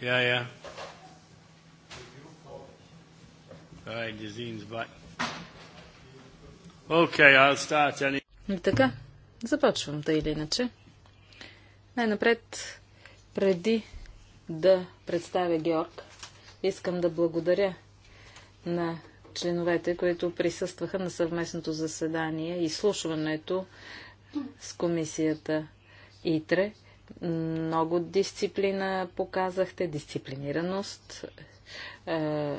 yeah. All Right, Jazine's back. Okay, I'll start any... Така, започвам да или иначе. Най-напред, преди да представя Георг, искам да благодаря на членовете, които присъстваха на съвместното заседание и слушването с комисията ИТРЕ много дисциплина показахте, дисциплинираност. Е, е,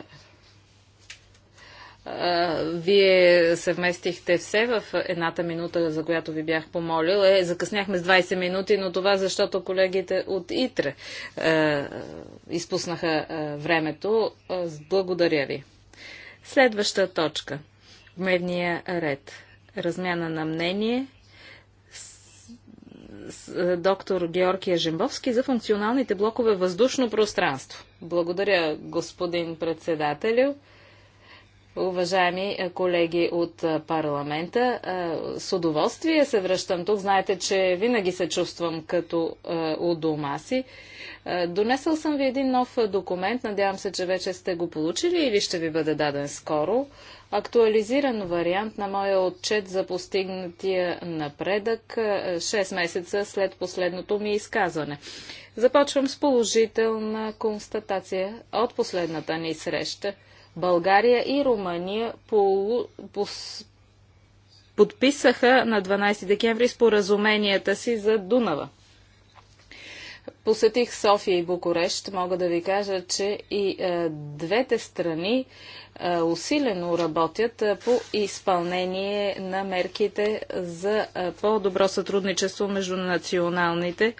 вие съвместихте все в едната минута, за която ви бях помолил. Е, закъсняхме с 20 минути, но това защото колегите от ИТРЕ е, изпуснаха е, времето. Е, благодаря ви. Следваща точка. В дневния ред. Размяна на мнение – е, доктор Георгия Жембовски за функционалните блокове въздушно пространство. Благодаря, господин председателю. Уважаеми е, колеги от е, парламента, е, с удоволствие се връщам тук. Знаете, че винаги се чувствам като у дома си. Донесъл съм ви един нов документ. Надявам се, че вече сте го получили или ще ви бъде даден скоро. Актуализиран вариант на моя отчет за постигнатия напредък 6 месеца след последното ми изказване. Започвам с положителна констатация от последната ни среща – България и Румъния полу... пос... подписаха на 12 декември споразуменията си за Дунава. Посетих София и Букурещ. Мога да ви кажа, че и е, двете страни е, усилено работят е, по изпълнение на мерките за е, по-добро сътрудничество между националните е,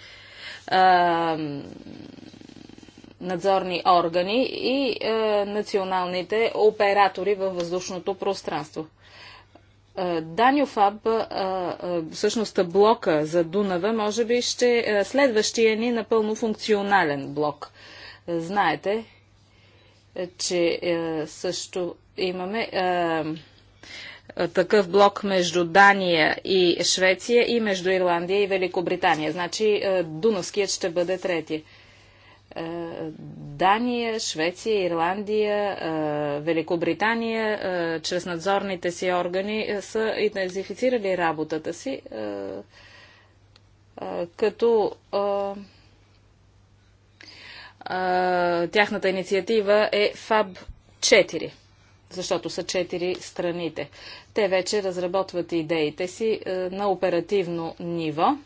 надзорни органи и е, националните оператори във въздушното пространство. Е, Данюфаб, е, е, всъщност блока за Дунава, може би ще следващия ни напълно функционален блок. Знаете, че също имаме такъв блок между Дания и Швеция и между Ирландия и Великобритания. Значи Дунавският ще бъде третия. Е, Дания, Швеция, Ирландия, е, Великобритания е, чрез надзорните си органи са идентифицирали работата си, като тяхната инициатива е ФАБ 4 защото са четири страните. Те вече разработват идеите си на оперативно ниво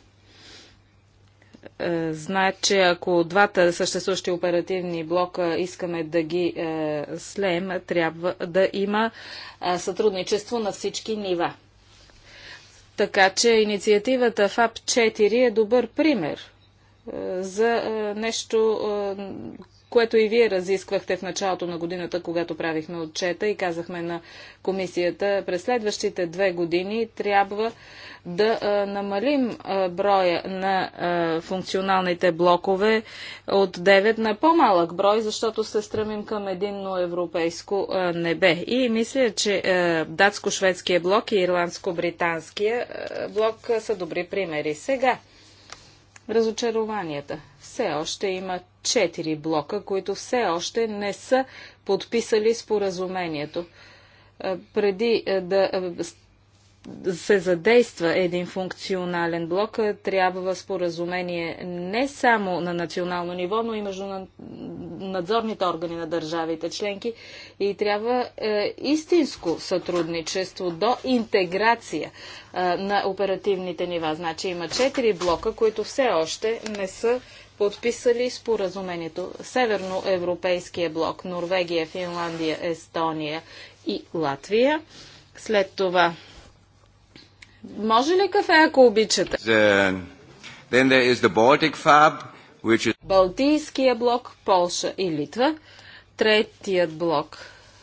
е, знаят, че ако двата съществуващи оперативни блока искаме да ги е, слеем, трябва да има е, сътрудничество на всички нива. Така че инициативата ФАП 4 е добър пример е, за е, нещо, е, което и вие разисквахте в началото на годината, когато правихме отчета и казахме на комисията, през следващите две години трябва да намалим броя на функционалните блокове от 9 на по-малък брой, защото се стремим към единно европейско небе. И мисля, че датско-шведския блок и ирландско-британския блок са добри примери. Сега, разочарованията все още има четири блока, които все още не са подписали споразумението. Е, преди е, да е, се задейства един функционален блок, трябва споразумение не само на национално ниво, но и между надзорните органи на държавите членки и трябва е, истинско сътрудничество до интеграция е, на оперативните нива. Значи има четири блока, които все още не са подписали споразумението. Северноевропейския блок Норвегия, Финландия, Естония и Латвия. След това. Може ли кафе, ако обичате? The... Е, then there is the Baltic Fab, which is... Балтийския блок, Полша и Литва. Третият блок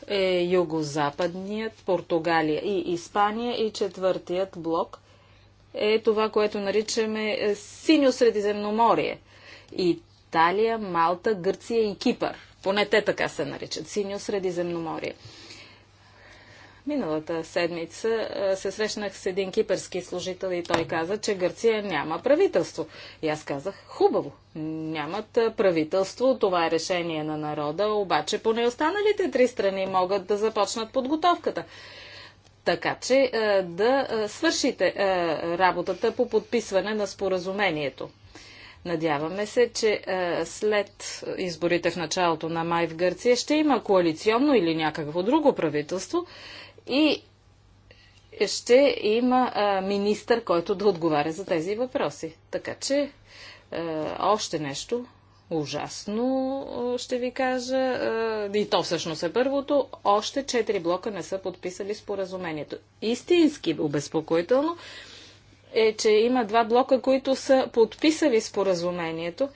е югозападният, Португалия и Испания. И четвъртият блок е това, което наричаме е, синьо средиземноморие – Италия, Малта, Гърция и Кипър. Поне те така се наричат. Синьо средиземноморие. Миналата седмица се срещнах с един кипърски служител и той каза, че Гърция няма правителство. И аз казах, хубаво, нямат правителство, това е решение на народа, обаче поне останалите три страни могат да започнат подготовката. Така че да свършите работата по подписване на споразумението. Надяваме се, че е, след изборите в началото на май в Гърция ще има коалиционно или някакво друго правителство и ще има е, министър, който да отговаря за тези въпроси. Така че е, още нещо ужасно, е, ще ви кажа. Е, и то всъщност е първото. Още четири блока не са подписали споразумението. Истински обезпокоително е, че има два блока, които са подписали споразумението,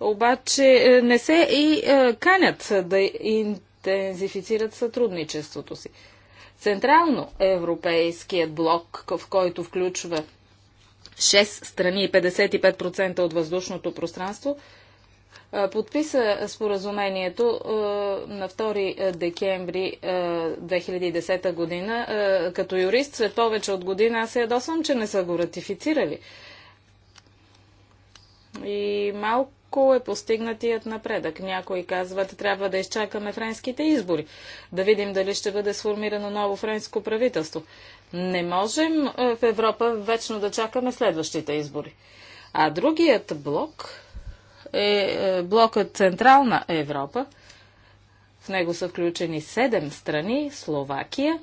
обаче е, не се и е, канят да интензифицират сътрудничеството си. Централно европейският блок, в който включва 6 страни и 55% от въздушното пространство, подписа споразумението на 2 декември 2010 година. Като юрист след повече от година аз се ядосвам, че не са го ратифицирали. И малко е постигнатият напредък. Някои казват, трябва да изчакаме френските избори, да видим дали ще бъде сформирано ново френско правителство. Не можем в Европа вечно да чакаме следващите избори. А другият блок е, е блокът Централна Европа. В него са включени 7 страни Словакия,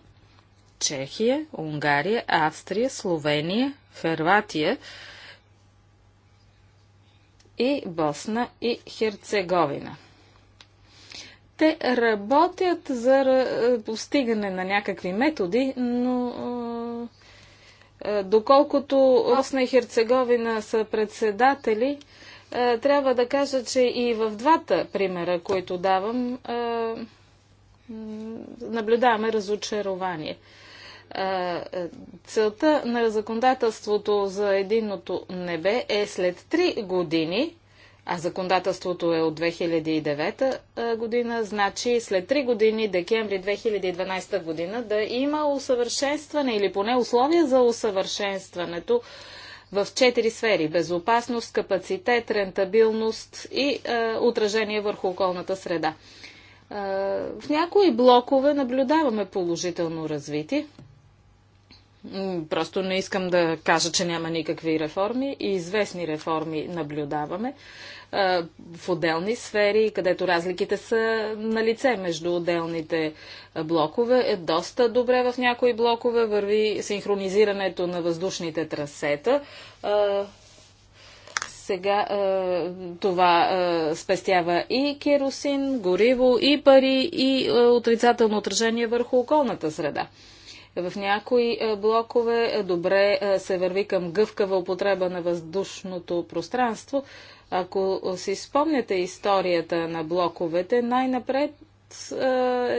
Чехия, Унгария, Австрия, Словения, Хърватия и Босна и Херцеговина. Те работят за е, постигане на някакви методи, но е, доколкото Босна и Херцеговина са председатели, е, трябва да кажа, че и в двата примера, които давам, е, наблюдаваме разочарование. Е, целта на законодателството за единното небе е след 3 години, а законодателството е от 2009 година, значи след 3 години, декември 2012 година, да има усъвършенстване или поне условия за усъвършенстването в четири сфери – безопасност, капацитет, рентабилност и е, отражение върху околната среда. Е, в някои блокове наблюдаваме положително развитие. Просто не искам да кажа, че няма никакви реформи. И известни реформи наблюдаваме в отделни сфери, където разликите са на лице между отделните блокове. Е доста добре в някои блокове върви синхронизирането на въздушните трасета. Сега това спестява и керосин, гориво, и пари, и отрицателно отражение върху околната среда. В някои блокове добре се върви към гъвкава употреба на въздушното пространство, ако си спомняте историята на блоковете, най-напред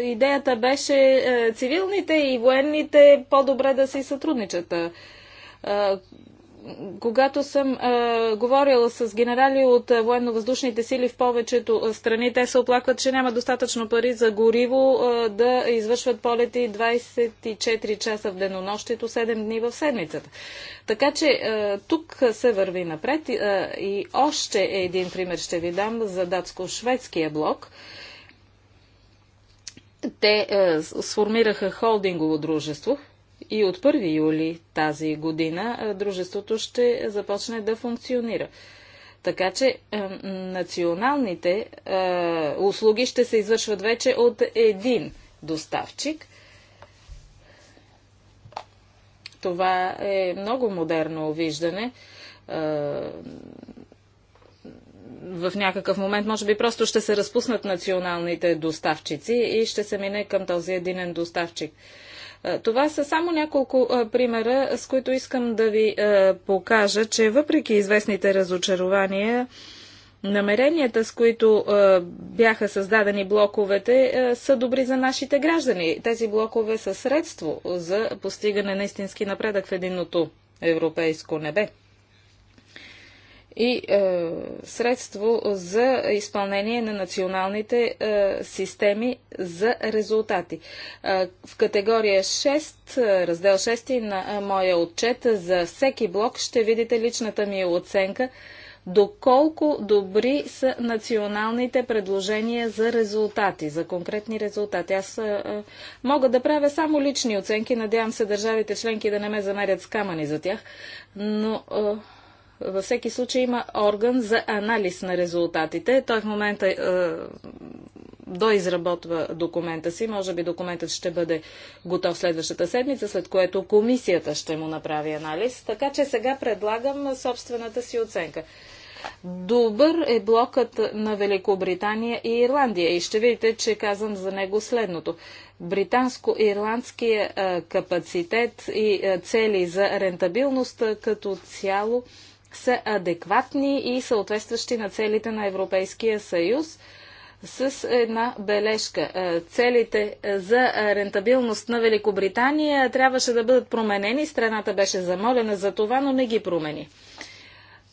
идеята беше цивилните и военните по-добре да си сътрудничат когато съм а, говорила с генерали от военно-въздушните сили в повечето страни, те се оплакват, че няма достатъчно пари за гориво а, да извършват полети 24 часа в денонощието, 7 дни в седмицата. Така че а, тук се върви напред а, и още един пример ще ви дам за датско-шведския блок. Те е, сформираха холдингово дружество, и от 1 юли тази година дружеството ще започне да функционира. Така че е, националните е, услуги ще се извършват вече от един доставчик. Това е много модерно виждане. Е, в някакъв момент, може би, просто ще се разпуснат националните доставчици и ще се мине към този единен доставчик. Е, е, това са само няколко е, примера, с които искам да ви е, покажа, че въпреки известните разочарования, намеренията, с които бяха създадени блоковете, са добри за нашите граждани. Тези блокове са средство за постигане на истински напредък в единното европейско небе и е, средство за изпълнение на националните е, системи за резултати. Е, в категория 6, е, раздел 6 на е, моя отчет за всеки блок ще видите личната ми оценка доколко добри са националните предложения за резултати, за конкретни резултати. Аз е, е мога да правя само лични оценки, надявам се държавите членки да не ме замерят с камъни за тях, но Е, във всеки случай има орган за анализ на резултатите. Той в момента е, доизработва документа си. Може би документът ще бъде готов следващата седмица, след което комисията ще му направи анализ. Така че сега предлагам собствената си оценка. Добър е блокът на Великобритания и Ирландия. И ще видите, че казвам за него следното. Британско-ирландския е, капацитет и е, цели за рентабилност е, като цяло – са адекватни и съответстващи на целите на Европейския съюз с една бележка. Е, целите е, за рентабилност на Великобритания трябваше да бъдат променени. Страната беше замолена за това, но не ги промени.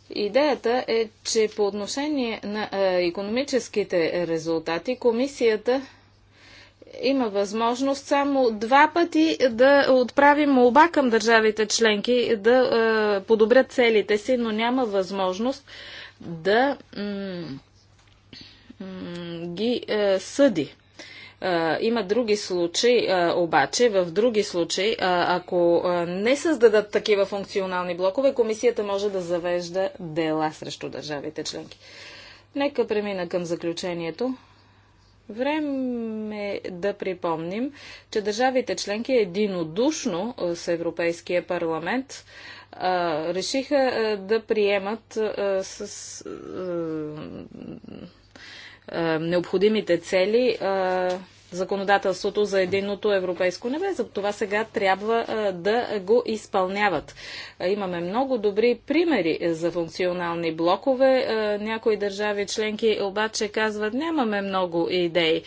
Идеята е, че по отношение на економическите резултати комисията има възможност само два пъти да отправим молба към държавите членки да е, подобрят целите си, но няма възможност да ги е, съди. Е, има други случаи, е, обаче, в други случаи, е, ако е, не създадат такива функционални блокове, комисията може да завежда дела срещу държавите членки. Нека премина към заключението. Време е да припомним, че държавите членки единодушно с Европейския парламент а, решиха а, да приемат а, с необходимите цели законодателството за единното европейско небе. За това сега трябва да го изпълняват. имаме много добри примери за функционални блокове. някои държави членки обаче казват, нямаме много идеи.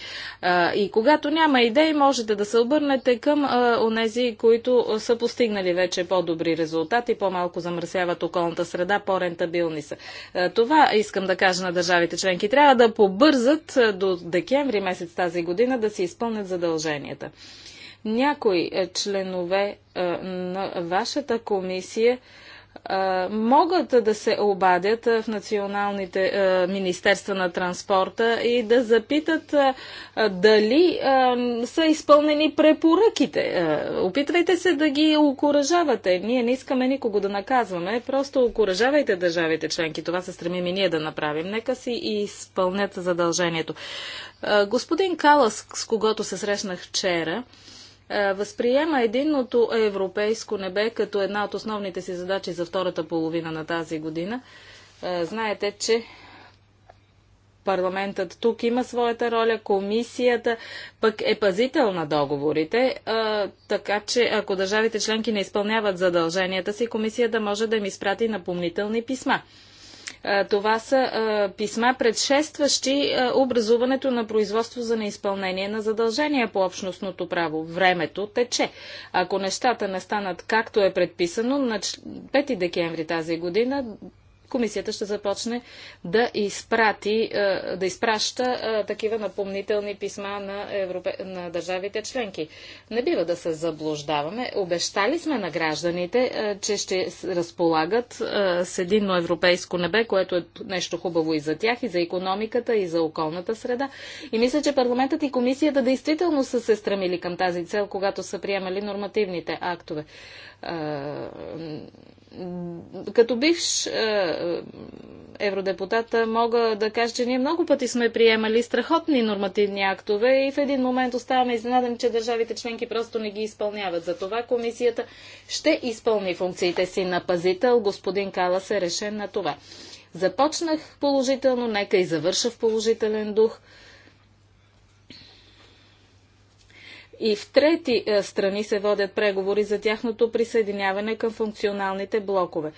И когато няма идеи, можете да се обърнете към онези, които са постигнали вече по-добри резултати, по-малко замърсяват околната среда, по-рентабилни са. Това искам да кажа на държавите членки. Трябва да побързат до декември месец тази година да си изпълнят задълженията. Някои е, членове е, на вашата комисия могат да се обадят в националните Министерства на транспорта и да запитат дали са изпълнени препоръките. Опитвайте се да ги окоръжавате. Ние не искаме никого да наказваме, просто окоръжавайте държавите членки. Това се стремим и ние да направим. Нека си изпълнят задължението. Господин Калас, с когото се срещнах вчера, е, възприема единното европейско небе като една от основните си задачи за втората половина на тази година. Е, знаете, че парламентът тук има своята роля, комисията пък е пазител на договорите, е, така че ако държавите членки не изпълняват задълженията си, комисията може да им изпрати напомнителни писма. Това са писма, предшестващи образуването на производство за неизпълнение на задължения по общностното право. Времето тече. Ако нещата не станат както е предписано, на 5 декември тази година комисията ще започне да изпрати, е, да изпраща е, такива напомнителни писма на, Европе... на държавите членки. Не бива да се заблуждаваме. Обещали сме на гражданите, е, че ще разполагат с единно европейско небе, което е нещо хубаво и за тях, и за економиката, и за околната среда. И мисля, че парламентът и комисията действително са се стремили към тази цел, когато са приемали нормативните актове. Като бивш евродепутат мога да кажа, че ние много пъти сме приемали страхотни нормативни актове и в един момент оставаме изненадан, че държавите членки просто не ги изпълняват. Затова комисията ще изпълни функциите си на пазител. Господин Калас е решен на това. Започнах положително, нека и завърша в положителен дух. и в трети е, страни се водят преговори за тяхното присъединяване към функционалните блокове.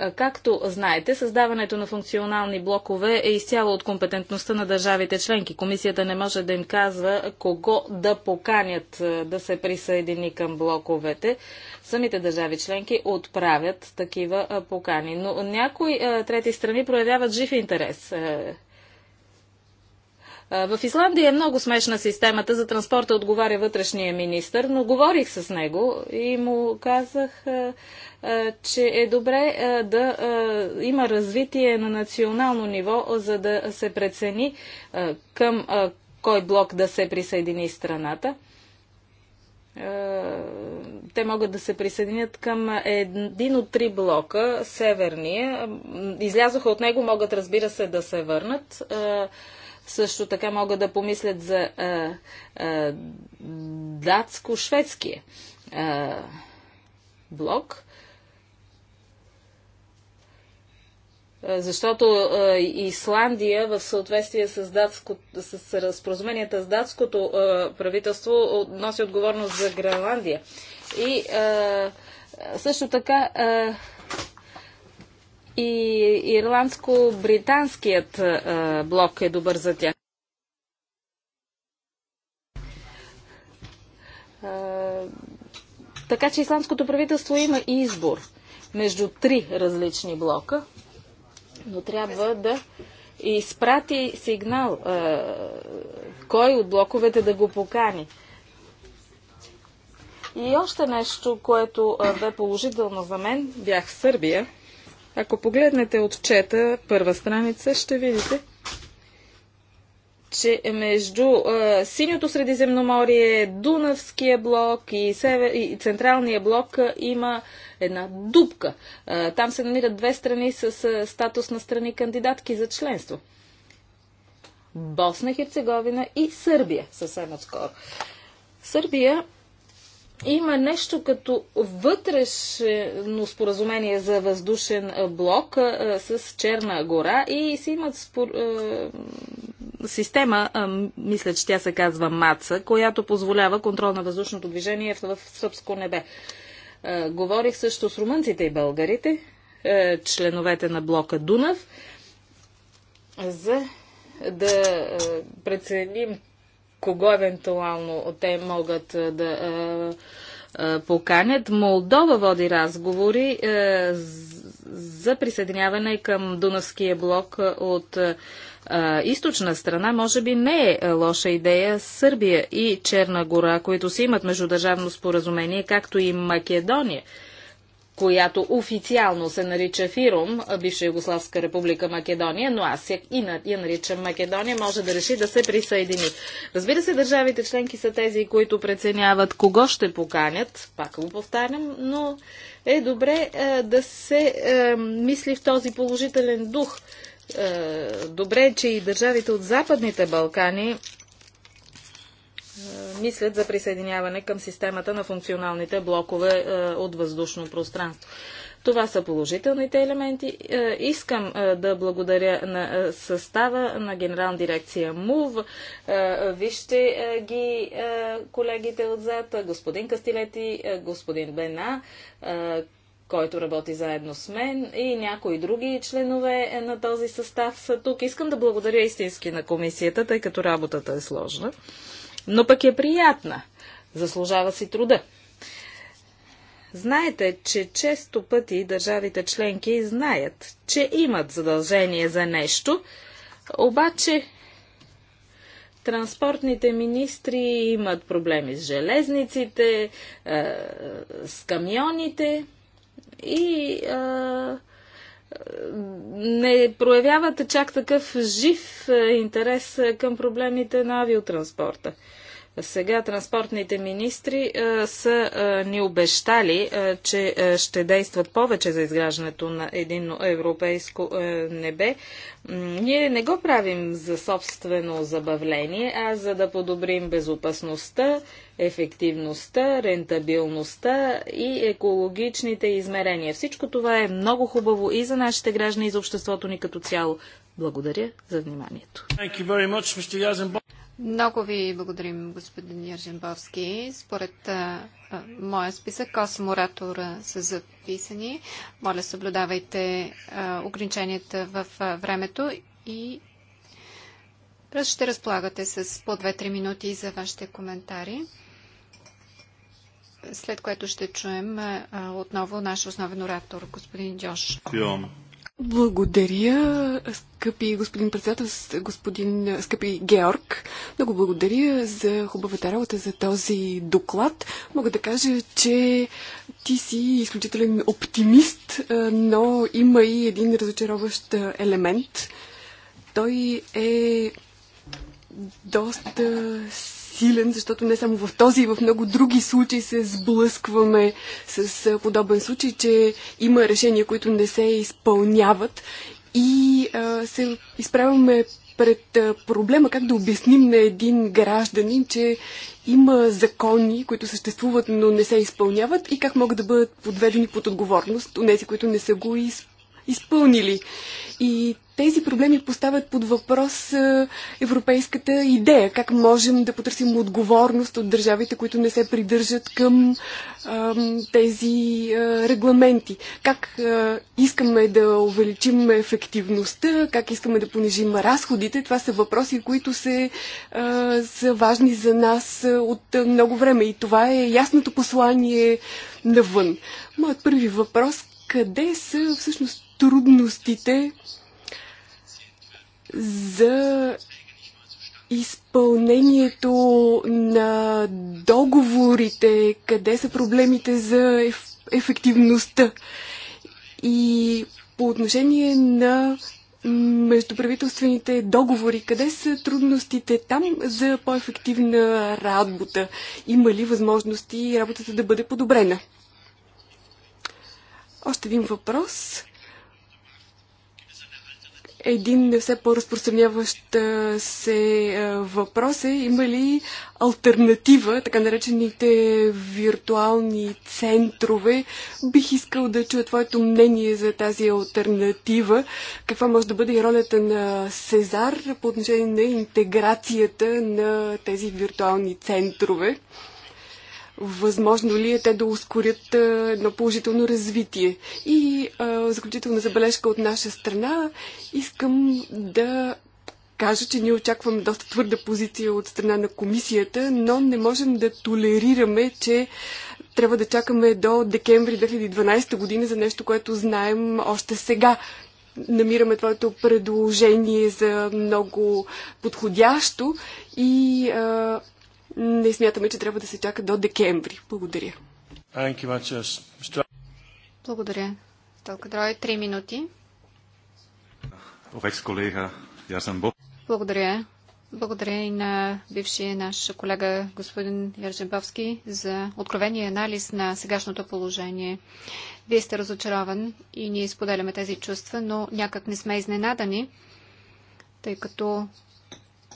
Е, както знаете, създаването на функционални блокове е изцяло от компетентността на държавите членки. Комисията не може да им казва кого да поканят е, да се присъедини към блоковете. Самите държави членки отправят такива покани. Но някои трети страни проявяват жив интерес в Исландия е много смешна системата за транспорта, отговаря вътрешния министр, но говорих с него и му казах, че е добре да има развитие на национално ниво, за да се прецени към кой блок да се присъедини страната те могат да се присъединят към един от три блока, северния. Излязоха от него, могат разбира се да се върнат също така могат да помислят за датско-шведския блок. Защото Исландия в съответствие с, датско, с разпоразуменията с датското правителство носи отговорност за Гренландия. И също така и ирландско-британският е, блок е добър за тях. Е, така че исламското правителство има избор между три различни блока, но трябва да изпрати сигнал е, кой от блоковете да го покани. И още нещо, което бе положително за мен, бях в Сърбия. Ако погледнете отчета, първа страница, ще видите, че между а, синьото средиземноморие, Дунавския блок и, север, и Централния блок а, има една дупка. А, там се намират две страни с а, статус на страни кандидатки за членство. Босна, Херцеговина и Сърбия съвсем отскоро. Сърбия има нещо като вътрешно споразумение за въздушен блок а, с Черна гора и си имат спор... а, система, а, мисля, че тя се казва МАЦА, която позволява контрол на въздушното движение в, в сръбско небе. Говорих също с румънците и българите, членовете на блока Дунав, за да преценим кого евентуално те могат да поканят. Молдова води разговори за присъединяване към Дунавския блок от източна страна. Може би не е лоша идея Сърбия и Черна гора, които си имат междудържавно споразумение, както и Македония която официално се нарича Фирум, бивша Югославска република Македония, но аз я, и на, я наричам Македония, може да реши да се присъедини. Разбира се, държавите членки са тези, които преценяват кого ще поканят, пак го повтарям, но е добре е, да се е, мисли в този положителен дух. Е, добре, че и държавите от Западните Балкани е, мислят за присъединяване към системата на функционалните блокове е, от въздушно пространство. Това са положителните елементи. Е, искам да благодаря на състава на Генерална дирекция МУВ. Вижте ги колегите отзад, господин Кастилети, господин Бена, който работи заедно с мен и някои други членове на този състав са тук. Искам да благодаря истински на комисията, тъй като работата е сложна но пък е приятна. Заслужава си труда. Знаете, че често пъти държавите членки знаят, че имат задължение за нещо, обаче транспортните министри имат проблеми с железниците, е, с камионите и е, не проявяват чак такъв жив е, интерес е, към проблемите на авиотранспорта. Сега транспортните министри а, е, са а, е, ни обещали, а, е, че а, ще действат повече за изграждането на един европейско а, небе. Ние не го правим за собствено забавление, а за да подобрим безопасността, ефективността, рентабилността и екологичните измерения. Всичко това е много хубаво и за нашите граждани, и за обществото ни като цяло. Благодаря за вниманието. Много ви благодарим, господин Ярженбовски. Според а, а, моя списък, 8 оратора са записани. Моля, съблюдавайте а, ограниченията в а, времето и ще разполагате с по 2-3 минути за вашите коментари, след което ще чуем а, отново наш основен оратор, господин Джош. Благодаря, скъпи господин председател, господин, скъпи Георг. Много благодаря за хубавата работа за този доклад. Мога да кажа, че ти си изключителен оптимист, но има и един разочароващ елемент. Той е доста силен, защото не само в този, и в много други случаи се сблъскваме с подобен случай, че има решения, които не се изпълняват и а, се изправяме пред проблема как да обясним на един гражданин, че има закони, които съществуват, но не се изпълняват и как могат да бъдат подведени под отговорност от тези, които не са го изпълнили. И тези проблеми поставят под въпрос е, европейската идея. Как можем да потърсим отговорност от държавите, които не се придържат към тези е, регламенти? Как е, искаме да увеличим ефективността? Как искаме да понижим разходите? Това са въпроси, които се, са важни за нас от много време. И това е ясното послание навън. Моят първи въпрос къде са всъщност трудностите за изпълнението на договорите, къде са проблемите за еф ефективността. И по отношение на междуправителствените договори, къде са трудностите там за по-ефективна работа? Има ли възможности работата да бъде подобрена? Още един въпрос един все по-разпространяващ се въпрос е има ли альтернатива, така наречените виртуални центрове. Бих искал да чуя твоето мнение за тази альтернатива. Каква може да бъде и ролята на Сезар по отношение на интеграцията на тези виртуални центрове? възможно ли е те да ускорят едно положително развитие. И а, заключителна забележка от наша страна искам да кажа, че ние очакваме доста твърда позиция от страна на комисията, но не можем да толерираме, че трябва да чакаме до декември 2012 година за нещо, което знаем още сега. Намираме твоето предложение за много подходящо и а, не смятаме, че трябва да се чака до декември. Благодаря. Благодаря. Толка дрой, три минути. Благодаря. Благодаря и на бившия наш колега господин Ержебовски за откровения анализ на сегашното положение. Вие сте разочарован и ние споделяме тези чувства, но някак не сме изненадани, тъй като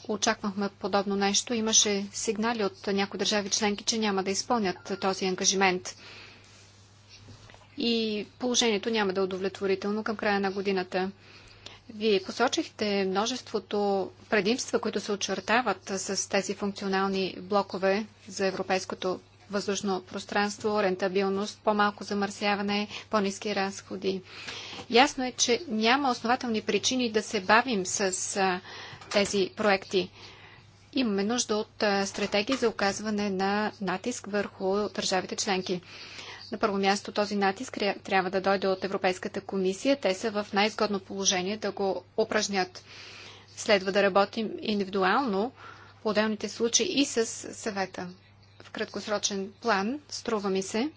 Очаквахме подобно нещо. Имаше сигнали от някои държави членки, че няма да изпълнят този ангажимент. И положението няма да е удовлетворително към края на годината. Вие посочихте множеството предимства, които се очертават с тези функционални блокове за европейското въздушно пространство, рентабилност, по-малко замърсяване, по-низки разходи. Ясно е, че няма основателни причини да се бавим с тези проекти. Имаме нужда от стратегии за оказване на натиск върху държавите членки. На първо място този натиск трябва да дойде от Европейската комисия. Те са в най-изгодно положение да го упражнят. Следва да работим индивидуално по отделните случаи и с съвета. В краткосрочен план, струва ми се,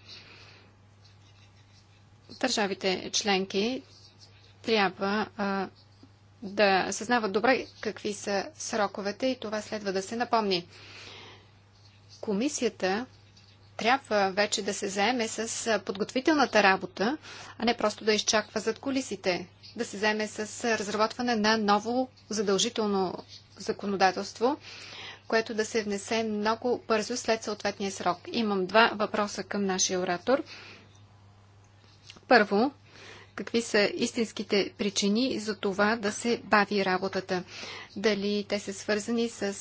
държавите членки трябва а, да съзнават добре какви са сроковете и това следва да се напомни. Комисията трябва вече да се заеме с подготвителната работа, а не просто да изчаква зад колисите, да се заеме с разработване на ново задължително законодателство, което да се внесе много бързо след съответния срок. Имам два въпроса към нашия оратор. Първо, какви са истинските причини за това да се бави работата. Дали те са свързани с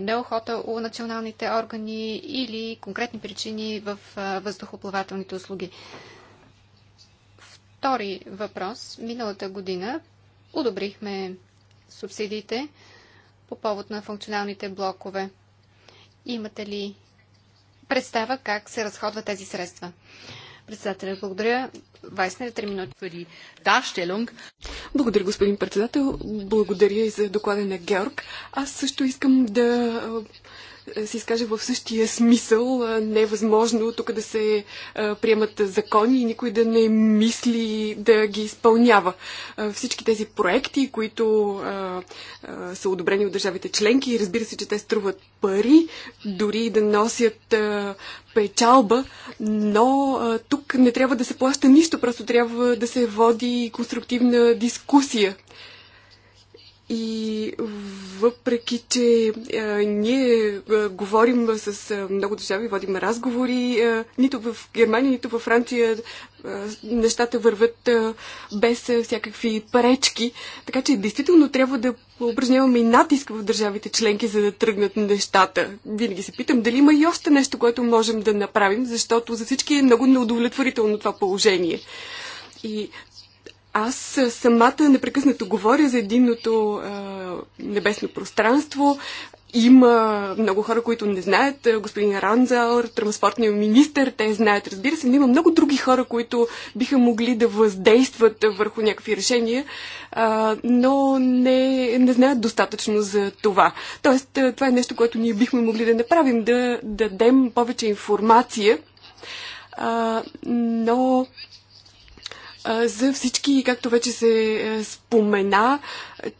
неохота у националните органи или конкретни причини в въздухоплавателните услуги. Втори въпрос. Миналата година одобрихме субсидиите по повод на функционалните блокове. Имате ли представа как се разходват тези средства? Председателя, благодаря. Вайснер, 3 минути. Благодаря, господин председател. Благодаря и за доклада на Георг. Аз също искам да се изкаже в същия смисъл. Невъзможно е тук да се приемат закони и никой да не мисли да ги изпълнява. Всички тези проекти, които са одобрени от държавите членки, разбира се, че те струват пари, дори да носят печалба, но тук не трябва да се плаща нищо, просто трябва да се води конструктивна дискусия. И въпреки, че а, е, ние а, е, говорим с а, е, много държави, водим разговори, а, нито в Германия, нито във Франция а, нещата върват а, без а, всякакви пречки. Така че действително трябва да упражняваме и натиск в държавите членки, за да тръгнат нещата. Винаги се питам дали има и още нещо, което можем да направим, защото за всички е много неудовлетворително това положение. И аз самата непрекъснато говоря за единното а, небесно пространство. Има много хора, които не знаят. Господин Ранзаур, транспортният министр, те знаят, разбира се, но има много други хора, които биха могли да въздействат върху някакви решения, а, но не, не знаят достатъчно за това. Тоест, това е нещо, което ние бихме могли да направим, да дадем повече информация, а, но за всички, както вече се е, спомена,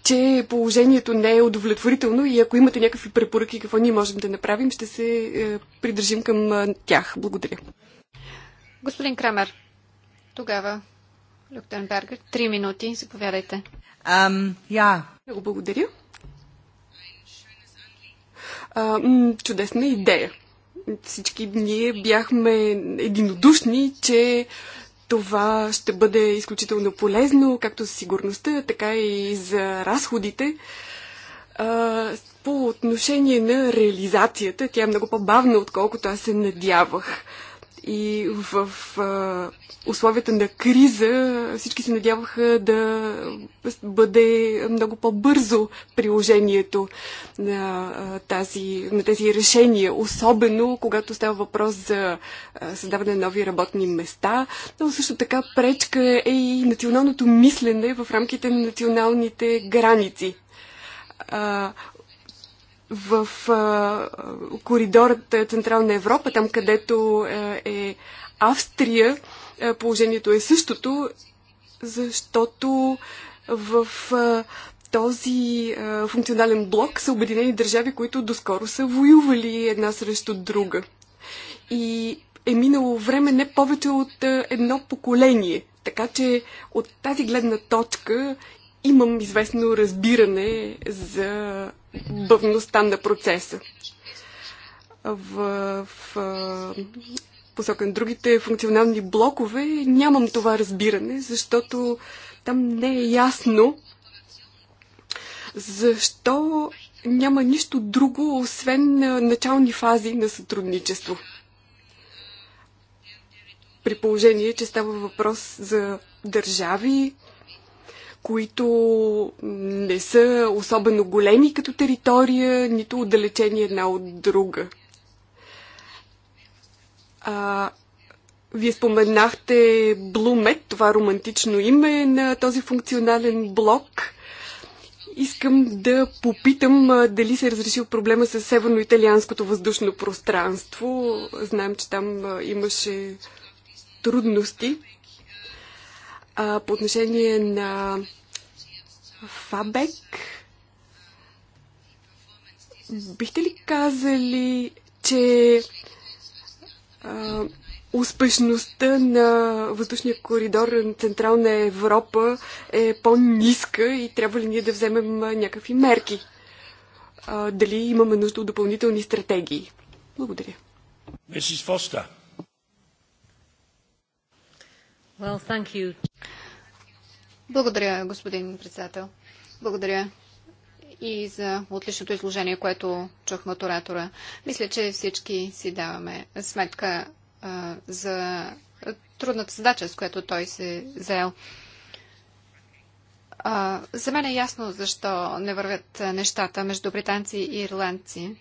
че положението не е удовлетворително и ако имате някакви препоръки какво ние можем да направим, ще се е, придържим към е, тях. Благодаря. Господин Крамер, тогава Люктенбергер, три минути, заповядайте. Um, yeah. Много благодаря. А, чудесна идея. Всички ние бяхме единодушни, че това ще бъде изключително полезно, както за сигурността, така и за разходите. По отношение на реализацията, тя е много по-бавна, отколкото аз се надявах. И в в условията на криза всички се надяваха да бъде много по-бързо приложението на, тази, на тези решения, особено когато става въпрос за създаване на нови работни места. Но също така пречка е и националното мислене в рамките на националните граници в а, коридорът е, Централна Европа, там където е, е Австрия, е, положението е същото, защото в а, този а, функционален блок са обединени държави, които доскоро са воювали една срещу друга. И е минало време не повече от а, едно поколение. Така че от тази гледна точка имам известно разбиране за бавността на процеса. В, в посока на другите функционални блокове нямам това разбиране, защото там не е ясно защо няма нищо друго, освен начални фази на сътрудничество. При положение, че става въпрос за държави, които не са особено големи като територия, нито отдалечени една от друга. А, вие споменахте Блумет, това романтично име на този функционален блок. Искам да попитам дали се е разрешил проблема с северно-италианското въздушно пространство. Знаем, че там имаше трудности. А, по отношение на Фабек, бихте ли казали, че а, успешността на въздушния коридор на Централна Европа е по-ниска и трябва ли ние да вземем някакви мерки? А, дали имаме нужда от допълнителни стратегии? Благодаря. Мисис Фостер. Благодаря, господин председател. Благодаря и за отличното изложение, което чухме от оратора. Мисля, че всички си даваме сметка а, за трудната задача, с която той се е заел. за мен е ясно защо не вървят нещата между британци и ирландци.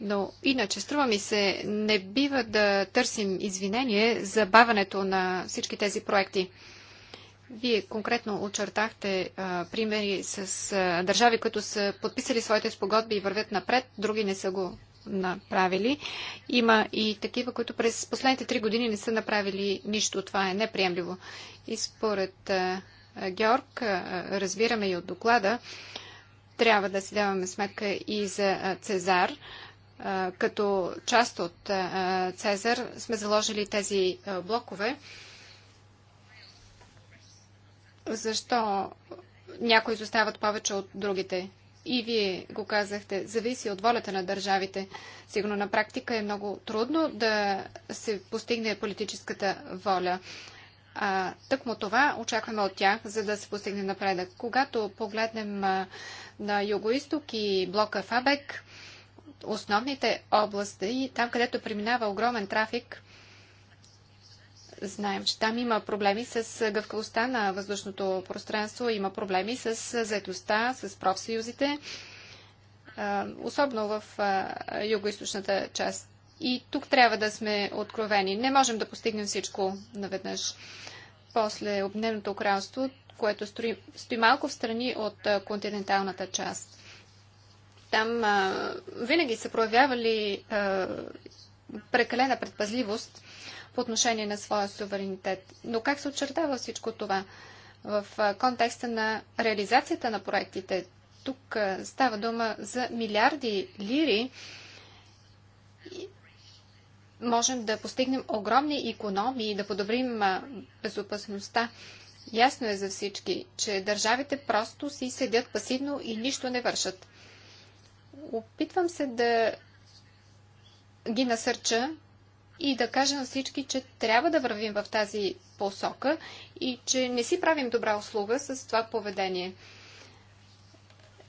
Но иначе, струва ми се, не бива да търсим извинение за баването на всички тези проекти. Вие конкретно очертахте а, примери с а, държави, които са подписали своите спогодби и вървят напред, други не са го направили. Има и такива, които през последните три години не са направили нищо. Това е неприемливо. И според а, Георг, а, разбираме и от доклада, трябва да си даваме сметка и за а, Цезар като част от Цезар сме заложили тези блокове. Защо някои изостават повече от другите? И вие го казахте, зависи от волята на държавите. Сигурно на практика е много трудно да се постигне политическата воля. А, тъкмо това очакваме от тях, за да се постигне напредък. Когато погледнем на юго и блока Фабек, основните области, и там където преминава огромен трафик, знаем, че там има проблеми с гъвкавостта на въздушното пространство, има проблеми с заедостта, с профсъюзите, особено в юго-источната част. И тук трябва да сме откровени. Не можем да постигнем всичко наведнъж. После обнемното кралство, което стои, стои малко в страни от континенталната част. Там а, винаги са проявявали а, прекалена предпазливост по отношение на своя суверенитет. Но как се очертава всичко това в а, контекста на реализацията на проектите? Тук а, става дума за милиарди лири. можем да постигнем огромни економии и да подобрим а, безопасността. Ясно е за всички, че държавите просто си седят пасивно и нищо не вършат. Опитвам се да ги насърча и да кажа на всички, че трябва да вървим в тази посока и че не си правим добра услуга с това поведение.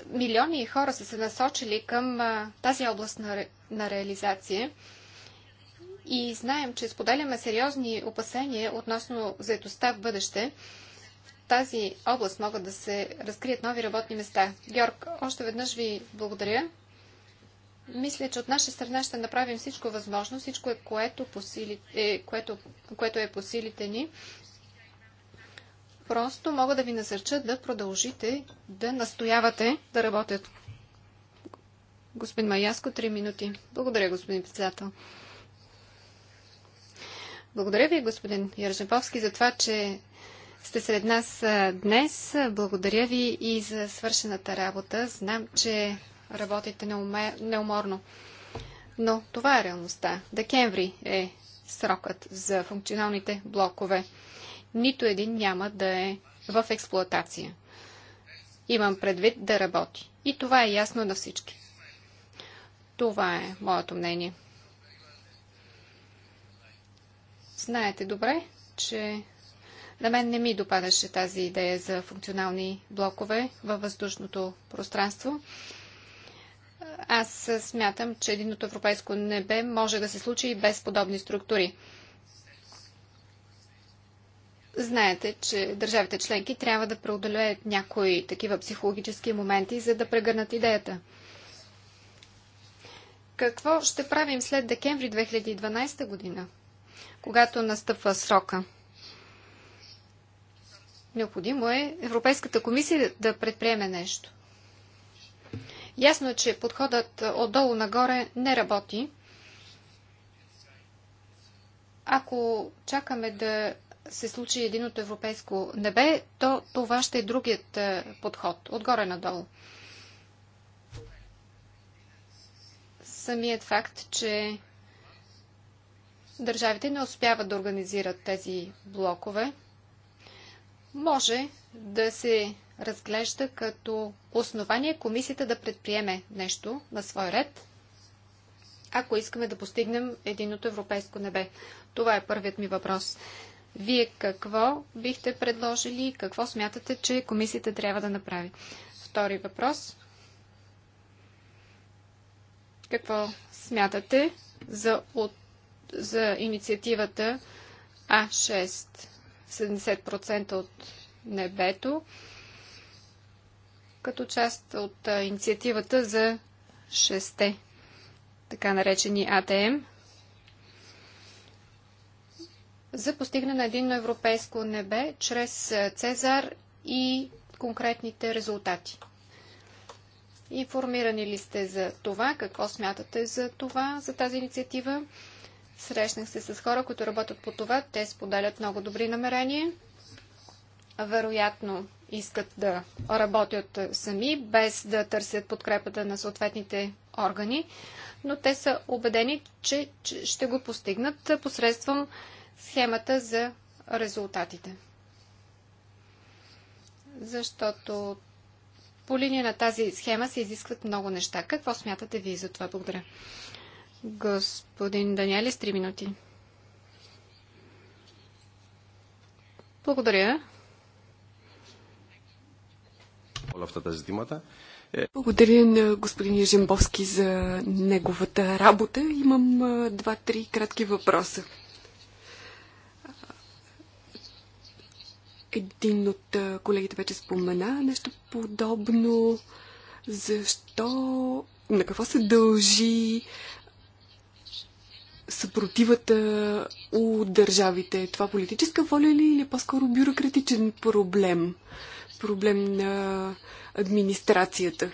Милиони хора са се насочили към тази област на, ре, на реализация и знаем, че споделяме сериозни опасения относно заедостта в бъдеще тази област могат да се разкрият нови работни места. Георг, още веднъж ви благодаря. Мисля, че от наша страна ще направим всичко възможно, всичко, е, което, по е, което, което е по силите ни. Просто мога да ви насърча да продължите да настоявате да работят. Господин Маяско, 3 минути. Благодаря, господин председател. Благодаря ви, господин Яржеповски, за това, че сте сред нас днес. Благодаря ви и за свършената работа. Знам, че работите неуморно. Но това е реалността. Декември е срокът за функционалните блокове. Нито един няма да е в експлоатация. Имам предвид да работи. И това е ясно на всички. Това е моето мнение. Знаете добре, че на мен не ми допадаше тази идея за функционални блокове във въздушното пространство. Аз смятам, че от европейско небе може да се случи и без подобни структури. Знаете, че държавите членки трябва да преодолеят някои такива психологически моменти, за да прегърнат идеята. Какво ще правим след декември 2012 година, когато настъпва срока? Необходимо е Европейската комисия да предприеме нещо. Ясно е, че подходът отдолу нагоре не работи. Ако чакаме да се случи единото европейско небе, то това ще е другият е, подход, отгоре надолу. Самият факт, че държавите не успяват да организират тези блокове, може да се разглежда като основание комисията да предприеме нещо на свой ред, ако искаме да постигнем единото европейско небе. Това е първият ми въпрос. Вие какво бихте предложили и какво смятате, че комисията трябва да направи? Втори въпрос. Какво смятате за, от, за инициативата А6? 70% от небето, като част от инициативата за шесте, така наречени АТМ, за постигне на единно европейско небе чрез Цезар и конкретните резултати. Информирани ли сте за това? Какво смятате за това, за тази инициатива? Срещнах се с хора, които работят по това. Те споделят много добри намерения. Вероятно искат да работят сами, без да търсят подкрепата на съответните органи, но те са убедени, че ще го постигнат посредством схемата за резултатите. Защото по линия на тази схема се изискват много неща. Какво смятате вие за това? Благодаря. Господин Даниели, с 3 минути. Благодаря. Е, Благодаря на господин Ежембовски за неговата работа. Имам два-три кратки въпроса. Един от колегите вече спомена нещо подобно. Защо, на какво се дължи съпротивата у държавите. Това политическа воля ли или по-скоро бюрократичен проблем? Проблем на администрацията.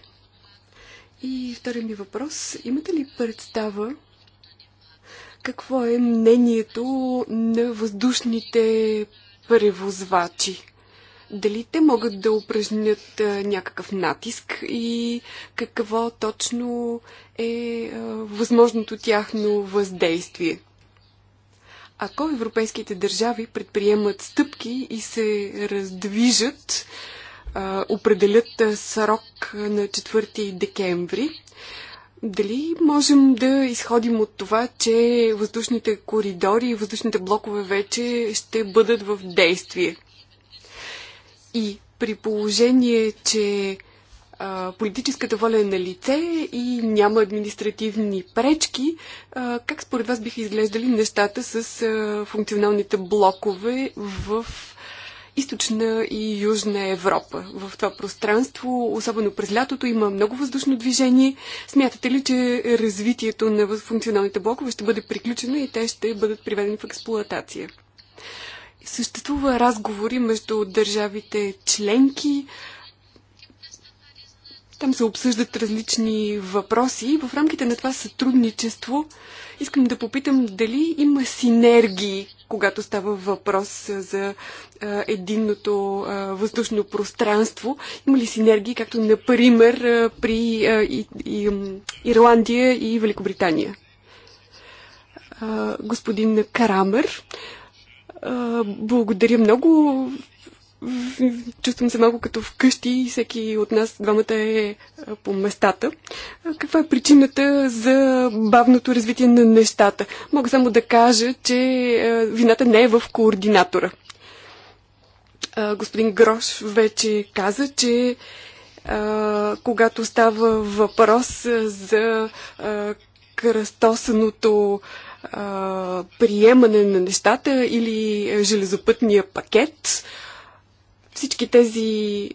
И втори ми въпрос. Имате ли представа какво е мнението на въздушните превозвачи? дали те могат да упражнят някакъв натиск и какво точно е възможното тяхно въздействие. Ако европейските държави предприемат стъпки и се раздвижат, определят срок на 4 декември, дали можем да изходим от това, че въздушните коридори и въздушните блокове вече ще бъдат в действие? И при положение, че а, политическата воля е на лице и няма административни пречки, а, как според вас биха изглеждали нещата с а, функционалните блокове в източна и южна Европа. В това пространство, особено през лятото, има много въздушно движение. Смятате ли, че развитието на функционалните блокове ще бъде приключено и те ще бъдат приведени в експлоатация? Съществува разговори между държавите членки. Там се обсъждат различни въпроси. В рамките на това сътрудничество искам да попитам дали има синергии, когато става въпрос за единното въздушно пространство. Има ли синергии, както например при Ирландия и Великобритания? господин Карамър, благодаря много. Чувствам се малко като вкъщи и всеки от нас двамата е по местата. Каква е причината за бавното развитие на нещата? Мога само да кажа, че вината не е в координатора. Господин Грош вече каза, че когато става въпрос за кръстосаното а, приемане на нещата или железопътния пакет. Всички тези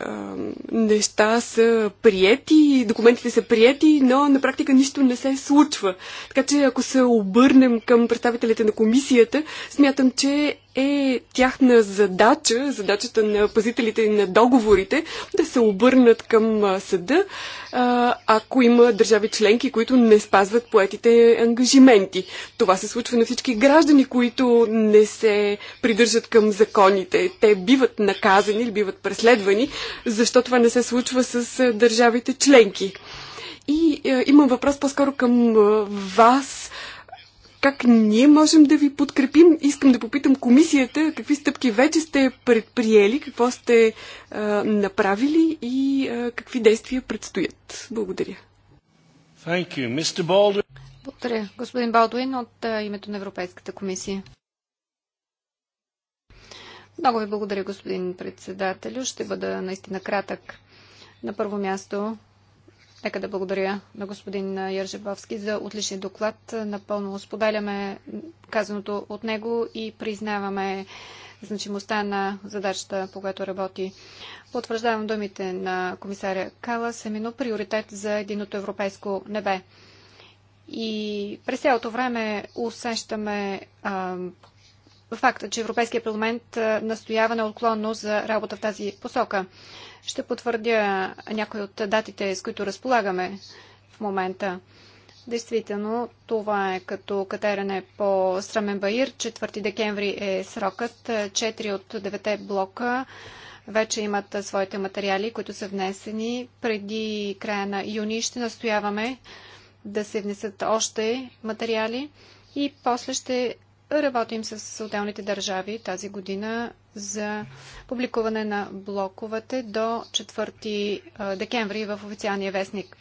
а, неща са приети, документите са приети, но на практика нищо не се случва. Така че ако се обърнем към представителите на комисията, смятам, че е тяхна задача, задачата на пазителите на договорите, да се обърнат към съда, ако има държави членки, които не спазват поетите ангажименти. Това се случва на всички граждани, които не се придържат към законите. Те биват наказани или биват преследвани, защо това не се случва с държавите членки. И е, имам въпрос по-скоро към вас, как ние можем да ви подкрепим? Искам да попитам комисията какви стъпки вече сте предприели, какво сте а, направили и а, какви действия предстоят. Благодаря. Thank you. Mr. Baldwin. Благодаря. Господин Балдуин от а, името на Европейската комисия. Много ви благодаря, господин председателю. Ще бъда наистина кратък. На първо място Нека да благодаря на господин Яржебовски за отличния доклад. Напълно споделяме казаното от него и признаваме значимостта на задачата, по която работи. Потвърждавам думите на комисаря Кала, именно приоритет за единото европейско небе. И през цялото време усещаме а, факта, че Европейския парламент настоява неотклонно за работа в тази посока. Ще потвърдя някои от датите, с които разполагаме в момента. Действително, това е като катерене по срамен баир. 4 декември е срокът. 4 от девете блока вече имат своите материали, които са внесени. Преди края на юни ще настояваме да се внесат още материали и после ще Работим с отделните държави тази година за публикуване на блоковете до 4 декември в официалния вестник.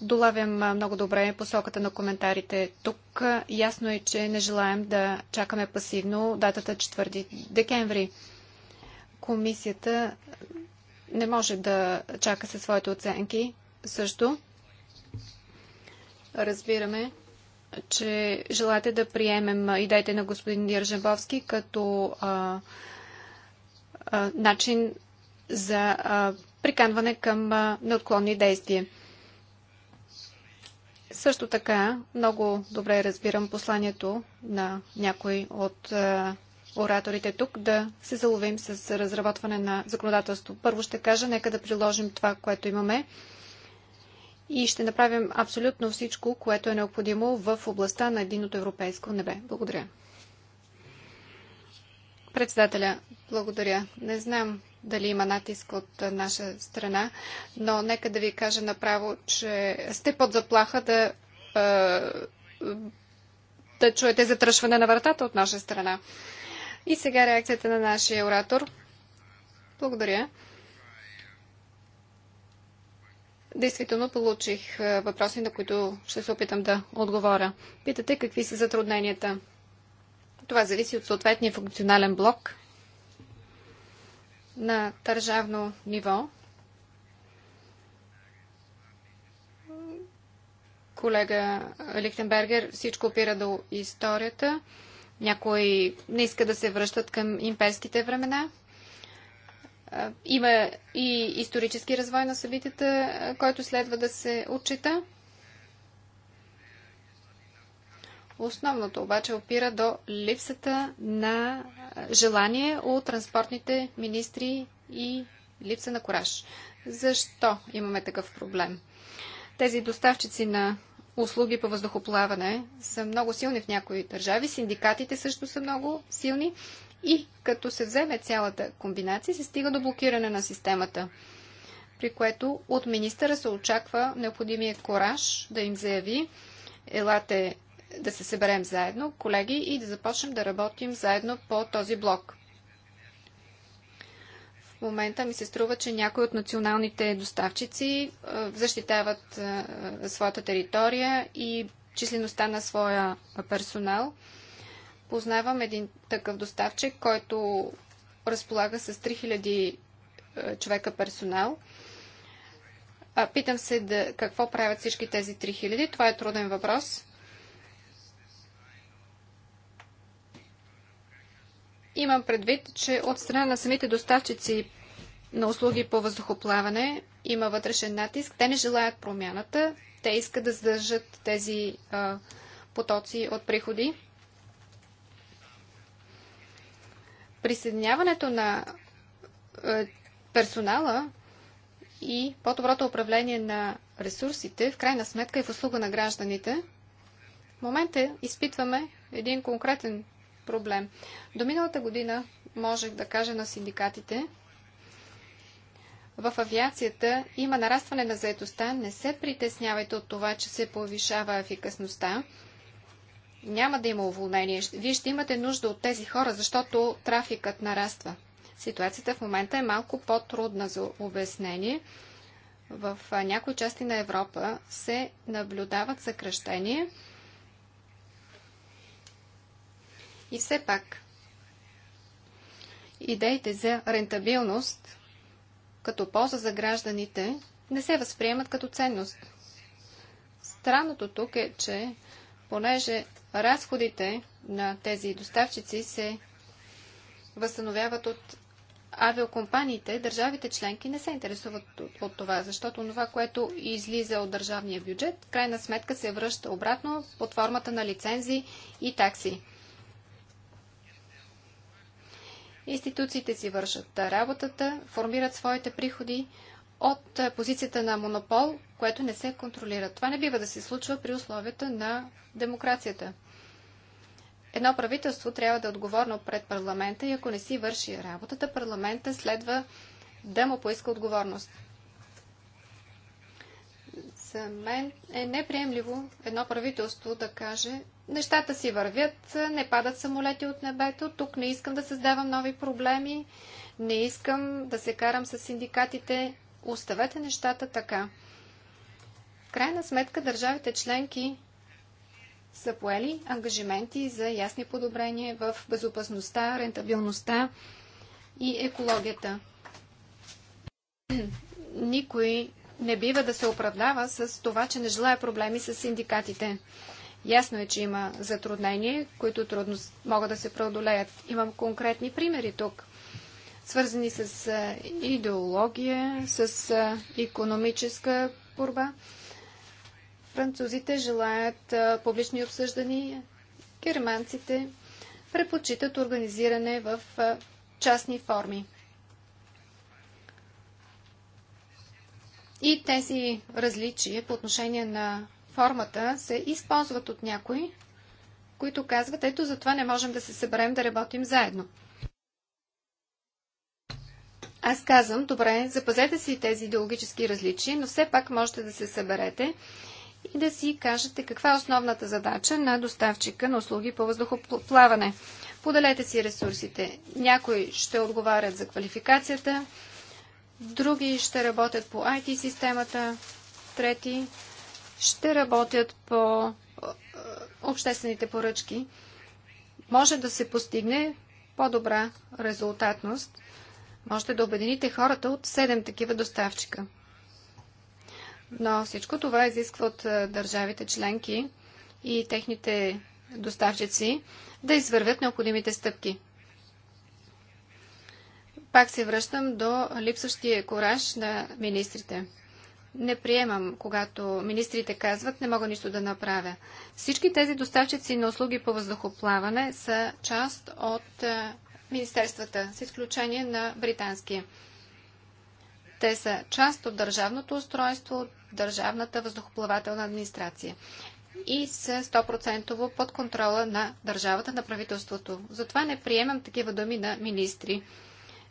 Долавям много добре посоката на коментарите тук. Ясно е, че не желаем да чакаме пасивно датата 4 декември. Комисията не може да чака със своите оценки също. Разбираме, че желаете да приемем идеите на господин Диржабовски като а, а, начин за а, приканване към а, неотклонни действия. Също така, много добре разбирам посланието на някой от а, ораторите тук да се заловим с разработване на законодателство. Първо ще кажа, нека да приложим това, което имаме и ще направим абсолютно всичко, което е необходимо в областта на единното европейско небе. Благодаря. Председателя, благодаря. Не знам дали има натиск от наша страна, но нека да ви кажа направо, че сте под заплаха да, да чуете затръшване на вратата от наша страна. И сега реакцията на нашия оратор. Благодаря. Действително получих е, въпроси, на които ще се опитам да отговоря. Питате какви са затрудненията. Това зависи от съответния функционален блок на държавно ниво. Колега Лихтенбергер, всичко опира до историята. Някои не иска да се връщат към имперските времена – има и исторически развой на събитията, който следва да се отчита. Основното обаче опира до липсата на желание от транспортните министри и липса на кораж. Защо имаме такъв проблем? Тези доставчици на услуги по въздухоплаване са много силни в някои държави. Синдикатите също са много силни. И като се вземе цялата комбинация, се стига до блокиране на системата, при което от министъра се очаква необходимия кораж да им заяви елате да се съберем заедно, колеги, и да започнем да работим заедно по този блок. В момента ми се струва, че някои от националните доставчици е, защитават е, е, своята територия и числеността на своя персонал – Познавам един такъв доставчик, който разполага с 3000 е, човека персонал. питам се да, какво правят всички тези 3000. Това е труден въпрос. Имам предвид, че от страна на самите доставчици на услуги по въздухоплаване има вътрешен натиск. Те не желаят промяната. Те искат да задържат тези а, потоци от приходи. присъединяването на е, персонала и по-доброто управление на ресурсите, в крайна сметка и е в услуга на гражданите, в момента изпитваме един конкретен проблем. До миналата година можех да кажа на синдикатите, в авиацията има нарастване на заетостта. Не се притеснявайте от това, че се повишава ефикасността няма да има уволнение. Вие ще имате нужда от тези хора, защото трафикът нараства. Ситуацията в момента е малко по-трудна за обяснение. В някои части на Европа се наблюдават съкръщения. И все пак, идеите за рентабилност като полза за гражданите не се възприемат като ценност. Странното тук е, че понеже Разходите на тези доставчици се възстановяват от авиокомпаниите. Държавите членки не се интересуват от това, защото това, което излиза от държавния бюджет, в крайна сметка се връща обратно под формата на лицензии и такси. Институциите си вършат работата, формират своите приходи, от е, позицията на монопол, което не се контролира. Това не бива да се случва при условията на демокрацията. Едно правителство трябва да е отговорно пред парламента и ако не си върши работата, парламента следва да му поиска отговорност. За мен е неприемливо едно правителство да каже нещата си вървят, не падат самолети от небето, тук не искам да създавам нови проблеми, не искам да се карам с синдикатите, Оставете нещата така. В крайна сметка държавите членки са поели ангажименти за ясни подобрения в безопасността, рентабилността и екологията. Никой не бива да се оправдава с това, че не желая проблеми с синдикатите. Ясно е, че има затруднения, които трудно могат да се преодолеят. Имам конкретни примери тук свързани с идеология, с економическа борба. Французите желаят публични обсъждания, германците предпочитат организиране в частни форми. И тези различия по отношение на формата се използват от някои, които казват, ето затова не можем да се съберем да работим заедно. Аз казвам, добре, запазете си тези идеологически различия, но все пак можете да се съберете и да си кажете каква е основната задача на доставчика на услуги по въздухоплаване. Поделете си ресурсите. Някои ще отговарят за квалификацията, други ще работят по IT системата, трети ще работят по е, обществените поръчки. Може да се постигне по-добра резултатност Можете да обедините хората от 7 такива доставчика. Но всичко това изисква от е, държавите членки и техните доставчици да извървят необходимите стъпки. Пак се връщам до липсващия кораж на министрите. Не приемам, когато министрите казват, не мога нищо да направя. Всички тези доставчици на услуги по въздухоплаване са част от е, министерствата, с изключение на британския. Те са част от държавното устройство, от държавната въздухоплавателна администрация и са 100% под контрола на държавата, на правителството. Затова не приемам такива думи на министри.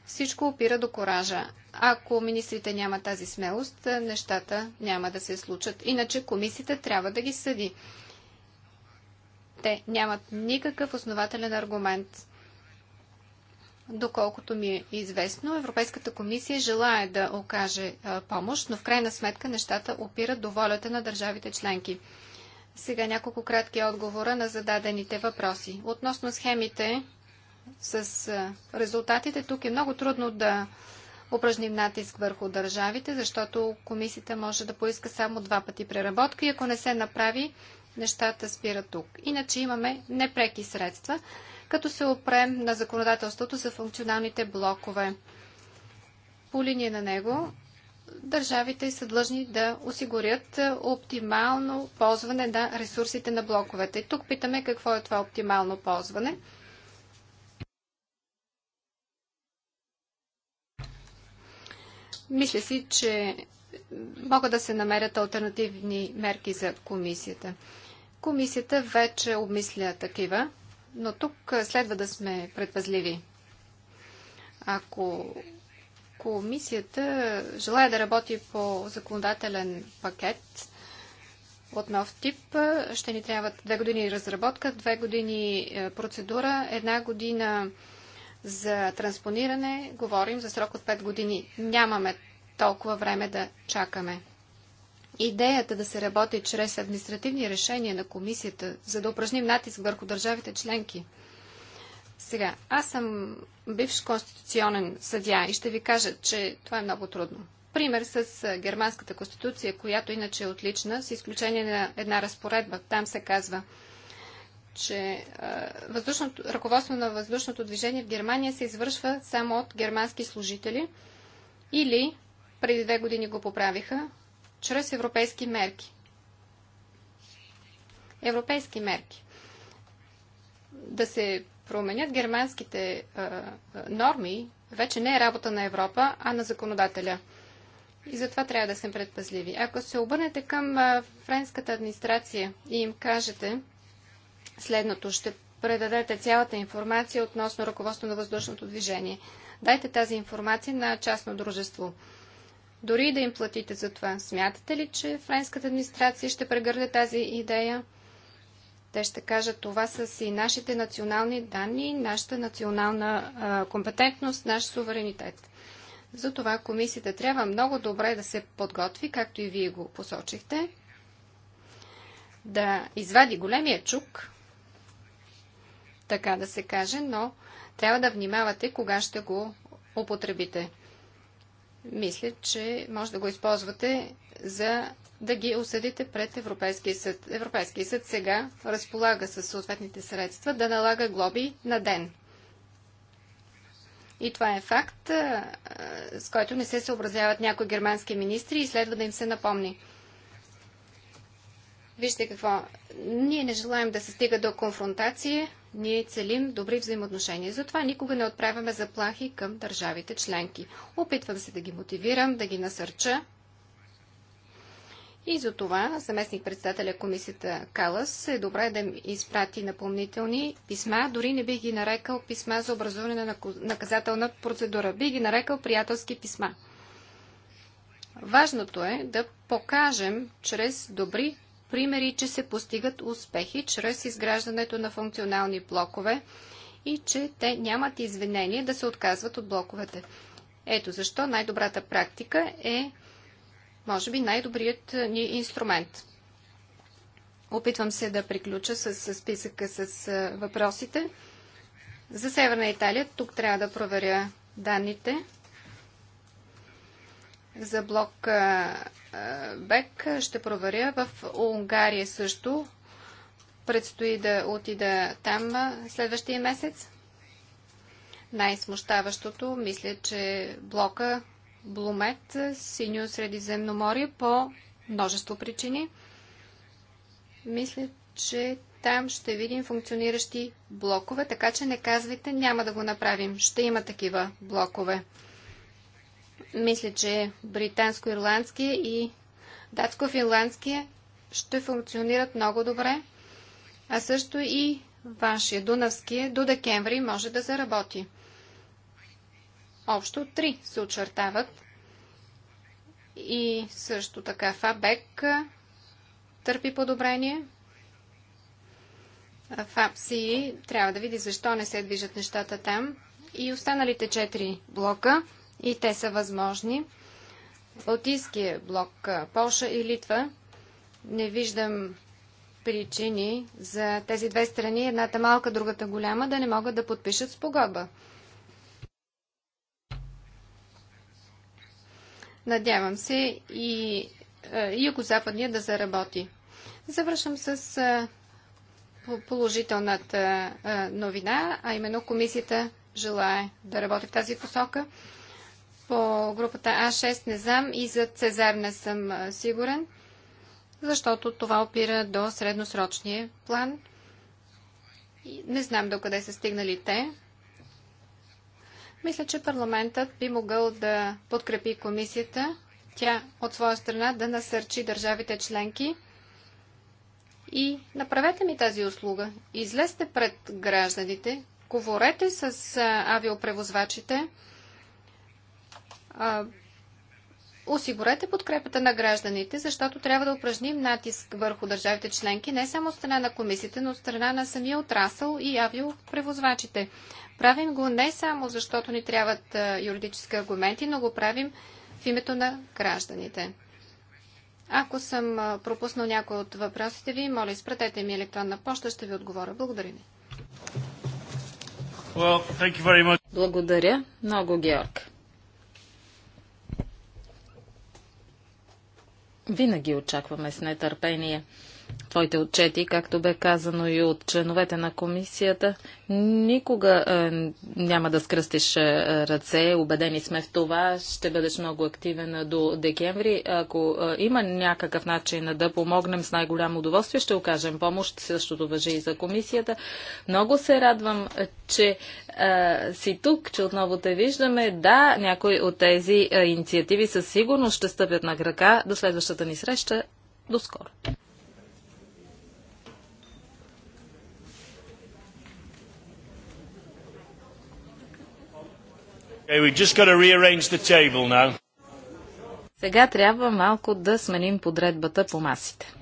Всичко опира до коража. Ако министрите няма тази смелост, нещата няма да се случат. Иначе комисията трябва да ги съди. Те нямат никакъв основателен аргумент. Доколкото ми е известно, Европейската комисия желая да окаже помощ, но в крайна сметка нещата опират до волята на държавите членки. Сега няколко кратки отговора на зададените въпроси. Относно схемите с резултатите, тук е много трудно да упражним натиск върху държавите, защото комисията може да поиска само два пъти преработка и ако не се направи, нещата спират тук. Иначе имаме непреки средства като се опрем на законодателството за функционалните блокове. По линия на него държавите са длъжни да осигурят е, оптимално ползване на ресурсите на блоковете. И тук питаме какво е това оптимално ползване. Мисля си, че могат да се намерят альтернативни мерки за комисията. Комисията вече обмисля такива но тук следва да сме предпазливи. Ако комисията желая да работи по законодателен пакет от нов тип, ще ни трябват две години разработка, две години процедура, една година за транспониране. Говорим за срок от пет години. Нямаме толкова време да чакаме идеята да се работи чрез административни решения на комисията, за да упражним натиск върху държавите членки. Сега, аз съм бивш конституционен съдя и ще ви кажа, че това е много трудно. Пример с германската конституция, която иначе е отлична, с изключение на една разпоредба. Там се казва, че ръководство на въздушното движение в Германия се извършва само от германски служители или преди две години го поправиха, чрез европейски мерки. Европейски мерки. Да се променят германските а, норми вече не е работа на Европа, а на законодателя. И затова трябва да сме предпазливи. Ако се обърнете към а, френската администрация и им кажете следното, ще предадете цялата информация относно ръководство на въздушното движение. Дайте тази информация на частно дружество дори да им платите за това. Смятате ли, че френската администрация ще прегърне тази идея? Те ще кажат, това са си нашите национални данни, нашата национална а, компетентност, наш суверенитет. Затова комисията трябва много добре да се подготви, както и вие го посочихте, да извади големия чук, така да се каже, но трябва да внимавате кога ще го употребите мисля, че може да го използвате за да ги осъдите пред Европейския съд. Европейския съд сега разполага с съответните средства да налага глоби на ден. И това е факт, с който не се съобразяват някои германски министри и следва да им се напомни. Вижте какво. Ние не желаем да се стига до конфронтация. Ние целим добри взаимоотношения. Затова никога не отправяме заплахи към държавите членки. Опитвам се да ги мотивирам, да ги насърча. И за това заместник председателя комисията Калас е добре да изпрати напомнителни писма. Дори не бих ги нарекал писма за образуване на наказателна процедура. Би ги нарекал приятелски писма. Важното е да покажем чрез добри примери, че се постигат успехи чрез изграждането на функционални блокове и че те нямат извинение да се отказват от блоковете. Ето защо най-добрата практика е, може би, най-добрият ни инструмент. Опитвам се да приключа с списъка с въпросите. За Северна Италия тук трябва да проверя данните за блок Бек ще проверя. В Унгария също предстои да отида там следващия месец. Най-смущаващото, мисля, че блока Блумет, синьо Средиземно море по множество причини. Мисля, че там ще видим функциониращи блокове, така че не казвайте няма да го направим. Ще има такива блокове. Мисля, че британско-ирландския и датско-финландския ще функционират много добре, а също и вашия дунавския до декември може да заработи. Общо три се очертават и също така ФАБЕК търпи подобрение. ФАПСИ трябва да види защо не се движат нещата там. И останалите четири блока – и те са възможни. Балтийския блок, Полша и Литва, не виждам причини за тези две страни, едната малка, другата голяма, да не могат да подпишат спогодба. Надявам се и юго-западния да заработи. Завършвам с положителната новина, а именно комисията желая да работи в тази посока. По групата А6 не знам и за Цезар не съм сигурен, защото това опира до средносрочния план. Не знам до къде са стигнали те. Мисля, че парламентът би могъл да подкрепи комисията, тя от своя страна да насърчи държавите членки и направете ми тази услуга. Излезте пред гражданите, говорете с авиопревозвачите, осигурете подкрепата на гражданите, защото трябва да упражним натиск върху държавите членки, не само от страна на комисията, но от страна на самия отрасъл и авиопревозвачите. Правим го не само защото ни трябват юридически аргументи, но го правим в името на гражданите. Ако съм пропуснал някой от въпросите ви, моля, изпратете ми електронна почта, ще ви отговоря. Благодаря ви. Well, Благодаря много, Георг. Винаги очакваме с нетърпение твоите отчети, както бе казано и от членовете на комисията, никога е, няма да скръстиш е, ръце. Убедени сме в това. Ще бъдеш много активен до декември. Ако е, има някакъв начин да помогнем с най-голямо удоволствие, ще окажем помощ. Същото въжи и за комисията. Много се радвам, че е, си тук, че отново те виждаме. Да, някои от тези е, инициативи със сигурност ще стъпят на крака до следващата ни среща. До скоро! Сега трябва малко да сменим подредбата по масите.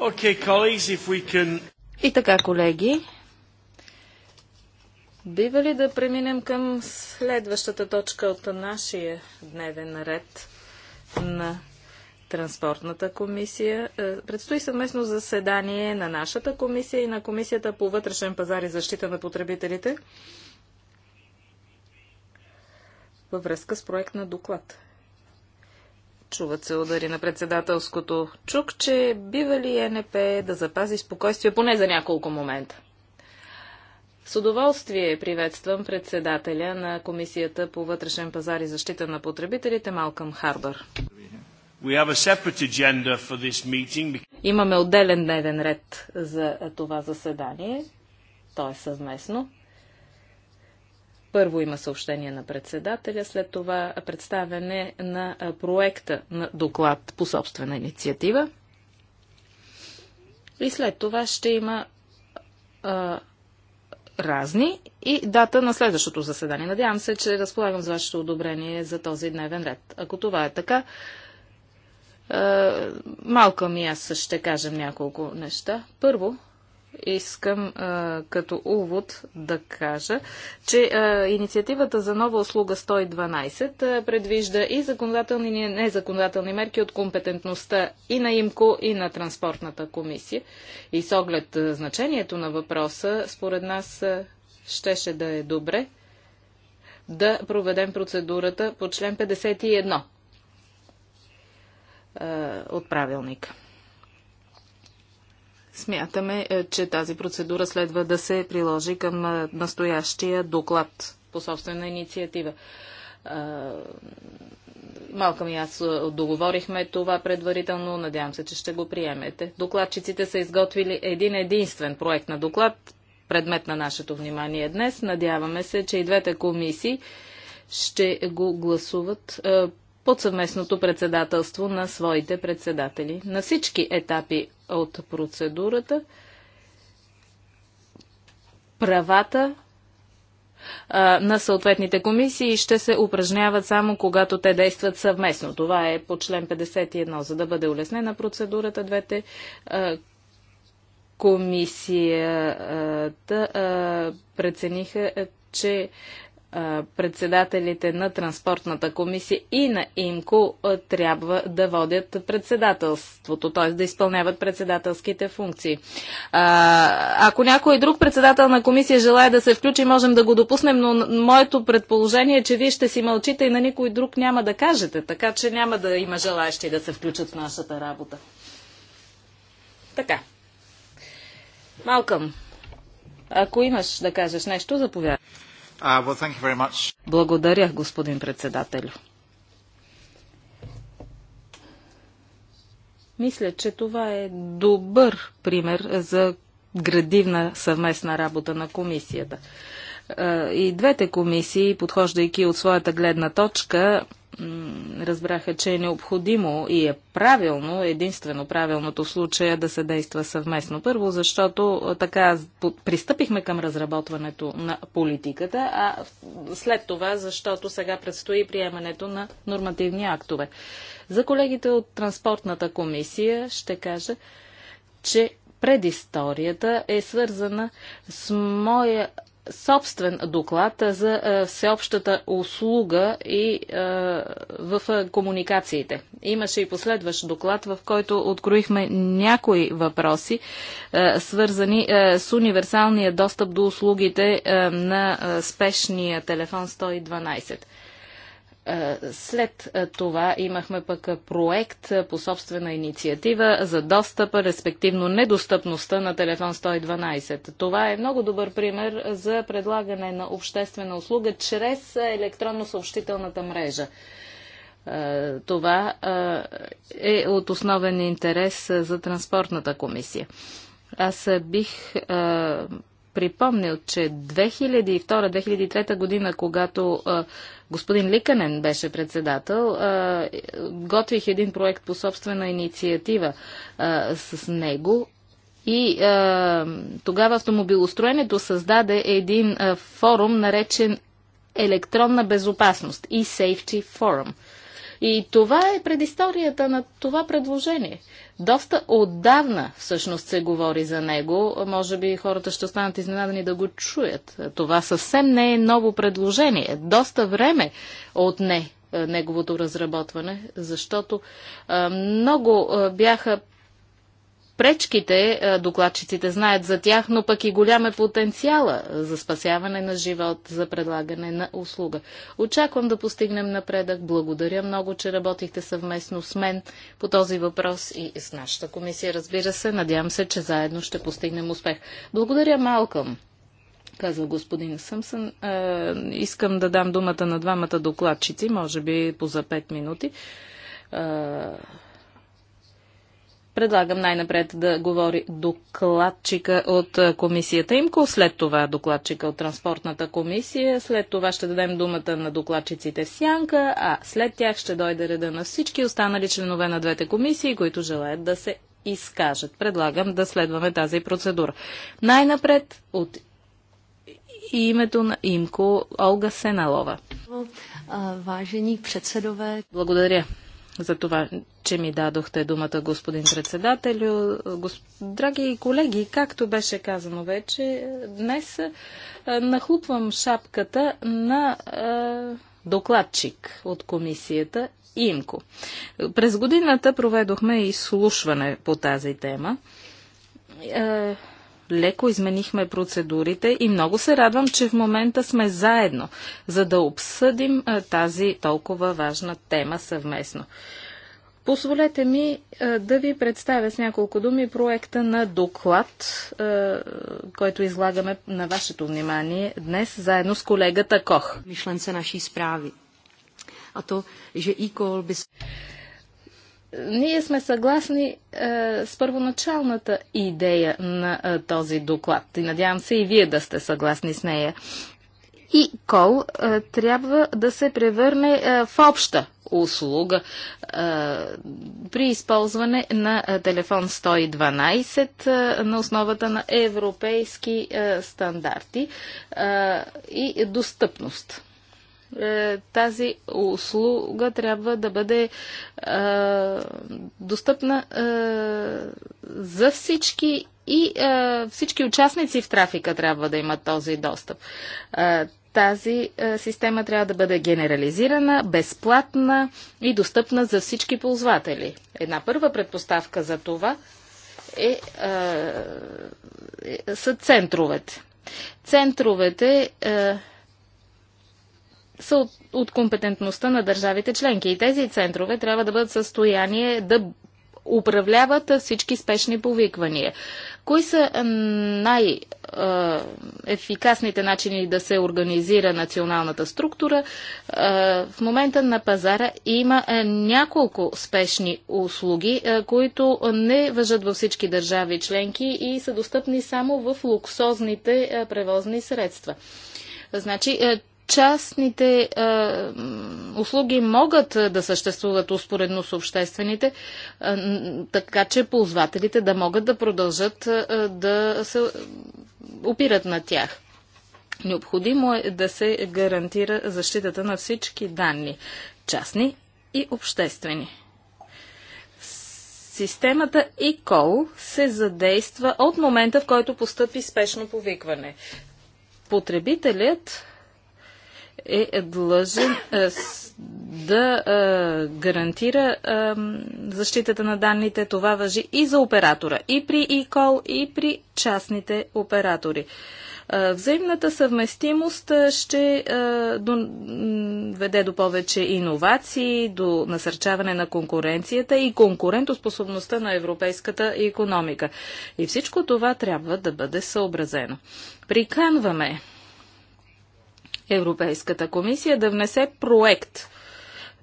Okay, colleagues, if we can... И така, колеги, бива ли да преминем към следващата точка от нашия дневен ред на Транспортната комисия. Е, предстои съвместно заседание на нашата комисия и на Комисията по вътрешен пазар и защита на потребителите във връзка с проект на доклад. Чуват се удари на председателското чук, че Бива ли е НП да запази спокойствие поне за няколко момента? С удоволствие приветствам председателя на Комисията по вътрешен пазар и защита на потребителите Малкъм Хардър. Имаме отделен дневен ред за това заседание. То е съвместно. Първо има съобщение на председателя, след това представяне на проекта на доклад по собствена инициатива. И след това ще има а, разни и дата на следващото заседание. Надявам се, че разполагам с вашето одобрение за този дневен ред. Ако това е така, а, малко ми аз ще кажем няколко неща. Първо, искам а, като увод да кажа, че а, инициативата за нова услуга 112 а, предвижда и законодателни и незаконодателни мерки от компетентността и на ИМКО, и на Транспортната комисия. И с оглед а, значението на въпроса, според нас а, щеше да е добре да проведем процедурата по член 51 а, от правилника. Смятаме, е, че тази процедура следва да се приложи към е, настоящия доклад по собствена инициатива. Малка ми аз е, договорихме това предварително, надявам се, че ще го приемете. Докладчиците са изготвили един единствен проект на доклад, предмет на нашето внимание днес. Надяваме се, че и двете комисии ще го гласуват под съвместното председателство на своите председатели. На всички етапи от процедурата правата а, на съответните комисии ще се упражняват само когато те действат съвместно. Това е по член 51. За да бъде улеснена процедурата, двете а, комисията а, прецениха, че председателите на Транспортната комисия и на ИМКО трябва да водят председателството, т.е. да изпълняват председателските функции. А, ако някой друг председател на комисия желая да се включи, можем да го допуснем, но моето предположение е, че вие ще си мълчите и на никой друг няма да кажете, така че няма да има желаящи да се включат в нашата работа. Така. Малкам, ако имаш да кажеш нещо, заповядай. Uh, Благодаря, господин председател. Мисля, че това е добър пример за градивна съвместна работа на комисията. Е, и двете комисии, подхождайки от своята гледна точка, разбраха, че е необходимо и е правилно, единствено правилното в случая да се действа съвместно. Първо, защото така пристъпихме към разработването на политиката, а след това, защото сега предстои приемането на нормативни актове. За колегите от Транспортната комисия ще кажа, че предисторията е свързана с моя собствен доклад за всеобщата услуга и в комуникациите. Имаше и последващ доклад, в който откроихме някои въпроси, свързани с универсалния достъп до услугите на спешния телефон 112. Е, след е, това имахме пък е, проект по собствена инициатива за достъпа, респективно недостъпността на телефон 112. Това е много добър пример за предлагане на обществена услуга чрез електронно-съобщителната мрежа. Това е от основен интерес за транспортната комисия. Аз бих припомнил, че 2002-2003 година, когато господин Ликанен беше председател, а, готвих един проект по собствена инициатива а, с него и а, тогава автомобилостроенето създаде един а, форум, наречен електронна безопасност и e Safety Forum – и това е предисторията на това предложение. Доста отдавна всъщност се говори за него. Може би хората ще останат изненадани да го чуят. Това съвсем не е ново предложение. Е доста време отне е, неговото разработване, защото е, много бяха пречките, докладчиците знаят за тях, но пък и голям е потенциала за спасяване на живот, за предлагане на услуга. Очаквам да постигнем напредък. Благодаря много, че работихте съвместно с мен по този въпрос и с нашата комисия. Разбира се, надявам се, че заедно ще постигнем успех. Благодаря, Малкъм каза господин Съмсън. Е, искам да дам думата на двамата докладчици, може би по за 5 минути. Е, Предлагам най-напред да говори докладчика от комисията ИМКО, след това докладчика от транспортната комисия, след това ще дадем думата на докладчиците в Сянка, а след тях ще дойде реда на всички останали членове на двете комисии, които желаят да се изкажат. Предлагам да следваме тази процедура. Най-напред от името на Имко Олга Сеналова. Важени председове. Благодаря за това, че ми дадохте думата, господин председател. Госп... Драги колеги, както беше казано вече, днес е, нахлупвам шапката на е, докладчик от комисията Имко. През годината проведохме изслушване по тази тема. Е, леко изменихме процедурите и много се радвам, че в момента сме заедно, за да обсъдим тази толкова важна тема съвместно. Позволете ми да ви представя с няколко думи проекта на доклад, който излагаме на вашето внимание днес, заедно с колегата Кох. Мишленце наши справи. А то, же и кол без ние сме съгласни е, с първоначалната идея на е, този доклад. И надявам се и вие да сте съгласни с нея. И кол е, трябва да се превърне е, в обща услуга е, при използване на е, телефон 112 е, на основата на европейски е, стандарти е, и достъпност. Е, тази услуга трябва да бъде а, е, достъпна а, е, за всички и а, всички участници в трафика трябва да имат този достъп. А, тази а, система трябва да бъде генерализирана, безплатна и достъпна за всички ползватели. Една първа предпоставка за това е, а, е, са центровете. Центровете. А, са от, от компетентността на държавите членки. И тези центрове трябва да бъдат в състояние да управляват всички спешни повиквания. Кои са най-ефикасните начини да се организира националната структура? В момента на пазара има няколко спешни услуги, които не въжат във всички държави членки и са достъпни само в луксозните превозни средства. Значи, частните е, услуги могат е, да съществуват успоредно с обществените, е, така че ползвателите да могат да продължат е, е, да се опират на тях. Необходимо е да се гарантира защитата на всички данни, частни и обществени. Системата eCall се задейства от момента, в който постъпи спешно повикване. Потребителят е длъжен е, да е, гарантира е, защитата на данните. Това въжи и за оператора, и при ИКОЛ, и при частните оператори. Взаимната съвместимост ще веде до повече иновации, до насърчаване на конкуренцията и конкурентоспособността на европейската економика. И всичко това трябва да бъде съобразено. Приканваме Европейската комисия да внесе проект,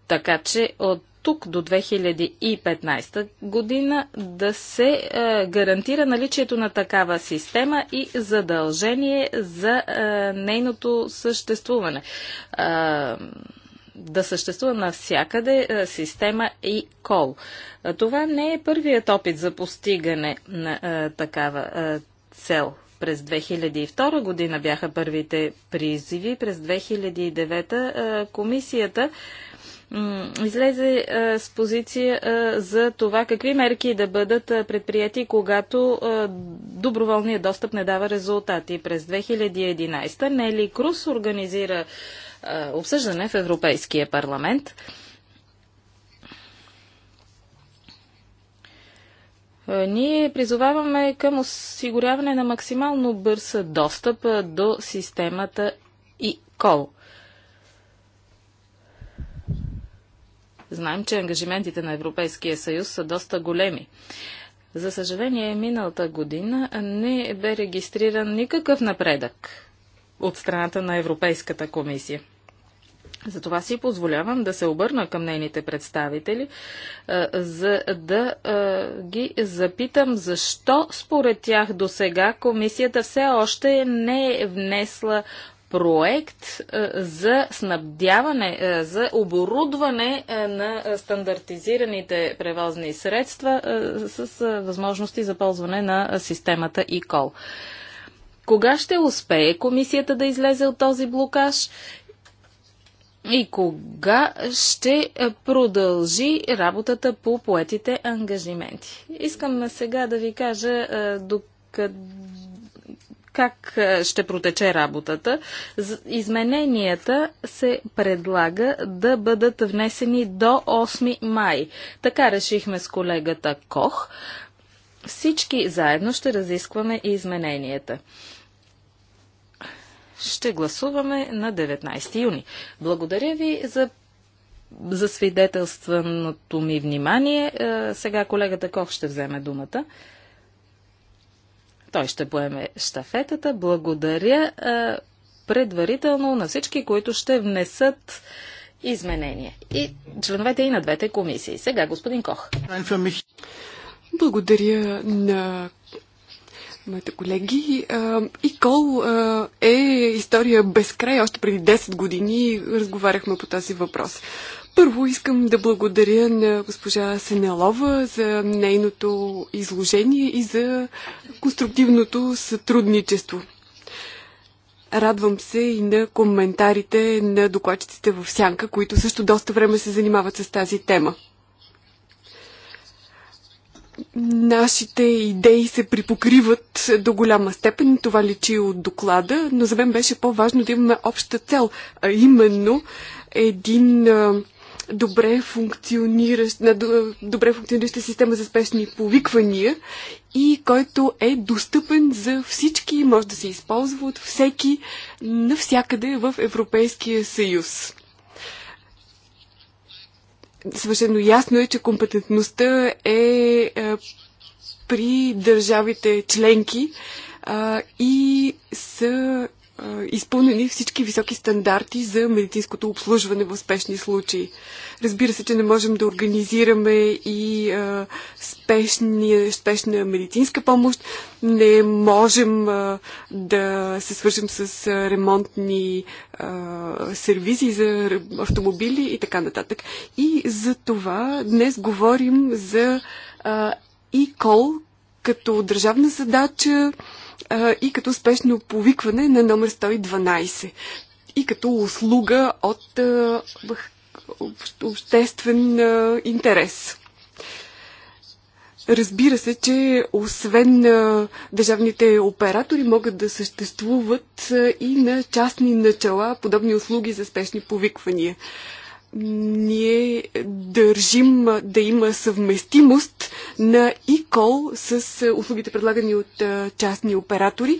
така че от тук до 2015 година да се е, гарантира наличието на такава система и задължение за е, нейното съществуване. Е, да съществува навсякъде е, система и кол. Е, това не е първият опит за постигане на е, такава цел през 2002 година бяха първите призиви. През 2009 комисията излезе с позиция за това какви мерки да бъдат предприяти, когато доброволният достъп не дава резултати. През 2011 Нели Крус организира обсъждане в Европейския парламент Е, ние призоваваме към осигуряване на максимално бърз достъп е, до системата и кол. Знаем, че ангажиментите на Европейския съюз са доста големи. За съжаление, миналата година не бе регистриран никакъв напредък от страната на Европейската комисия. Затова си позволявам да се обърна към нейните представители, е, за да е, ги запитам защо според тях до сега комисията все още не е внесла проект е, за снабдяване, за оборудване на стандартизираните превозни средства с възможности за ползване на системата ИКОЛ. Кога ще успее комисията да излезе от този блокаж и кога ще е, продължи работата по поетите ангажименти. Искам сега да ви кажа е, докъде как е, ще протече работата. Измененията се предлага да бъдат внесени до 8 май. Така решихме с колегата Кох. Всички заедно ще разискваме и измененията ще гласуваме на 19 юни. Благодаря ви за за свидетелстваното ми внимание. Е, сега колегата Кох ще вземе думата. Той ще поеме штафетата. Благодаря е, предварително на всички, които ще внесат изменения. И членовете и на двете комисии. Сега господин Кох. Благодаря на моите колеги. и кол е история без край. Още преди 10 години разговаряхме по този въпрос. Първо искам да благодаря на госпожа Сенелова за нейното изложение и за конструктивното сътрудничество. Радвам се и на коментарите на докладчиците в Сянка, които също доста време се занимават с тази тема нашите идеи се припокриват до голяма степен. Това личи от доклада, но за мен беше по-важно да имаме обща цел, а именно един добре функциониращ, на добре функционираща система за спешни повиквания и който е достъпен за всички, може да се използва от всеки, навсякъде в Европейския съюз съвършено ясно е, че компетентността е, е при държавите членки и са изпълнени всички високи стандарти за медицинското обслужване в спешни случаи. Разбира се, че не можем да организираме и а, спешни, спешна медицинска помощ, не можем а, да се свържем с а, ремонтни а, сервизи за автомобили и така нататък. И за това днес говорим за а, e-call като държавна задача, а, и като спешно повикване на номер 112 и като услуга от а, обществен а, интерес. Разбира се, че освен а, държавните оператори могат да съществуват а, и на частни начала подобни услуги за спешни повиквания ние държим да има съвместимост на ИКОЛ с услугите предлагани от частни оператори,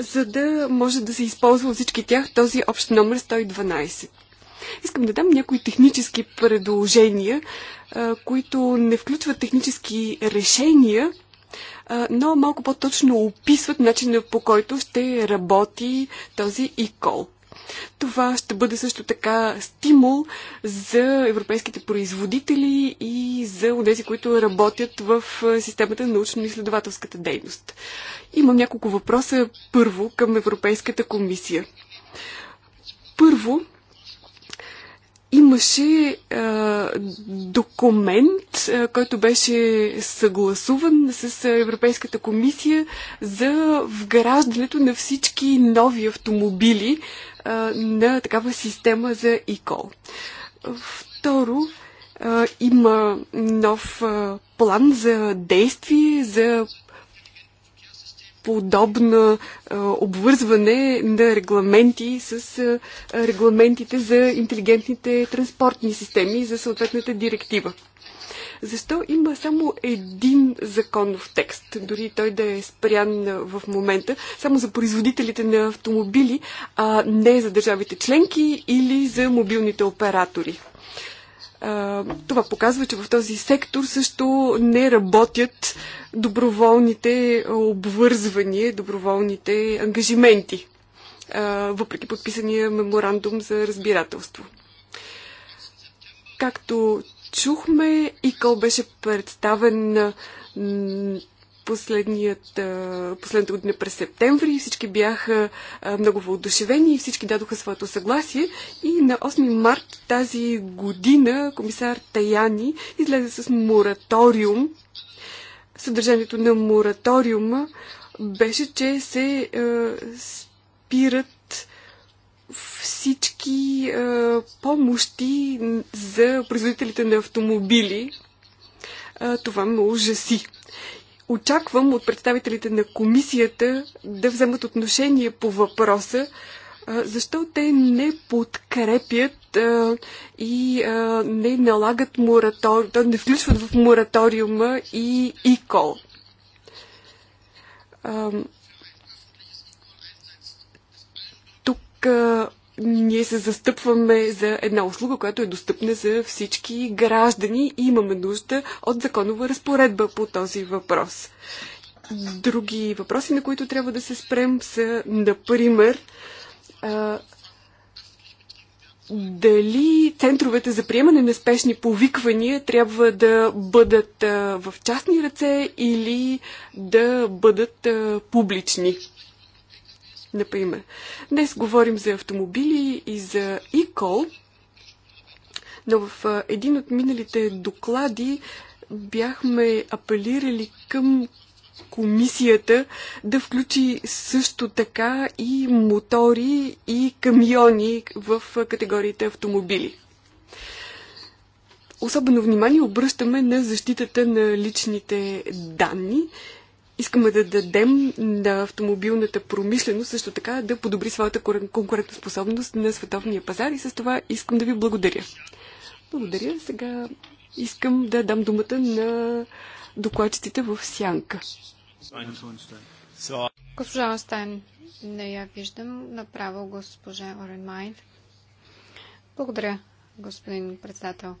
за да може да се използва от всички тях този общ номер 112. Искам да дам някои технически предложения, които не включват технически решения, но малко по-точно описват начина по който ще работи този ИКОЛ. Това ще бъде също така стимул за европейските производители и за тези, които работят в системата на научно-изследователската дейност. Имам няколко въпроса първо към Европейската комисия. Първо, Имаше а, документ, а, който беше съгласуван с Европейската комисия за вграждането на всички нови автомобили а, на такава система за ИКОЛ. Второ, а, има нов а, план за действие за подобна обвързване на регламенти с регламентите за интелигентните транспортни системи за съответната директива. Защо има само един законов текст, дори той да е спрян в момента, само за производителите на автомобили, а не за държавите членки или за мобилните оператори? Това показва, че в този сектор също не работят доброволните обвързвания, доброволните ангажименти, въпреки подписания меморандум за разбирателство. Както чухме, ИКЛ беше представен последният, последната година през септември. Всички бяха много въодушевени и всички дадоха своето съгласие. И на 8 март тази година комисар Таяни излезе с мораториум. Съдържанието на мораториума беше, че се е, спират всички е, помощи за производителите на автомобили. Е, това ме ужаси. Очаквам от представителите на комисията да вземат отношение по въпроса, защо те не подкрепят а, и а, не налагат мораториум, не включват в мораториума и ИКОЛ. Тук а, ние се застъпваме за една услуга, която е достъпна за всички граждани и имаме нужда от законова разпоредба по този въпрос. Други въпроси, на които трябва да се спрем, са, например, дали центровете за приемане на спешни повиквания трябва да бъдат в частни ръце или да бъдат публични например. Днес говорим за автомобили и за e-call, но в един от миналите доклади бяхме апелирали към комисията да включи също така и мотори и камиони в категориите автомобили. Особено внимание обръщаме на защитата на личните данни искаме да дадем на автомобилната промишленост също така да подобри своята конкурентоспособност на световния пазар и с това искам да ви благодаря. Благодаря. Сега искам да дам думата на докладчиците в Сянка. Госпожа Остайн, не я виждам. Направо госпожа Орен Майн. Благодаря, господин председател.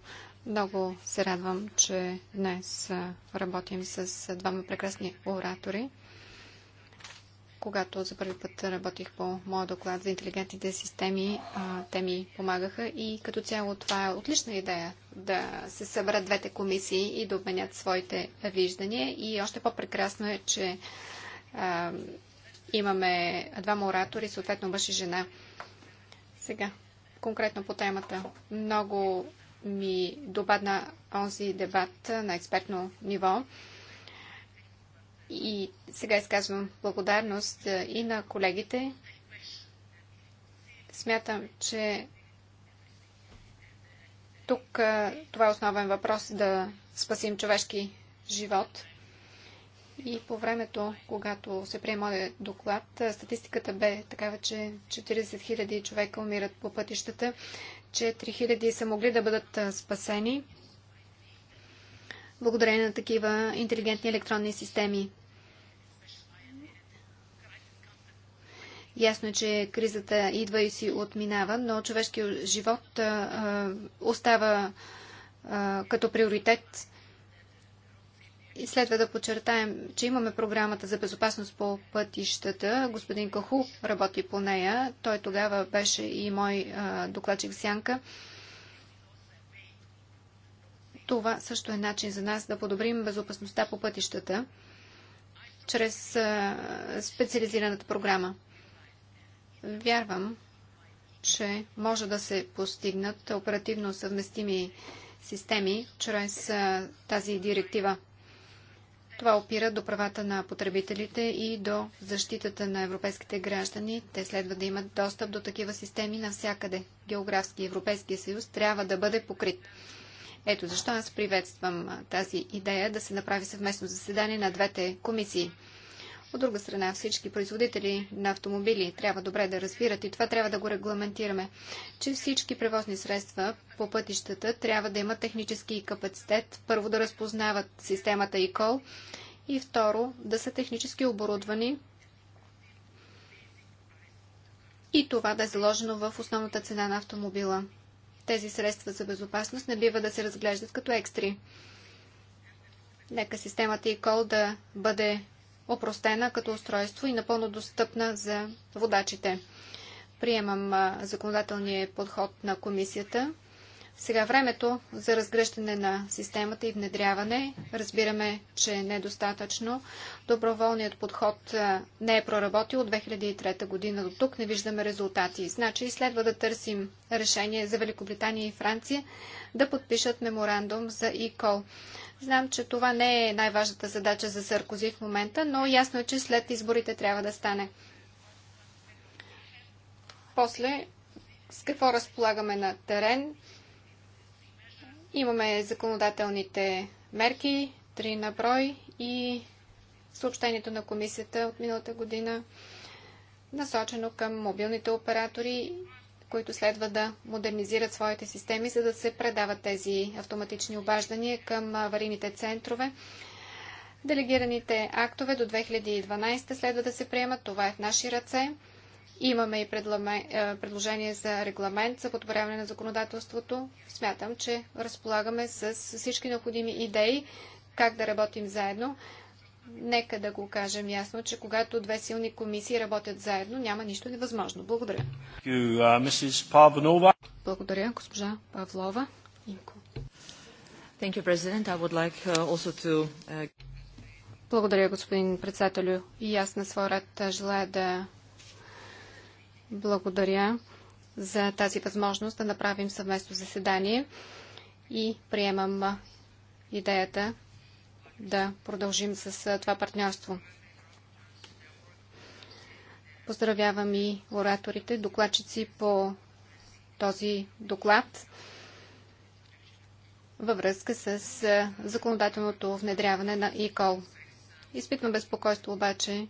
Много се радвам, че днес работим с двама прекрасни оратори. Когато за първи път работих по моя доклад за интелигентните системи, те ми помагаха и като цяло това е отлична идея да се съберат двете комисии и да обменят своите виждания. И още по-прекрасно е, че а, имаме двама оратори, съответно мъж и жена. Сега, конкретно по темата. Много ми допадна онзи дебат на експертно ниво. И сега изказвам благодарност е, и на колегите. Смятам, че тук е, това е основен въпрос да спасим човешки живот. И по времето, когато се приема моят доклад, е, статистиката бе такава, че 40 000 човека умират по пътищата. 4000 са могли да бъдат спасени благодарение на такива интелигентни електронни системи. Ясно е, че кризата идва и си отминава, но човешкият живот а, остава а, като приоритет и следва да подчертаем, че имаме програмата за безопасност по пътищата. Господин Каху работи по нея. Той тогава беше и мой докладчик Сянка. Това също е начин за нас да подобрим безопасността по пътищата чрез специализираната програма. Вярвам, че може да се постигнат оперативно съвместими системи чрез тази директива. Това опира до правата на потребителите и до защитата на европейските граждани. Те следва да имат достъп до такива системи навсякъде. Географски Европейския съюз трябва да бъде покрит. Ето защо аз приветствам тази идея да се направи съвместно заседание на двете комисии – от друга страна, всички производители на автомобили трябва добре да разбират и това трябва да го регламентираме, че всички превозни средства по пътищата трябва да имат технически капацитет, първо да разпознават системата ИКОЛ и второ да са технически оборудвани и това да е заложено в основната цена на автомобила. Тези средства за безопасност не бива да се разглеждат като екстри. Нека системата ИКОЛ да бъде опростена като устройство и напълно достъпна за водачите. Приемам законодателния подход на комисията. Сега времето за разгръщане на системата и внедряване. Разбираме, че е недостатъчно. Доброволният подход не е проработил от 2003 година до тук. Не виждаме резултати. Значи следва да търсим решение за Великобритания и Франция да подпишат меморандум за e Знам, че това не е най-важната задача за Саркози в момента, но ясно е, че след изборите трябва да стане. После, с какво разполагаме на терен? Имаме законодателните мерки, три на брой и съобщението на комисията от миналата година, насочено към мобилните оператори които следва да модернизират своите системи, за да се предават тези автоматични обаждания към аварийните центрове. Делегираните актове до 2012 следва да се приемат. Това е в наши ръце. Имаме и е, предложение за регламент за подобряване на законодателството. Смятам, че разполагаме с всички необходими идеи как да работим заедно. Нека да го кажем ясно, че когато две силни комисии работят заедно, няма нищо невъзможно. Благодаря. Uh, благодаря, госпожа Павлова. Инко. Uh, uh, благодаря, господин председателю. И аз на своя ред желая да благодаря за тази възможност да направим съвместно заседание и приемам идеята да продължим с това партньорство. Поздравявам и ораторите, докладчици по този доклад във връзка с законодателното внедряване на ИКОЛ. Изпитвам безпокойство обаче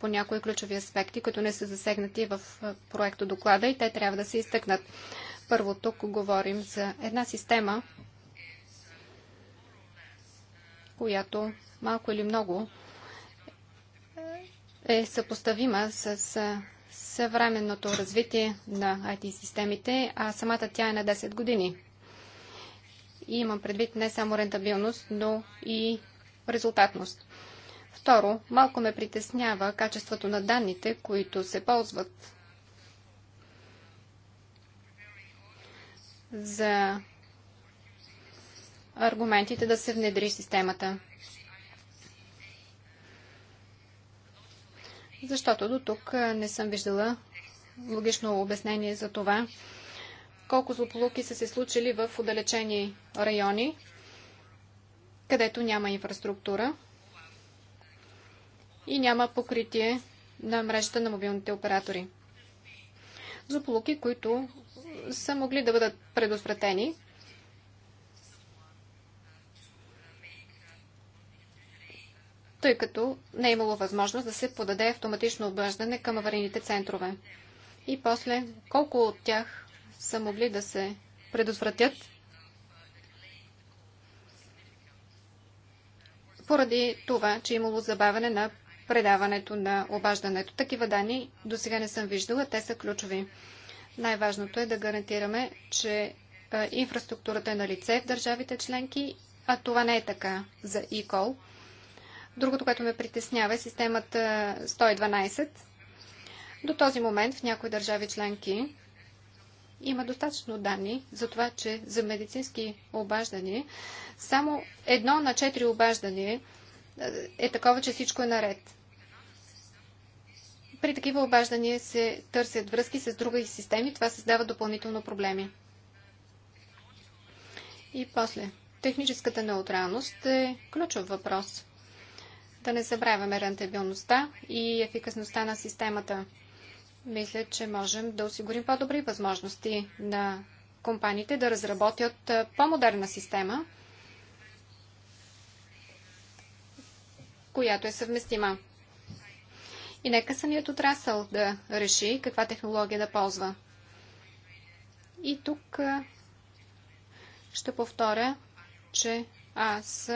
по някои ключови аспекти, които не са засегнати в проекто доклада и те трябва да се изтъкнат. Първо тук говорим за една система, която малко или много е съпоставима с съвременното развитие на IT-системите, а самата тя е на 10 години. И имам предвид не само рентабилност, но и резултатност. Второ, малко ме притеснява качеството на данните, които се ползват за аргументите да се внедри системата. Защото до тук не съм виждала логично обяснение за това колко злополуки са се случили в отдалечени райони, където няма инфраструктура и няма покритие на мрежата на мобилните оператори. Злополуки, които са могли да бъдат предотвратени, тъй като не е имало възможност да се подаде автоматично обаждане към аварийните центрове. И после, колко от тях са могли да се предотвратят поради това, че е имало забавяне на предаването на обаждането. Такива данни до сега не съм виждала, те са ключови. Най-важното е да гарантираме, че инфраструктурата е на лице в държавите членки, а това не е така за e Другото, което ме притеснява е системата 112. До този момент в някои държави членки има достатъчно данни за това, че за медицински обаждани, само едно на четири обаждания е, е такова, че всичко е наред. При такива обаждания се търсят връзки с други системи. Това създава допълнително проблеми. И после. Техническата неутралност е ключов въпрос. Да не забравяме рентабилността и ефикасността на системата. Мисля, че можем да осигурим по-добри възможности на компаниите да разработят по-модерна система, която е съвместима. И нека самият отрасъл да реши каква технология да ползва. И тук ще повторя, че аз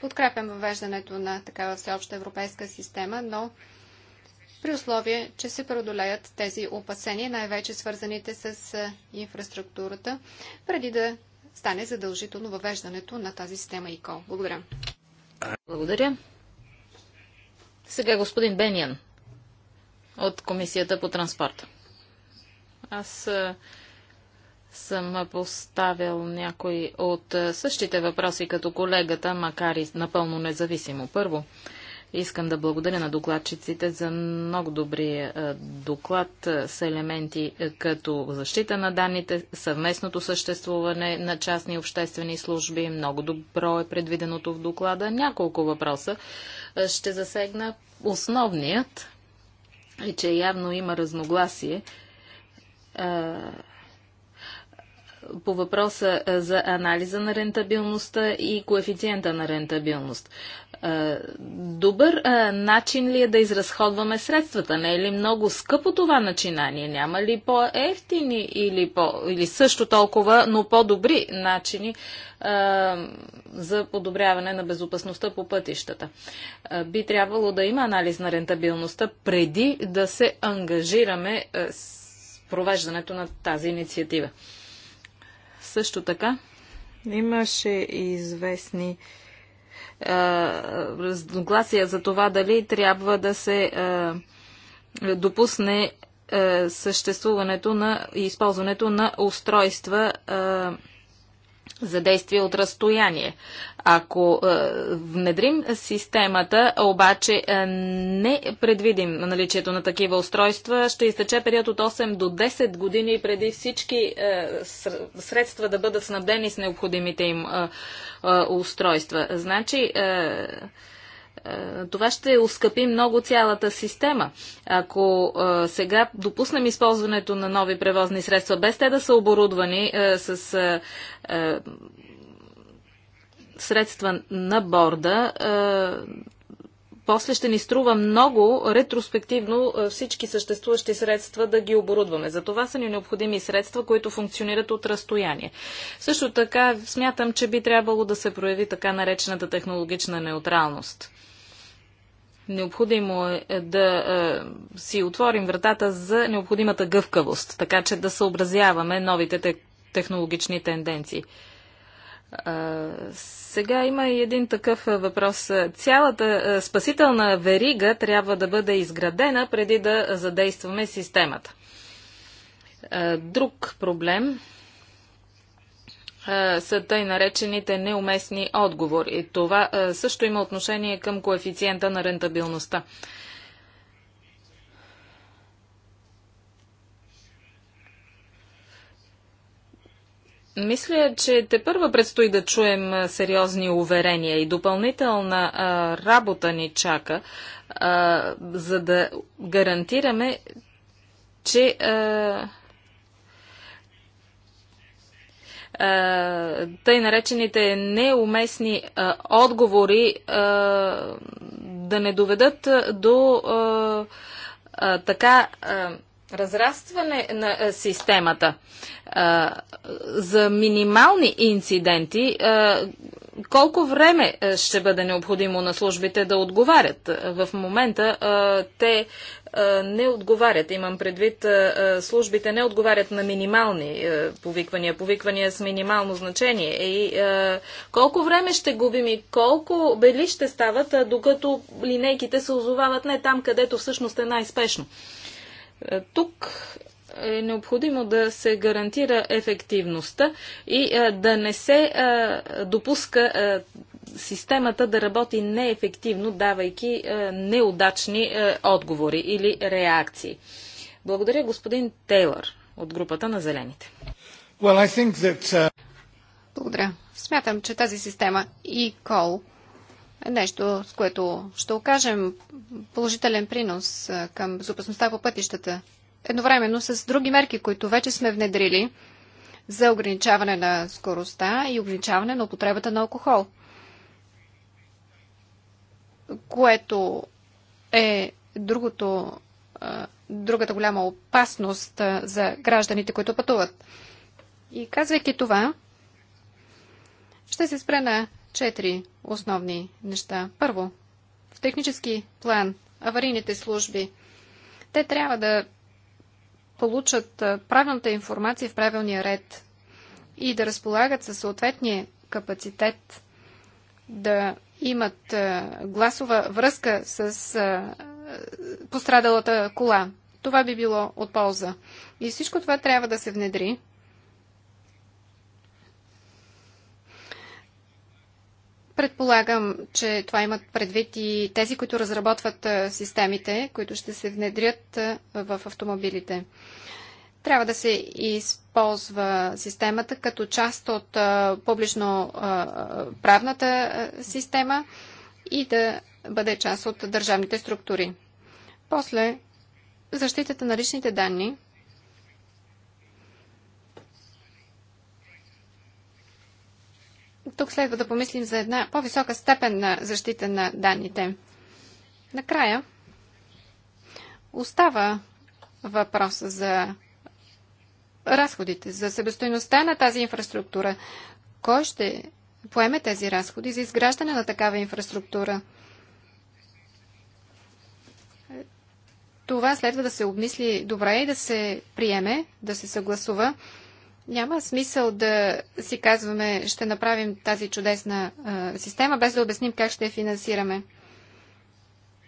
Подкрепям въвеждането на такава всеобща европейска система, но при условие, че се преодолеят тези опасения, най-вече свързаните с инфраструктурата, преди да стане задължително въвеждането на тази система ИКО. Благодаря. Благодаря. Сега господин Бениан от Комисията по транспорта. Аз съм поставил някои от същите въпроси като колегата, макар и напълно независимо. Първо, искам да благодаря на докладчиците за много добрия доклад с елементи като защита на данните, съвместното съществуване на частни и обществени служби. Много добро е предвиденото в доклада. Няколко въпроса ще засегна. Основният е, че явно има разногласие по въпроса за анализа на рентабилността и коефициента на рентабилност. Добър начин ли е да изразходваме средствата? Не е ли много скъпо това начинание? Няма ли по-ефтини или, по, или също толкова, но по-добри начини за подобряване на безопасността по пътищата? би трябвало да има анализ на рентабилността преди да се ангажираме с провеждането на тази инициатива. Също така имаше известни а, разногласия за това дали трябва да се а, допусне а, съществуването на и използването на устройства а, за действие от разстояние. Ако е, внедрим системата, обаче е, не предвидим наличието на такива устройства, ще изтече период от 8 до 10 години преди всички е, средства да бъдат снабдени с необходимите им е, е, устройства. Значи. Е, е, това ще ускъпи много цялата система. Ако е, сега допуснем използването на нови превозни средства, без те да са оборудвани е, с средства на борда, после ще ни струва много ретроспективно всички съществуващи средства да ги оборудваме. За това са ни необходими средства, които функционират от разстояние. Също така смятам, че би трябвало да се прояви така наречената технологична неутралност. Необходимо е, е да е, си отворим вратата за необходимата гъвкавост, така че да съобразяваме новите те, технологични тенденции. Е, сега има и един такъв е, въпрос. Цялата е, спасителна верига трябва да бъде изградена преди да задействаме системата. Е, друг проблем е, са тъй наречените неуместни отговори. И това е, също има отношение към коефициента на рентабилността. Мисля, че те първа предстои да чуем е, сериозни уверения и допълнителна а, работа ни чака, а, за да гарантираме, че а, Е, тъй наречените неуместни е, отговори е, да не доведат до така разрастване на системата за минимални инциденти колко време е, ще бъде необходимо на службите да отговарят? Е, в момента е, те не отговарят. Имам предвид, службите не отговарят на минимални повиквания, повиквания с минимално значение. И колко време ще губим и колко бели ще стават, докато линейките се озовават не там, където всъщност е най-спешно. Тук е необходимо да се гарантира ефективността и е, да не се е, допуска е, системата да работи неефективно, давайки неудачни отговори или реакции. Благодаря господин Тейлър от групата на Зелените. Well, that... Uh, Благодаря. Смятам, че тази система e-call е нещо, с което ще окажем положителен принос към безопасността по пътищата едновременно с други мерки, които вече сме внедрили за ограничаване на скоростта и ограничаване на употребата на алкохол, което е другото, другата голяма опасност за гражданите, които пътуват. И казвайки това, ще се спре на четири основни неща. Първо, в технически план аварийните служби. Те трябва да получат правилната информация в правилния ред и да разполагат със съответния капацитет да имат гласова връзка с пострадалата кола. Това би било от полза. И всичко това трябва да се внедри Предполагам, че това имат предвид и тези, които разработват системите, които ще се внедрят в автомобилите. Трябва да се използва системата като част от публично-правната система и да бъде част от държавните структури. После, защитата на личните данни – Тук следва да помислим за една по-висока степен на защита на данните. Накрая остава въпроса за разходите, за себестойността на тази инфраструктура. Кой ще поеме тези разходи за изграждане на такава инфраструктура? Това следва да се обмисли добре и да се приеме, да се съгласува. Няма смисъл да си казваме, ще направим тази чудесна а, система, без да обясним как ще я финансираме.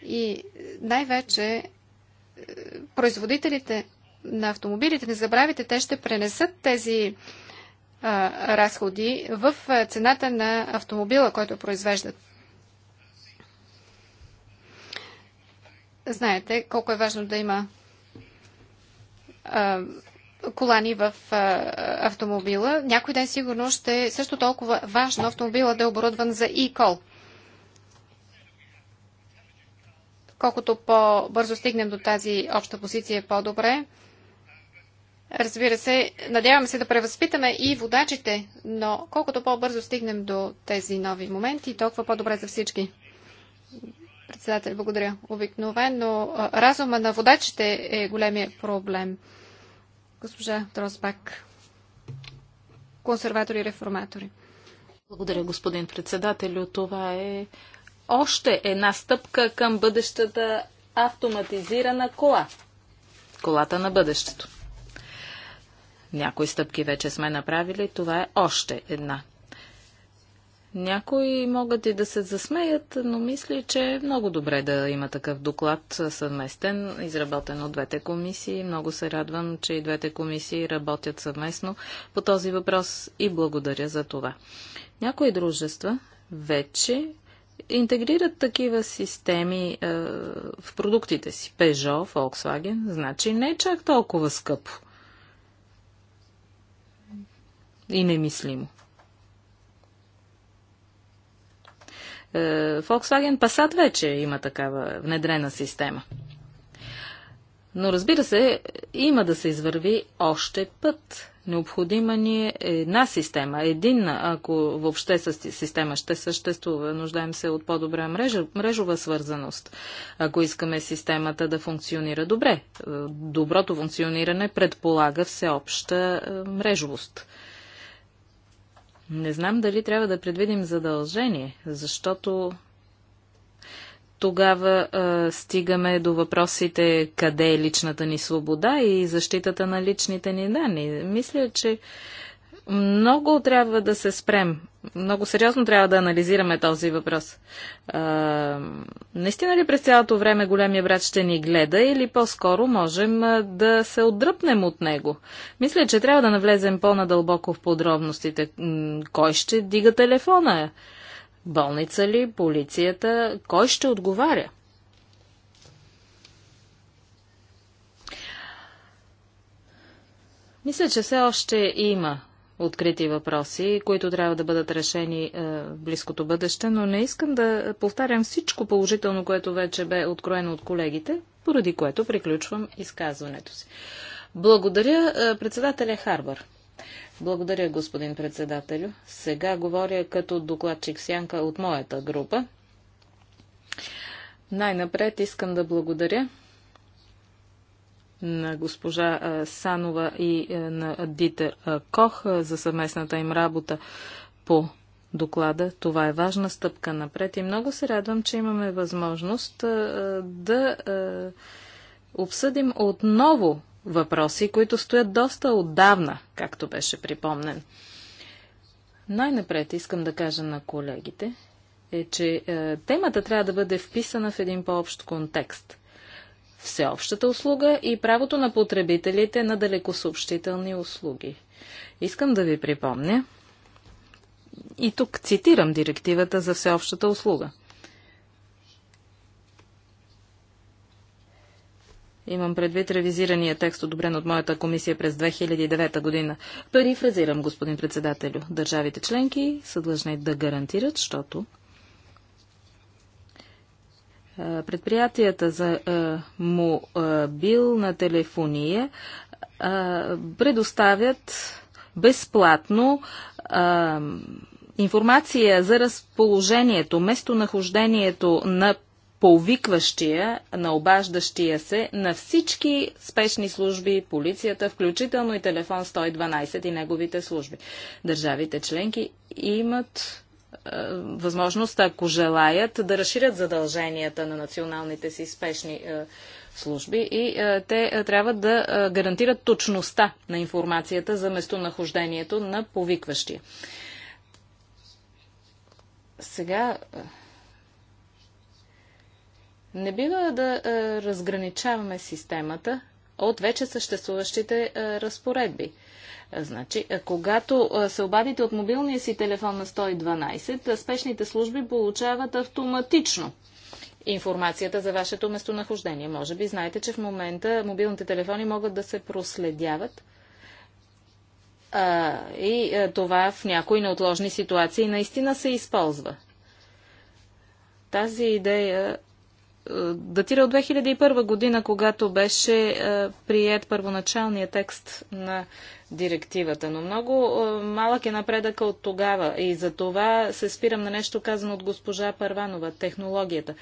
И най-вече производителите на автомобилите, не забравяйте, те ще пренесат тези а, разходи в цената на автомобила, който произвеждат. Знаете колко е важно да има колани в автомобила. Някой ден сигурно ще е също толкова важно автомобила да е оборудван за e-call. Колкото по-бързо стигнем до тази обща позиция, по-добре. Разбира се, надяваме се да превъзпитаме и водачите, но колкото по-бързо стигнем до тези нови моменти, толкова по-добре за всички. Председател, благодаря. Обикновено разума на водачите е големия проблем. Госпожа Тросбак, консерватори и реформатори. Благодаря, господин председателю. Това е още една стъпка към бъдещата автоматизирана кола. Колата на бъдещето. Някои стъпки вече сме направили. Това е още една някои могат и да се засмеят, но мисля, че е много добре да има такъв доклад съвместен, изработен от двете комисии. Много се радвам, че и двете комисии работят съвместно по този въпрос и благодаря за това. Някои дружества вече интегрират такива системи е, в продуктите си. Peugeot, Volkswagen, значи не е чак толкова скъпо. И немислимо. Е, Volkswagen Passat вече има такава внедрена система. Но разбира се, има да се извърви още път. Необходима ни е една система, единна, ако въобще система ще съществува. Нуждаем се от по-добра мрежова свързаност, ако искаме системата да функционира добре. Е, доброто функциониране предполага всеобща е, мрежовост. Не знам дали трябва да предвидим задължение, защото тогава а, стигаме до въпросите къде е личната ни свобода и защитата на личните ни данни. Мисля, че много трябва да се спрем. Много сериозно трябва да анализираме този въпрос. А, наистина ли през цялото време големия брат ще ни гледа или по-скоро можем да се отдръпнем от него? Мисля, че трябва да навлезем по-надълбоко в подробностите. Кой ще дига телефона? Болница ли? Полицията? Кой ще отговаря? Мисля, че все още има открити въпроси, които трябва да бъдат решени е, в близкото бъдеще, но не искам да повтарям всичко положително, което вече бе откроено от колегите, поради което приключвам изказването си. Благодаря, е, председателя Харбър. Благодаря, господин председателю. Сега говоря като докладчик Сянка от моята група. Най-напред искам да благодаря на госпожа Санова и на Дитер Кох за съвместната им работа по доклада. Това е важна стъпка напред и много се радвам, че имаме възможност да обсъдим отново въпроси, които стоят доста отдавна, както беше припомнен. Най-напред искам да кажа на колегите, е, че темата трябва да бъде вписана в един по-общ контекст всеобщата услуга и правото на потребителите на далекосъобщителни услуги. Искам да ви припомня, и тук цитирам директивата за всеобщата услуга. Имам предвид ревизирания текст, одобрен от моята комисия през 2009 година. Парифразирам, господин председателю. Държавите членки са длъжни да гарантират, защото предприятията за мобилна телефония предоставят безплатно информация за разположението, местонахождението на повикващия, на обаждащия се на всички спешни служби, полицията, включително и телефон 112 и неговите служби. Държавите членки имат е, възможност, ако желаят, да разширят задълженията на националните си спешни е, служби и е, те трябва да гарантират точността на информацията за местонахождението на повикващия. Сега не бива да разграничаваме системата от вече съществуващите разпоредби. Значи, е, когато е, се обадите от мобилния си телефон на 112, е, спешните служби получават автоматично информацията за вашето местонахождение. Може би знаете, че в момента мобилните телефони могат да се проследяват а, и а, това в някои неотложни ситуации наистина се използва. Тази идея датира от 2001 година, когато беше а, прият първоначалния текст на директивата. Но много е, малък е напредъка от тогава и за това се спирам на нещо казано от госпожа Парванова, технологията.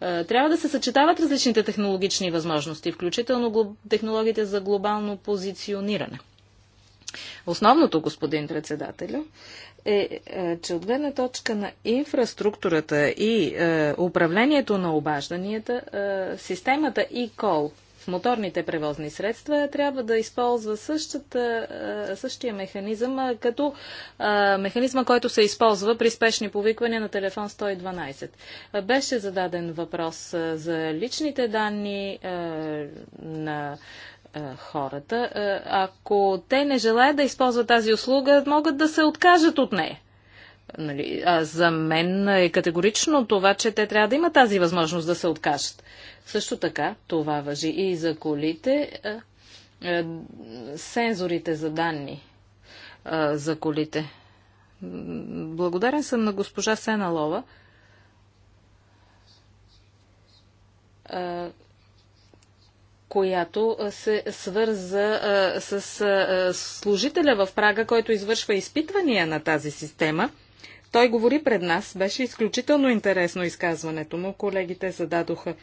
Е, трябва да се съчетават различните технологични възможности, включително технологиите за глобално позициониране. Основното, господин председателю, е, е, че от гледна точка на инфраструктурата и е, управлението на обажданията, е, системата e-call моторните превозни средства, трябва да използва същата, същия механизъм, като механизма, който се използва при спешни повиквания на телефон 112. Беше зададен въпрос за личните данни на хората. Ако те не желаят да използват тази услуга, могат да се откажат от нея. Нали, а за мен е категорично това, че те трябва да имат тази възможност да се откажат. Също така, това въжи и за колите, а, а, сензорите за данни а, за колите. Благодарен съм на госпожа Сеналова. А, която се свърза а, с а, служителя в Прага, който извършва изпитвания на тази система – той говори пред нас. Беше изключително интересно изказването му. Колегите зададоха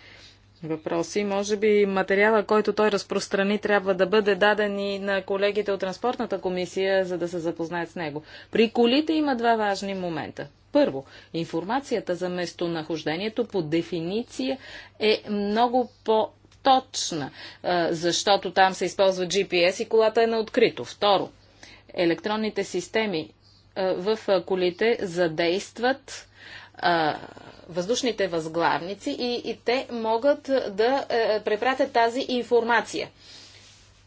въпроси. Може би материала, който той разпространи, трябва да бъде даден и на колегите от Транспортната комисия, за да се запознаят с него. При колите има два важни момента. Първо, информацията за местонахождението по дефиниция е много по- точна, защото там се използва GPS и колата е на открито. Второ, електронните системи в колите задействат въздушните възглавници и, и те могат да е, препратят тази информация.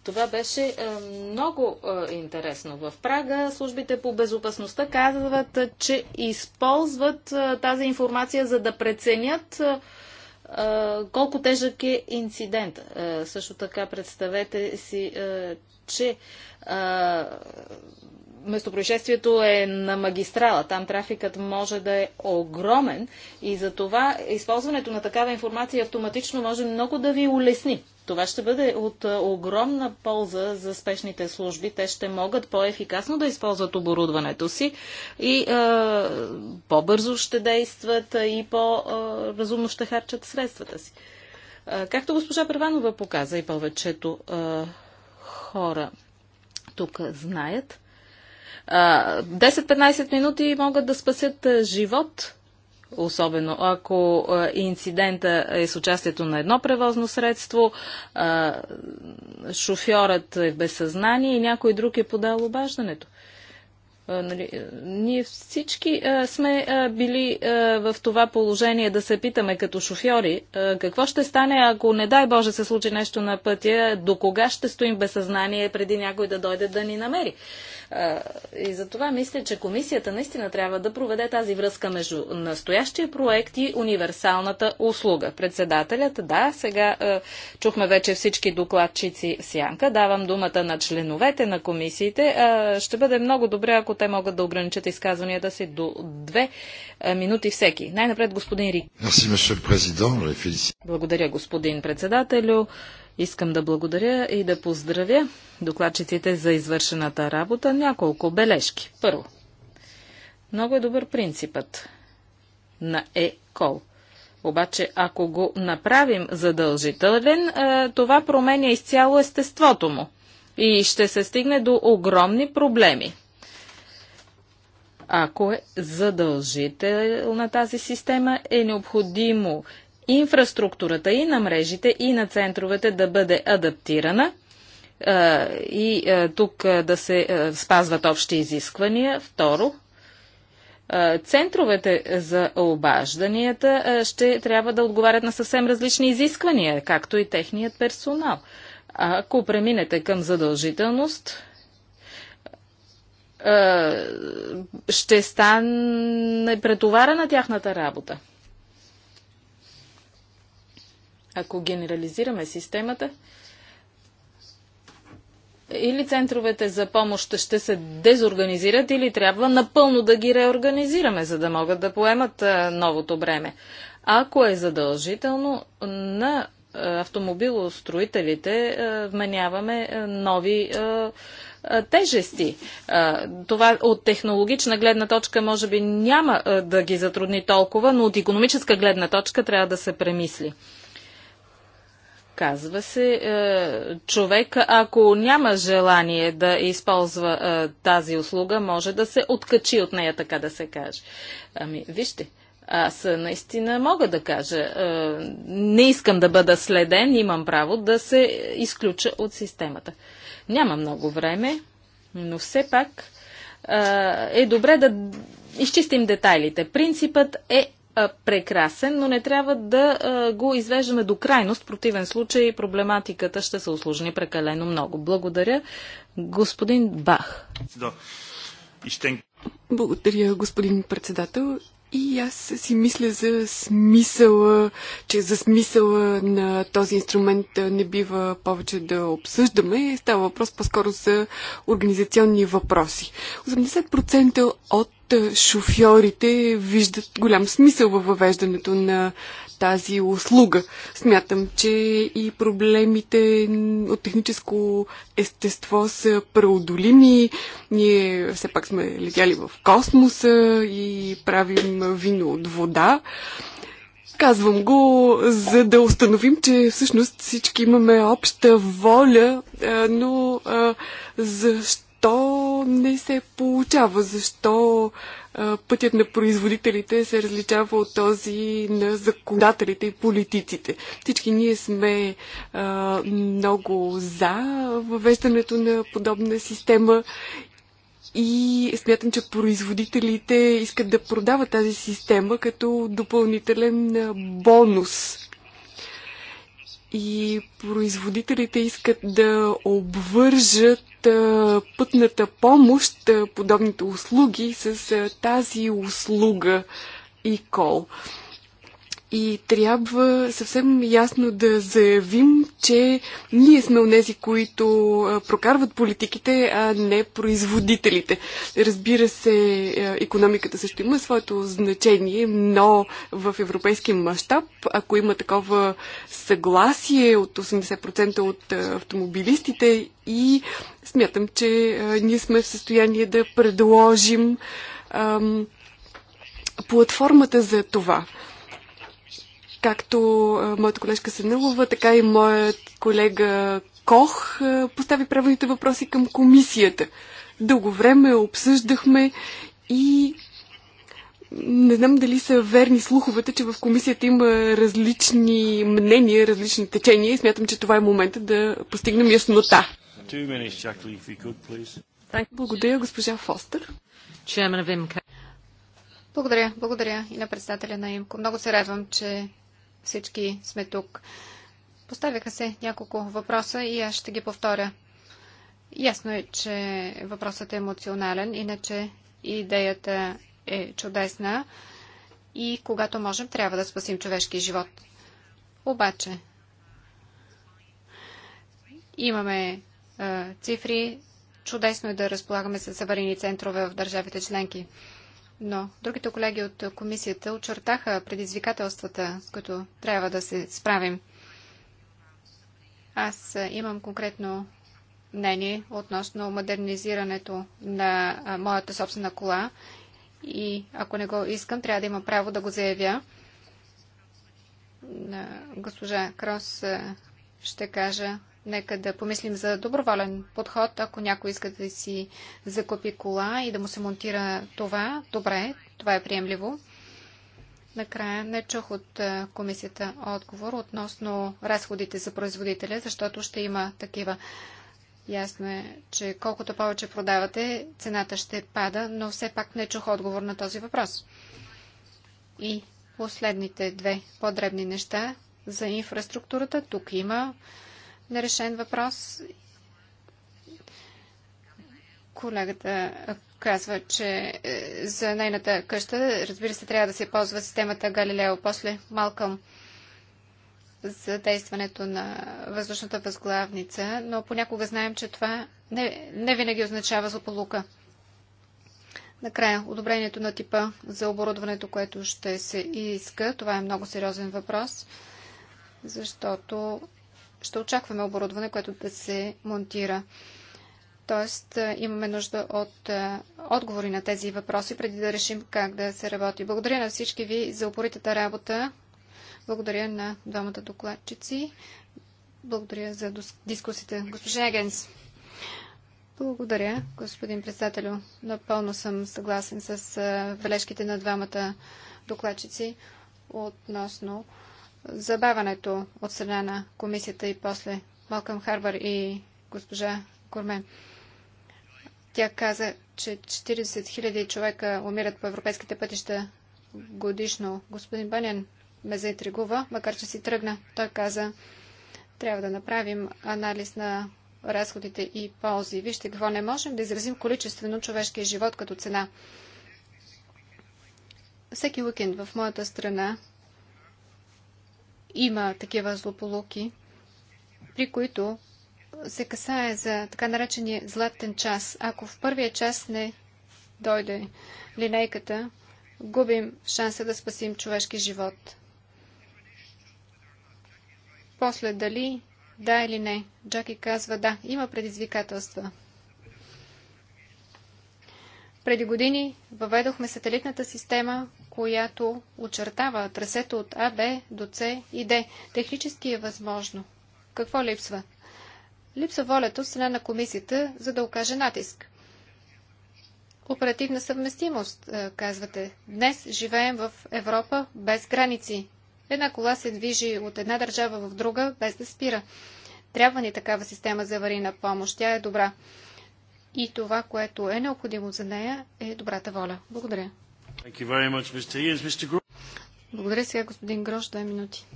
Това беше е, много е, интересно. В Прага службите по безопасността казват, че използват тази информация, за да преценят колко тежък е инцидент. Също така представете си, че местопроизшествието е на магистрала. Там трафикът може да е огромен и за това използването на такава информация автоматично може много да ви улесни. Това ще бъде от огромна полза за спешните служби. Те ще могат по-ефикасно да използват оборудването си и е, по-бързо ще действат и по-разумно ще харчат средствата си. Е, както госпожа Първанова показа и повечето е, хора тук знаят, 10-15 минути могат да спасят живот, особено ако инцидента е с участието на едно превозно средство, шофьорът е без съзнание и някой друг е подал обаждането. Нали, ние всички а, сме а, били а, в това положение да се питаме като шофьори а, какво ще стане, ако не дай Боже се случи нещо на пътя, до кога ще стоим без съзнание преди някой да дойде да ни намери. И за това мисля, че комисията наистина трябва да проведе тази връзка между настоящия проект и универсалната услуга. Председателят, да, сега чухме вече всички докладчици в сянка. Давам думата на членовете на комисиите. Ще бъде много добре, ако те могат да ограничат изказванията си до две минути всеки. Най-напред господин Рик. Благодаря, господин председателю. Искам да благодаря и да поздравя докладчиците за извършената работа. Няколко бележки. Първо, много е добър принципът на ЕКОЛ. Обаче, ако го направим задължителен, това променя изцяло естеството му и ще се стигне до огромни проблеми. Ако е задължителна тази система, е необходимо инфраструктурата и на мрежите, и на центровете да бъде адаптирана и тук да се спазват общи изисквания. Второ, Центровете за обажданията ще трябва да отговарят на съвсем различни изисквания, както и техният персонал. Ако преминете към задължителност, ще стане претоварена тяхната работа. Ако генерализираме системата, или центровете за помощ ще се дезорганизират, или трябва напълно да ги реорганизираме, за да могат да поемат новото бреме. Ако е задължително, на автомобилостроителите вменяваме нови тежести. Това от технологична гледна точка може би няма да ги затрудни толкова, но от економическа гледна точка трябва да се премисли. Казва се, е, човек, ако няма желание да използва е, тази услуга, може да се откачи от нея, така да се каже. Ами, вижте, аз е, наистина мога да кажа, не искам да бъда следен, имам право да се изключа от системата. Няма много време, но все пак е добре да изчистим детайлите. Принципът е прекрасен, но не трябва да го извеждаме до крайност. В противен случай проблематиката ще се осложни прекалено много. Благодаря, господин Бах. Благодаря, господин председател. И аз си мисля за смисъла, че за смисъла на този инструмент не бива повече да обсъждаме. Става въпрос по-скоро за организационни въпроси. 80% от шофьорите виждат голям смисъл във въвеждането на тази услуга. Смятам, че и проблемите от техническо естество са преодолими. Ние все пак сме летяли в космоса и правим вино от вода. Казвам го, за да установим, че всъщност всички имаме обща воля, но защо защо не се получава? Защо пътят на производителите се различава от този на законодателите и политиците? Всички ние сме много за въвеждането на подобна система и смятам, че производителите искат да продават тази система като допълнителен бонус и производителите искат да обвържат пътната помощ, подобните услуги с тази услуга и кол. E и трябва съвсем ясно да заявим, че ние сме онези, които прокарват политиките, а не производителите. Разбира се, економиката също има своето значение, но в европейски мащаб, ако има такова съгласие от 80% от автомобилистите и смятам, че ние сме в състояние да предложим ам, платформата за това. Както моята колежка Сенелова, така и моят колега Кох постави правилните въпроси към комисията. Дълго време обсъждахме и не знам дали са верни слуховете, че в комисията има различни мнения, различни течения и смятам, че това е момента да постигнем яснота. Благодаря, госпожа Фостер. Благодаря, благодаря и на председателя на ИМКО. Много се радвам, че всички сме тук. Поставяха се няколко въпроса и аз ще ги повторя. Ясно е, че въпросът е емоционален, иначе идеята е чудесна и когато можем, трябва да спасим човешки живот. Обаче, имаме е, цифри, чудесно е да разполагаме с аварийни центрове в държавите членки. Но другите колеги от комисията очертаха предизвикателствата, с които трябва да се справим. Аз имам конкретно мнение относно модернизирането на моята собствена кола и ако не го искам, трябва да има право да го заявя. Госпожа Крос ще кажа Нека да помислим за доброволен подход. Ако някой иска да си закупи кола и да му се монтира това, добре, това е приемливо. Накрая не чух от е, комисията отговор относно разходите за производителя, защото ще има такива. Ясно е, че колкото повече продавате, цената ще пада, но все пак не чух отговор на този въпрос. И последните две по-дребни неща за инфраструктурата. Тук има нерешен въпрос. Колегата казва, че е, за нейната къща, разбира се, трябва да се ползва системата Галилео. После Малкъм за действането на въздушната възглавница, но понякога знаем, че това не, не винаги означава злополука. Накрая, одобрението на типа за оборудването, което ще се иска, това е много сериозен въпрос, защото ще очакваме оборудване, което да се монтира. Тоест, е, имаме нужда от е, отговори на тези въпроси, преди да решим как да се работи. Благодаря на всички ви за упоритата работа. Благодаря на двамата докладчици. Благодаря за дискусите. Госпожа Егенс. Благодаря, господин председателю. Напълно съм съгласен с е, бележките на двамата докладчици относно забаването от страна на комисията и после Малкъм Харбър и госпожа Гормен. Тя каза, че 40 000 човека умират по европейските пътища годишно. Господин Банян ме заинтригува, макар че си тръгна. Той каза, трябва да направим анализ на разходите и ползи. Вижте какво не можем да изразим количествено човешкия живот като цена. Всеки уикенд в моята страна има такива злополуки, при които се касае за така наречения златен час. Ако в първия час не дойде линейката, губим шанса да спасим човешки живот. После дали да или не, Джаки казва да, има предизвикателства. Преди години въведохме сателитната система, която очертава трасето от А, Б до С и Д. Технически е възможно. Какво липсва? Липсва волята от страна на комисията, за да окаже натиск. Оперативна съвместимост, е, казвате. Днес живеем в Европа без граници. Една кола се движи от една държава в друга, без да спира. Трябва ни такава система за аварийна помощ. Тя е добра. И това, което е необходимо за нея, е добрата воля. Благодаря. Much, Mr. Mr. Благодаря сега, господин Грош, две минути.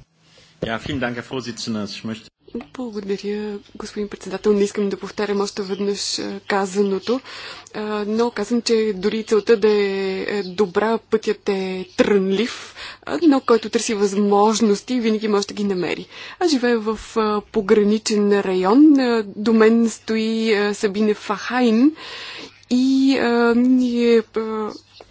благодаря, господин председател. Не искам да повтарям още веднъж казаното, но казвам, че дори целта да е, е добра, пътят е трънлив, но който търси възможности, винаги може да ги намери. Аз живея в пограничен район. До мен стои Сабине Фахайн и ние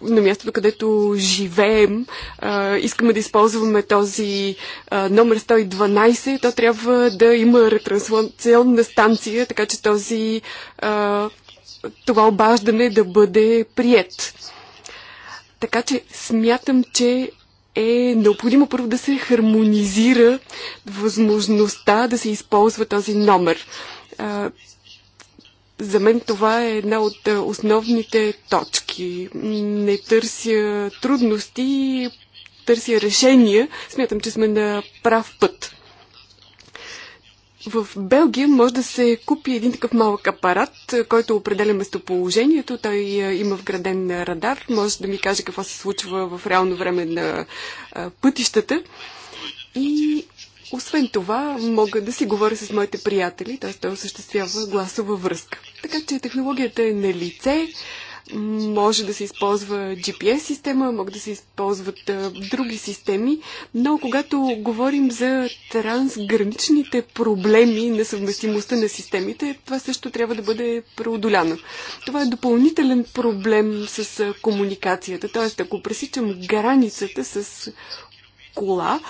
на мястото, където живеем, а, искаме да използваме този а, номер 112, то трябва да има ретрансляционна станция, така че този, а, това обаждане да бъде прият. Така че смятам, че е необходимо първо да се хармонизира възможността да се използва този номер за мен това е една от е, основните точки. Не търся трудности, търся решения. Смятам, че сме на прав път. В Белгия може да се купи един такъв малък апарат, който определя местоположението. Той е, има вграден радар, може да ми каже какво се случва в реално време на пътищата. И освен това, мога да си говоря с моите приятели, т.е. той осъществява гласова връзка. Така че технологията е на лице, може да се използва GPS система, могат да се използват а, други системи, но когато говорим за трансграничните проблеми на съвместимостта на системите, това също трябва да бъде преодоляно. Това е допълнителен проблем с комуникацията, т.е. ако пресичам границата с кола,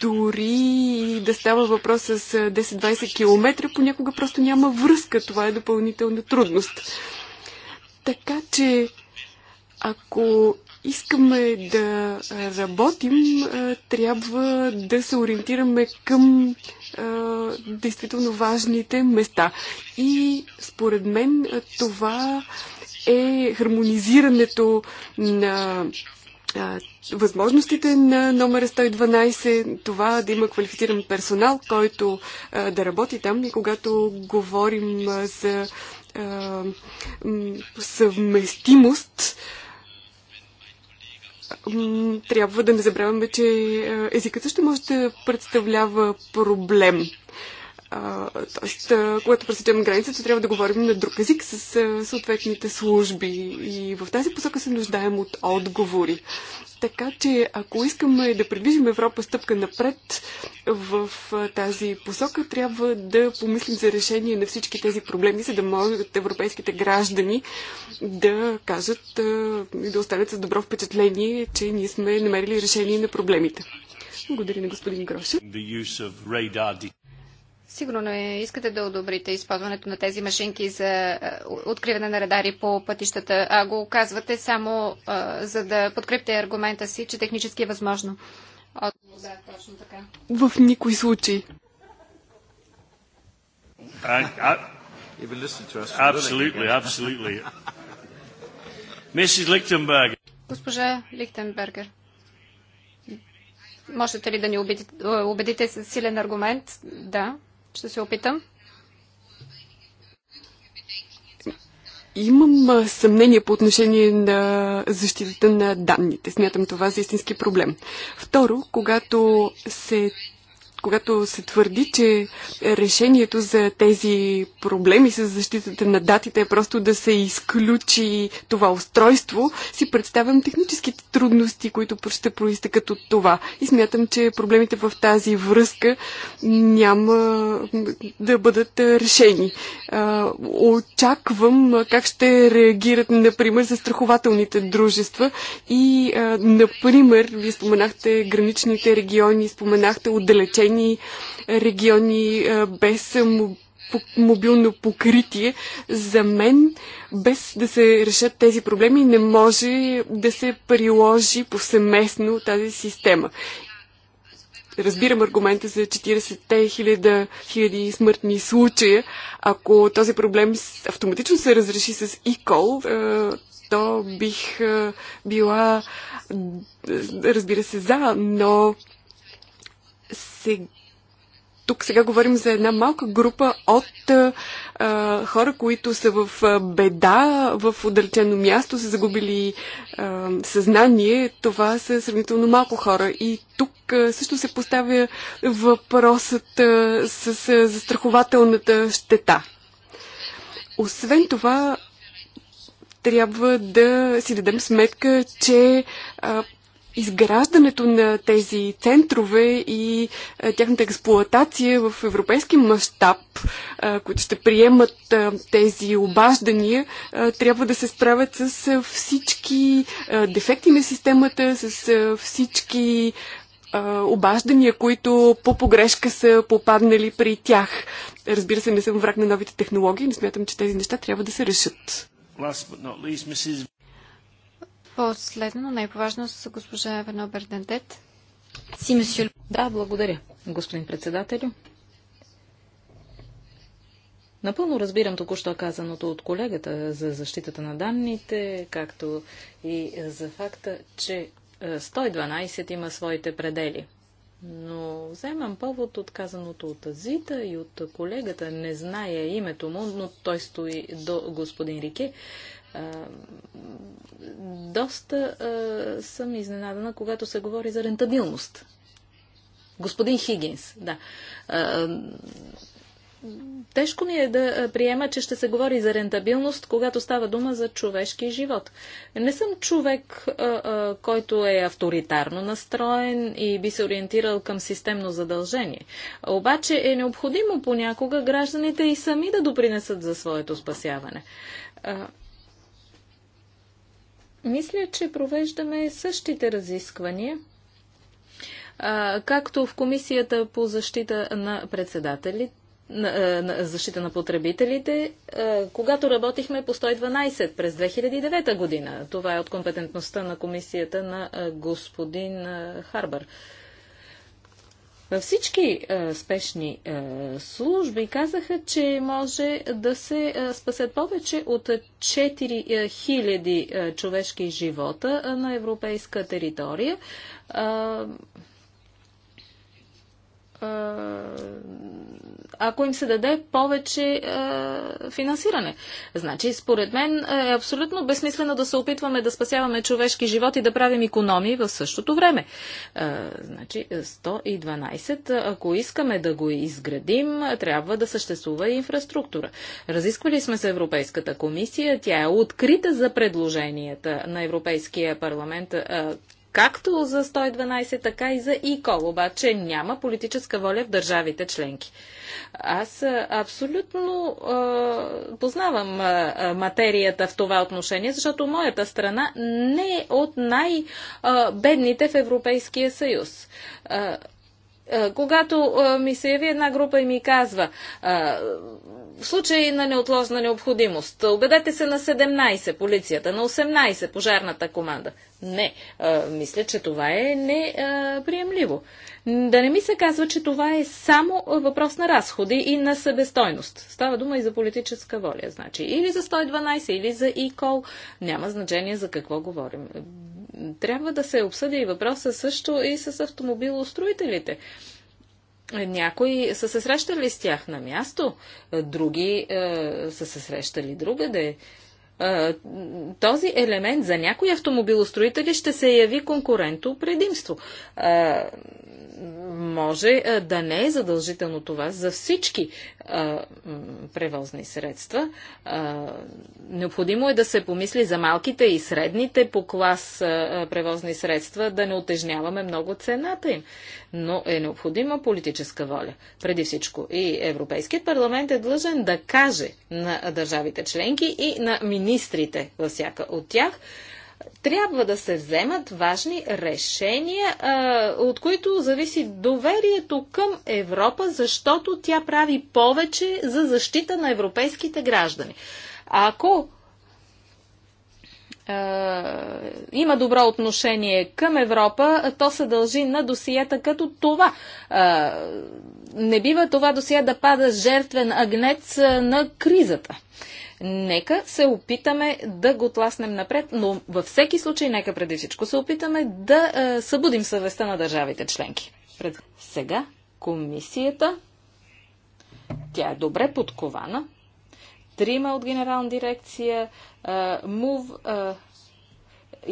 дори да става въпрос с 10-20 км, понякога просто няма връзка. Това е допълнителна трудност. Така че, ако искаме да работим, трябва да се ориентираме към действително важните места. И според мен това е хармонизирането на а, възможностите на номера 112, това да има квалифициран персонал, който а, да работи там и когато говорим а, за а, съвместимост, трябва да не забравяме, че езикът също може да представлява проблем а, когато пресечем границата, трябва да говорим на друг език с съответните служби. И в тази посока се нуждаем от отговори. Така че, ако искаме да предвижим Европа стъпка напред в тази посока, трябва да помислим за решение на всички тези проблеми, за да могат европейските граждани да кажат и да останат с добро впечатление, че ние сме намерили решение на проблемите. Благодаря на господин Гроша. Сигурно не искате да одобрите използването на тези машинки за е, откриване на радари по пътищата, а го казвате само а, е, за да подкрепите аргумента си, че технически е възможно. От... Да, точно така. В никой случай. Абсолютно, абсолютно. Лихтенбергер. Госпожа Лихтенбергер. Можете ли да ни убедите, е, убедите с силен аргумент? Да. Ще се опитам. Имам съмнение по отношение на защитата на данните. Смятам това за истински проблем. Второ, когато се когато се твърди, че решението за тези проблеми с защитата на датите е просто да се изключи това устройство, си представям техническите трудности, които ще проистъкат от това. И смятам, че проблемите в тази връзка няма да бъдат решени. Очаквам как ще реагират, например, застрахователните дружества и, например, вие споменахте граничните региони, споменахте отдалечени отдалечени региони, без мобилно покритие. За мен, без да се решат тези проблеми, не може да се приложи повсеместно тази система. Разбирам аргумента за 40-те хиляди смъртни случая. Ако този проблем автоматично се разреши с ИКОЛ, то бих била, разбира се, за, но се... тук сега говорим за една малка група от а, хора, които са в беда, в отдалечено място, са загубили а, съзнание. Това са сравнително малко хора. И тук а, също се поставя въпросът а, с а, застрахователната щета. Освен това, трябва да си дадем сметка, че а, изграждането на тези центрове и тяхната експлуатация в европейски мащаб, които ще приемат тези обаждания, трябва да се справят с всички дефекти на системата, с всички обаждания, които по погрешка са попаднали при тях. Разбира се, не съм враг на новите технологии, но смятам, че тези неща трябва да се решат. Last but not least, Mrs. Последно, най-поважно с госпожа Вено Бердендет. Си, месье. Да, благодаря, господин председателю. Напълно разбирам току-що казаното от колегата за защитата на данните, както и за факта, че 112 е, има своите предели. Но вземам повод от казаното от Азита и от колегата, не зная името му, но той стои до господин Рике. Доста съм изненадана, когато се говори за рентабилност. Господин Хигинс, да. Тежко ми е да приема, че ще се говори за рентабилност, когато става дума за човешки живот. Не съм човек, който е авторитарно настроен и би се ориентирал към системно задължение. Обаче е необходимо понякога гражданите и сами да допринесат за своето спасяване. Мисля, че провеждаме същите разисквания, а, както в Комисията по защита на председателите на, на защита на потребителите, когато работихме по 112 през 2009 година. Това е от компетентността на комисията на господин Харбър. Всички е, спешни е, служби казаха, че може да се е, спасят повече от 4000 е, е, човешки живота е, на европейска територия ако им се даде повече финансиране. Значи, според мен е абсолютно безсмислено да се опитваме да спасяваме човешки живот и да правим економии в същото време. Значи, 112, ако искаме да го изградим, трябва да съществува и инфраструктура. Разисквали сме с Европейската комисия, тя е открита за предложенията на Европейския парламент както за 112, така и за ИКОЛ, обаче няма политическа воля в държавите членки. Аз абсолютно е, познавам е, материята в това отношение, защото моята страна не е от най-бедните в Европейския съюз. Е, е, когато е, ми се яви една група и ми казва, е, в случай на неотложна необходимост, убедете се на 17 полицията, на 18 пожарната команда. Не, мисля, че това е неприемливо. Да не ми се казва, че това е само въпрос на разходи и на събестойност. Става дума и за политическа воля, значи. Или за 112, или за ИКОЛ. Няма значение за какво говорим. Трябва да се обсъди и въпроса също и с автомобилостроителите. Някои са се срещали с тях на място, други е, са се срещали другаде. Е, този елемент за някои автомобилостроители ще се яви конкурентно предимство. Е, може да не е задължително това за всички а, превозни средства. А, необходимо е да се помисли за малките и средните по клас а, превозни средства, да не отежняваме много цената им. Но е необходима политическа воля, преди всичко. И Европейският парламент е длъжен да каже на държавите членки и на министрите във всяка от тях, трябва да се вземат важни решения, от които зависи доверието към Европа, защото тя прави повече за защита на европейските граждани. А ако има добро отношение към Европа, то се дължи на досиета като това. Не бива това досия да пада жертвен агнец на кризата. Нека се опитаме да го тласнем напред, но във всеки случай, нека преди всичко се опитаме да е, събудим съвестта на държавите членки. Пред... Сега комисията, тя е добре подкована. Трима от генерална дирекция, е, МУВ, е,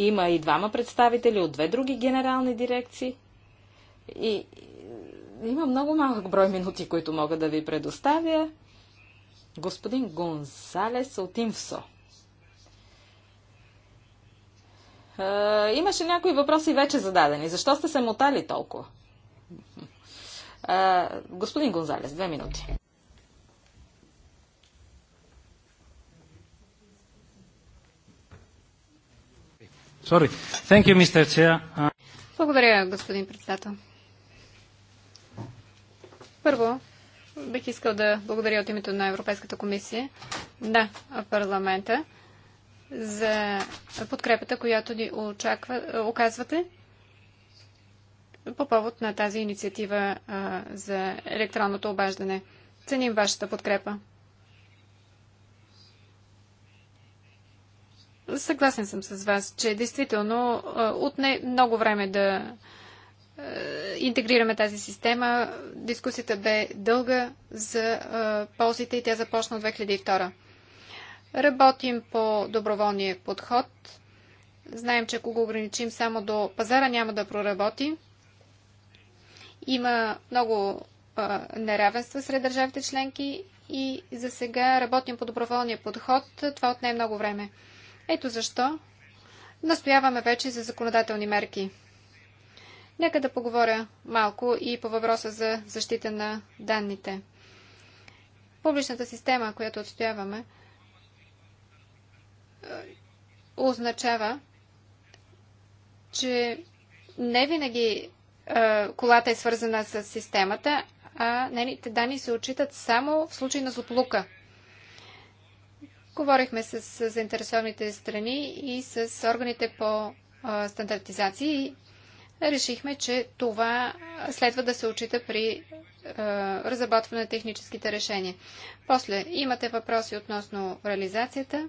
има и двама представители от две други генерални дирекции. И има много малък брой минути, които мога да ви предоставя господин Гонсалес от Имсо. Е, имаше някои въпроси вече зададени. Защо сте се мотали толкова? Е, господин Гонзалес, две минути. Sorry. Thank you, Mr. Chair. Uh, Благодаря, господин председател. Първо, Бих искал да благодаря от името на Европейската комисия на парламента за подкрепата, която ни очаква, оказвате по повод на тази инициатива а, за електронното обаждане. Ценим вашата подкрепа. Съгласен съм с вас, че действително отне много време да е, интегрираме тази система. Дискусията бе дълга за е, ползите и тя започна от 2002. Работим по доброволния подход. Знаем, че ако го ограничим само до пазара, няма да проработи. Има много а, е, неравенства сред държавите членки и за сега работим по доброволния подход. Това отне много време. Ето защо настояваме вече за законодателни мерки. Нека да поговоря малко и по въпроса за защита на данните. Публичната система, която отстояваме, е, означава, че не винаги е, колата е свързана с системата, а нейните нали, данни се отчитат само в случай на злополука. Говорихме с, с заинтересованите страни и с органите по е, стандартизации решихме, че това следва да се очита при е, разработване на техническите решения. После имате въпроси относно реализацията.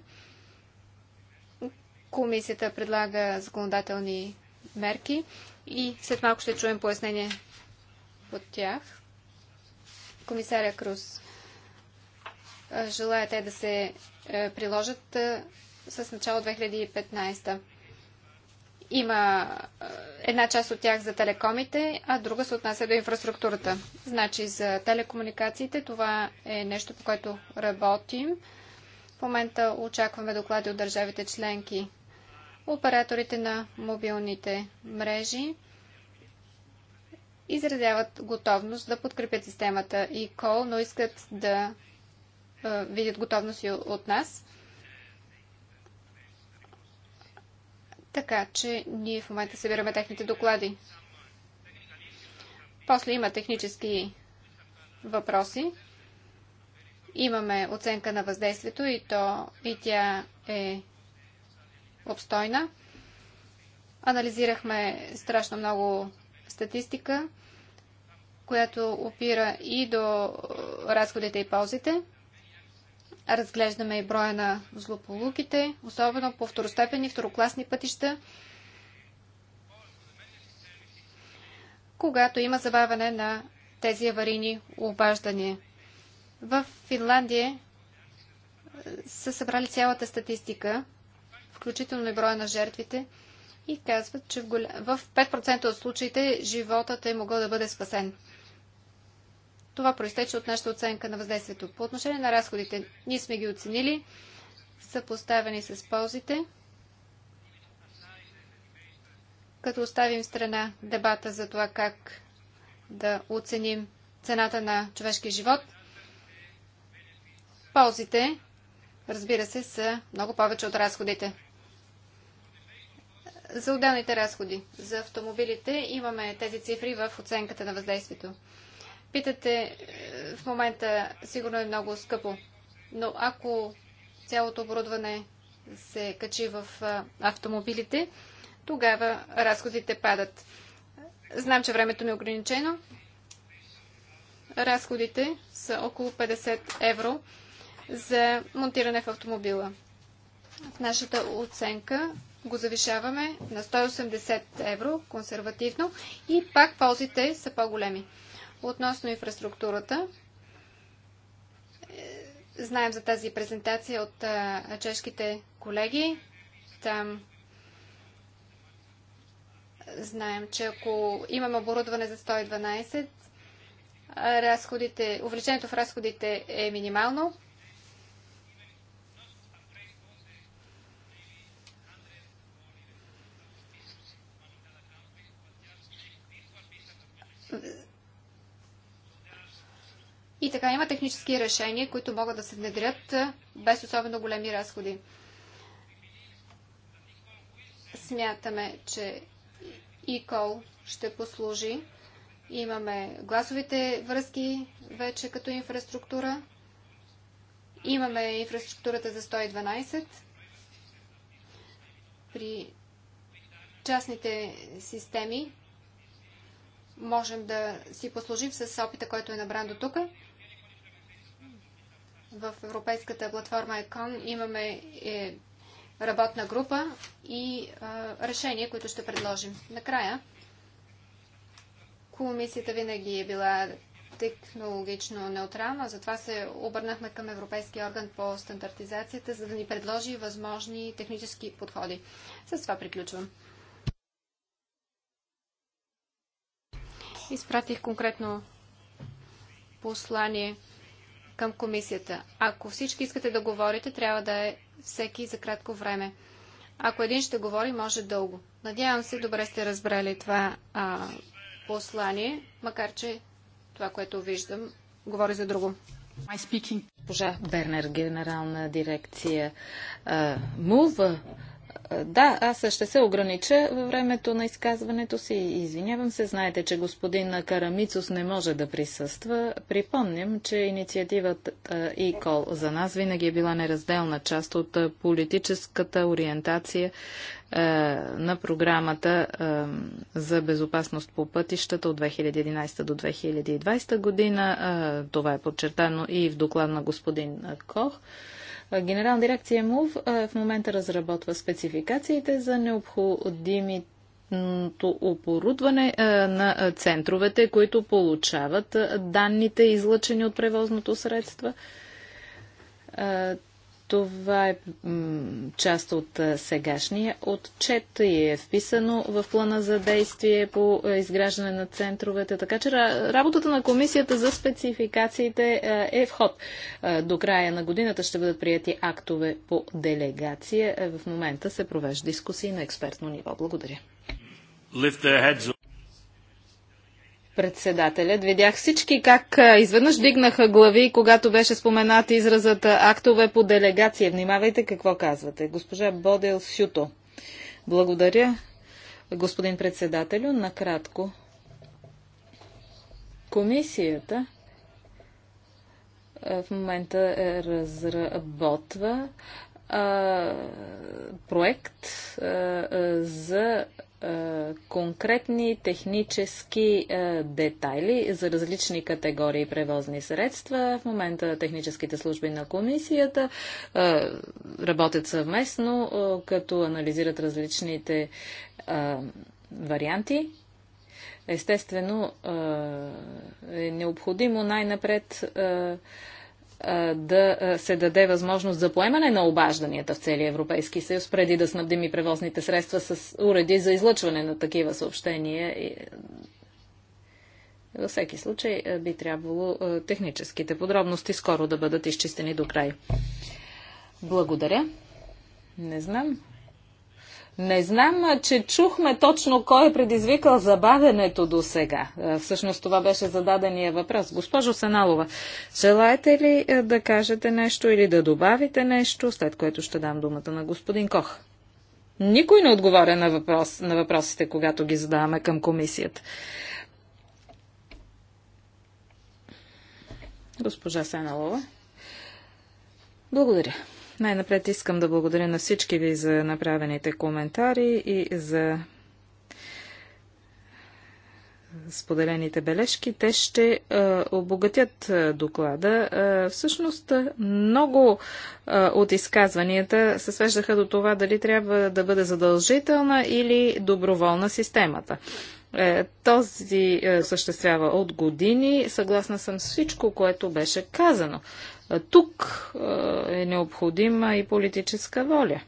Комисията предлага законодателни мерки и след малко ще чуем пояснение от тях. Комисаря Круз, желая те да се е, приложат е, с начало 2015. Има е, една част от тях за телекомите, а друга се отнася до инфраструктурата. Значи за телекомуникациите това е нещо, по което работим. В момента очакваме доклади от държавите членки, операторите на мобилните мрежи изразяват готовност да подкрепят системата и e кол, но искат да е, видят готовност и от нас. Така че ние в момента събираме техните доклади. После има технически въпроси. Имаме оценка на въздействието и, то, и тя е обстойна. Анализирахме страшно много статистика, която опира и до разходите и ползите разглеждаме и броя на злополуките, особено по второстепени второкласни пътища, когато има забавяне на тези аварийни обаждания. В Финландия е, са събрали цялата статистика, включително и броя на жертвите, и казват, че в 5% от случаите животът е могъл да бъде спасен. Това проистече от нашата оценка на въздействието. По отношение на разходите, ние сме ги оценили, съпоставени с ползите. Като оставим в страна дебата за това как да оценим цената на човешки живот, ползите, разбира се, са много повече от разходите. За отделните разходи за автомобилите имаме тези цифри в оценката на въздействието. Питате, е, в момента сигурно е много скъпо, но ако цялото оборудване се качи в е, автомобилите, тогава разходите падат. Знам, че времето ми е ограничено. Разходите са около 50 евро за монтиране в автомобила. В нашата оценка го завишаваме на 180 евро консервативно и пак ползите са по-големи. Относно инфраструктурата, е, знаем за тази презентация от е, чешките колеги. Там знаем, че ако имаме оборудване за 112, разходите, увеличението в разходите е минимално. така има технически решения, които могат да се внедрят без особено големи разходи. Смятаме, че e-call ще послужи. Имаме гласовите връзки вече като инфраструктура. Имаме инфраструктурата за 112. При частните системи можем да си послужим с опита, който е набран до тук в Европейската платформа ЕКОН имаме е, работна група и е, решения, които ще предложим. Накрая, комисията винаги е била технологично неутрална, затова се обърнахме към Европейския орган по стандартизацията, за да ни предложи възможни технически подходи. С това приключвам. Изпратих конкретно послание към комисията. Ако всички искате да говорите, трябва да е всеки за кратко време. Ако един ще говори, може дълго. Надявам се, добре сте разбрали това а, послание, макар че това, което виждам, говори за друго. Госпожа Бернер, генерална дирекция МУВ, да, аз ще се огранича във времето на изказването си. Извинявам се, знаете, че господин Карамицус не може да присъства. Припомням, че инициативата ИКОЛ e за нас винаги е била неразделна част от политическата ориентация на програмата за безопасност по пътищата от 2011 до 2020 година. това е подчертано и в доклад на господин Кох. Генерална дирекция МОВ в момента разработва спецификациите за необходимите оборудване на центровете, които получават данните, излъчени от превозното средство. Това е част от сегашния отчет и е вписано в плана за действие по изграждане на центровете. Така че работата на комисията за спецификациите е в ход. До края на годината ще бъдат прияти актове по делегация. Е, в момента се провежда дискусии на експертно ниво. Благодаря. Председателят. Видях всички как изведнъж дигнаха глави, когато беше споменат изразът актове по делегация. Внимавайте какво казвате. Госпожа Бодел Сюто. Благодаря, господин председателю. Накратко. Комисията в момента е разработва проект за е, конкретни технически е, детайли за различни категории превозни средства. В момента техническите служби на комисията е, работят съвместно, като анализират различните варианти. Естествено, е необходимо най-напред да се даде възможност за поемане на обажданията в целия Европейски съюз, преди да снабдим и превозните средства с уреди за излъчване на такива съобщения. Във всеки случай би трябвало техническите подробности скоро да бъдат изчистени до край. Благодаря. Не знам не знам, че чухме точно кой е предизвикал забавенето до сега. Всъщност това беше зададения въпрос. Госпожо Саналова, желаете ли да кажете нещо или да добавите нещо, след което ще дам думата на господин Кох? Никой не отговаря на, въпрос, на въпросите, когато ги задаваме към комисията. Госпожа Саналова. Благодаря. Най-напред искам да благодаря на всички ви за направените коментари и за споделените бележки. Те ще а, обогатят а, доклада. А, всъщност, много а, от изказванията се свеждаха до това дали трябва да бъде задължителна или доброволна системата. Е, този е, съществява от години. Съгласна съм с всичко, което беше казано. Тук е необходима и политическа воля.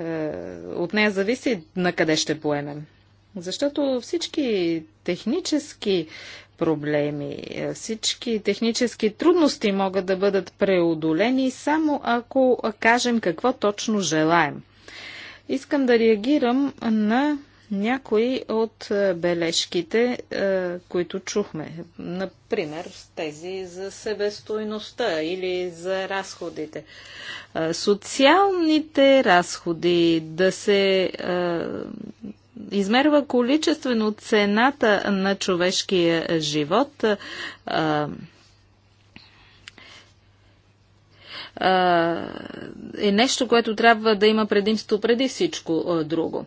Е, от нея зависи на къде ще поемем. Защото всички технически проблеми, е, всички технически трудности могат да бъдат преодолени само ако кажем какво точно желаем. Искам да реагирам на някои от е, бележките, е, които чухме. Например, тези за себестойността или за разходите. Е, социалните разходи да се измерва количествено цената на човешкия живот. е нещо, което трябва да има предимство преди всичко друго.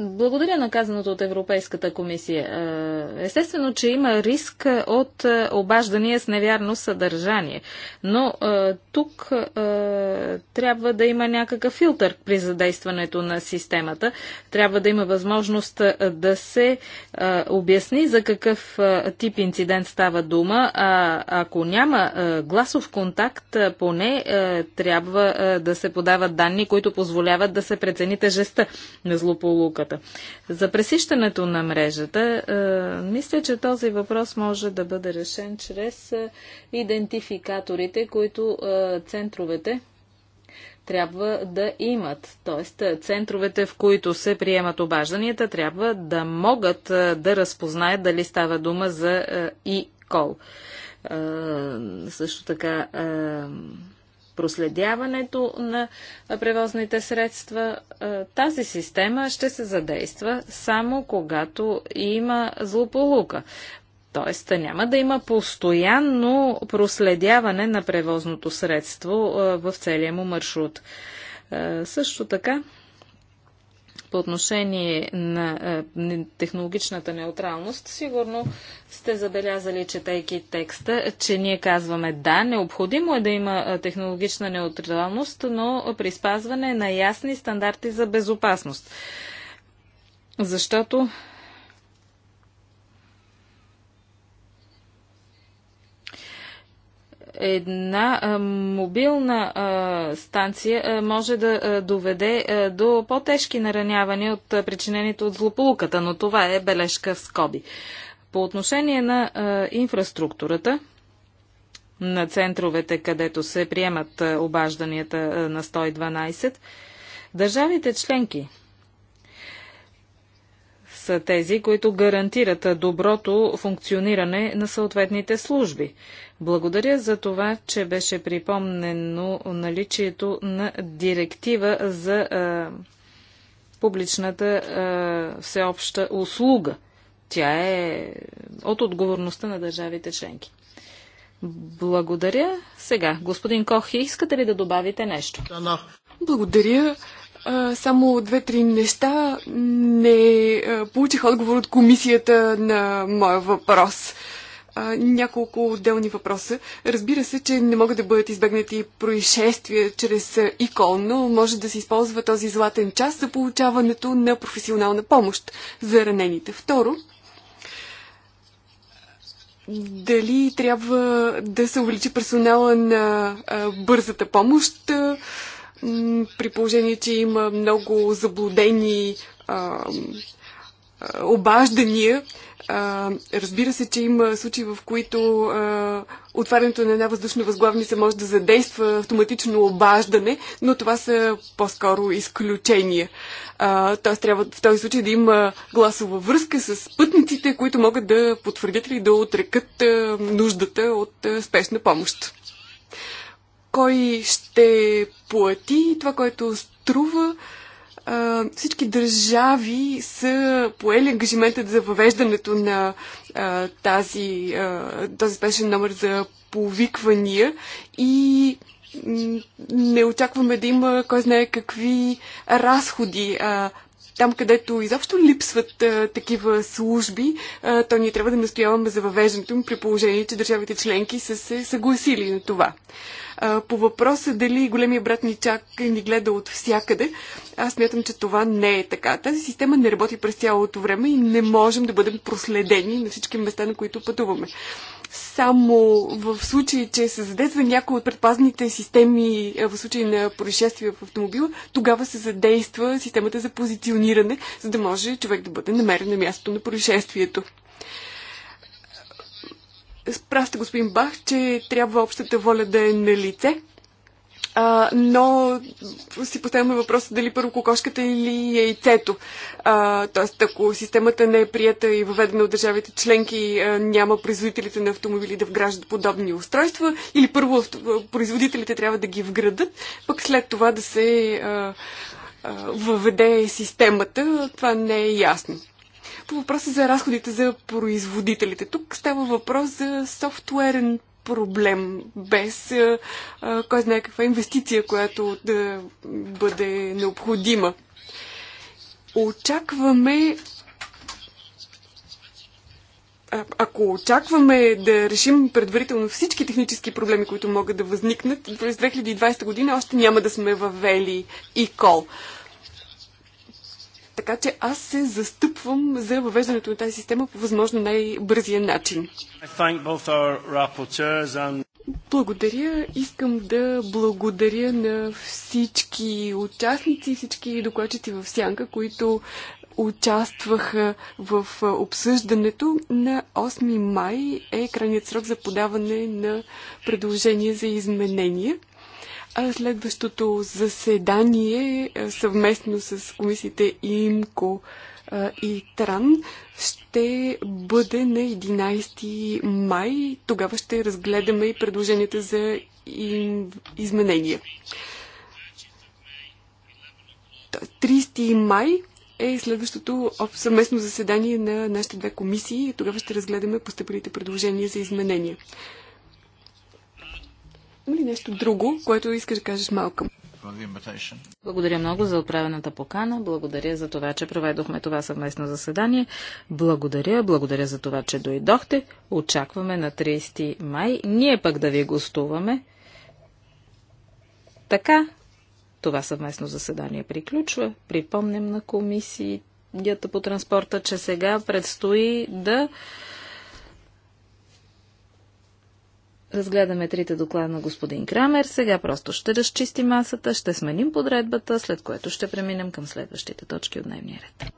Благодаря на казаното от Европейската комисия. Е, естествено, че има риск от е, обаждания с невярно съдържание, но е, тук трябва да има някакъв филтър при задействането на системата. Трябва да има възможност да се обясни за какъв тип инцидент става дума, а ако няма гласов контакт, поне трябва да се подават данни, които позволяват да се прецени тежестта на злополука мрежата. За пресищането на мрежата, е, мисля, че този въпрос може да бъде решен чрез е, идентификаторите, които е, центровете трябва да имат. Тоест, центровете, в които се приемат обажданията, трябва да могат да разпознаят дали става дума за и кол. Също така проследяването на превозните средства. Е, тази система ще се задейства само когато има злополука. Тоест няма да има постоянно проследяване на превозното средство е, в целия му маршрут. Е, също така по отношение на е, технологичната неутралност, сигурно сте забелязали, четейки текста, че ние казваме да, необходимо е да има е, технологична неутралност, но при спазване на ясни стандарти за безопасност. Защото една мобилна станция може да доведе до по-тежки наранявания от причинените от злополуката, но това е бележка в скоби. По отношение на инфраструктурата, на центровете, където се приемат обажданията на 112, държавите членки – са тези, които гарантират доброто функциониране на съответните служби. Благодаря за това, че беше припомнено наличието на директива за а, публичната а, всеобща услуга. Тя е от отговорността на държавите членки. Благодаря. Сега, господин Кохи, искате ли да добавите нещо? Благодаря само две-три неща. Не получих отговор от комисията на моя въпрос. Няколко отделни въпроса. Разбира се, че не могат да бъдат избегнати происшествия чрез ИКОЛ, но може да се използва този златен час за получаването на професионална помощ за ранените. Второ, дали трябва да се увеличи персонала на бързата помощ? при положение, че има много заблудени а, обаждания. А, разбира се, че има случаи, в които а, отварянето на една въздушна възглавница може да задейства автоматично обаждане, но това са по-скоро изключения. А, тоест трябва в този случай да има гласова връзка с пътниците, които могат да потвърдят или да отрекат а, нуждата от а, спешна помощ кой ще плати това, което струва. Всички държави са поели ангажиментът за въвеждането на тази, този спешен номер за повиквания и не очакваме да има кой знае какви разходи. А, там, където изобщо липсват а, такива служби, а, то ние трябва да настояваме за въвеждането им при положение, че държавите членки са се съгласили на това. А, по въпроса дали големия брат ни чак ни гледа от всякъде, аз смятам, че това не е така. Тази система не работи през цялото време и не можем да бъдем проследени на всички места, на които пътуваме. Само в случай, че се задейства някои от предпазните системи в случай на происшествие в автомобила, тогава се задейства системата за позициониране, за да може човек да бъде намерен на мястото на происшествието прав господин Бах, че трябва общата воля да е на лице. А, но си поставяме въпроса дали първо кокошката или яйцето. А, тоест, ако системата не е прията и въведена от държавите членки, а, няма производителите на автомобили да вграждат подобни устройства, или първо производителите трябва да ги вградат, пък след това да се а, а, въведе системата. Това не е ясно. По въпроса за разходите за производителите. Тук става въпрос за софтуерен проблем, без а, кой знае каква инвестиция, която да бъде необходима. Очакваме ако очакваме да решим предварително всички технически проблеми, които могат да възникнат, през 2020 година още няма да сме въвели и кол. Така че аз се застъпвам за въвеждането на тази система по възможно най-бързия начин. Благодаря. Искам да благодаря на всички участници, всички докладчици в Сянка, които участваха в обсъждането. На 8 май е крайният срок за подаване на предложение за изменения следващото заседание е, съвместно с комисиите ИМКО и ТРАН ще бъде на 11 май. Тогава ще разгледаме и предложенията за изменения. 30 май е следващото съвместно заседание на нашите две комисии. Тогава ще разгледаме постъпилите предложения за изменения. Има ли нещо друго, което искаш да кажеш малко? Благодаря много за отправената покана. Благодаря за това, че проведохме това съвместно заседание. Благодаря, благодаря за това, че дойдохте. Очакваме на 30 май. Ние пък да ви гостуваме. Така, това съвместно заседание приключва. Припомням на комисията по транспорта, че сега предстои да Разгледаме трите доклада на господин Крамер. Сега просто ще разчистим масата, ще сменим подредбата, след което ще преминем към следващите точки от дневния ред.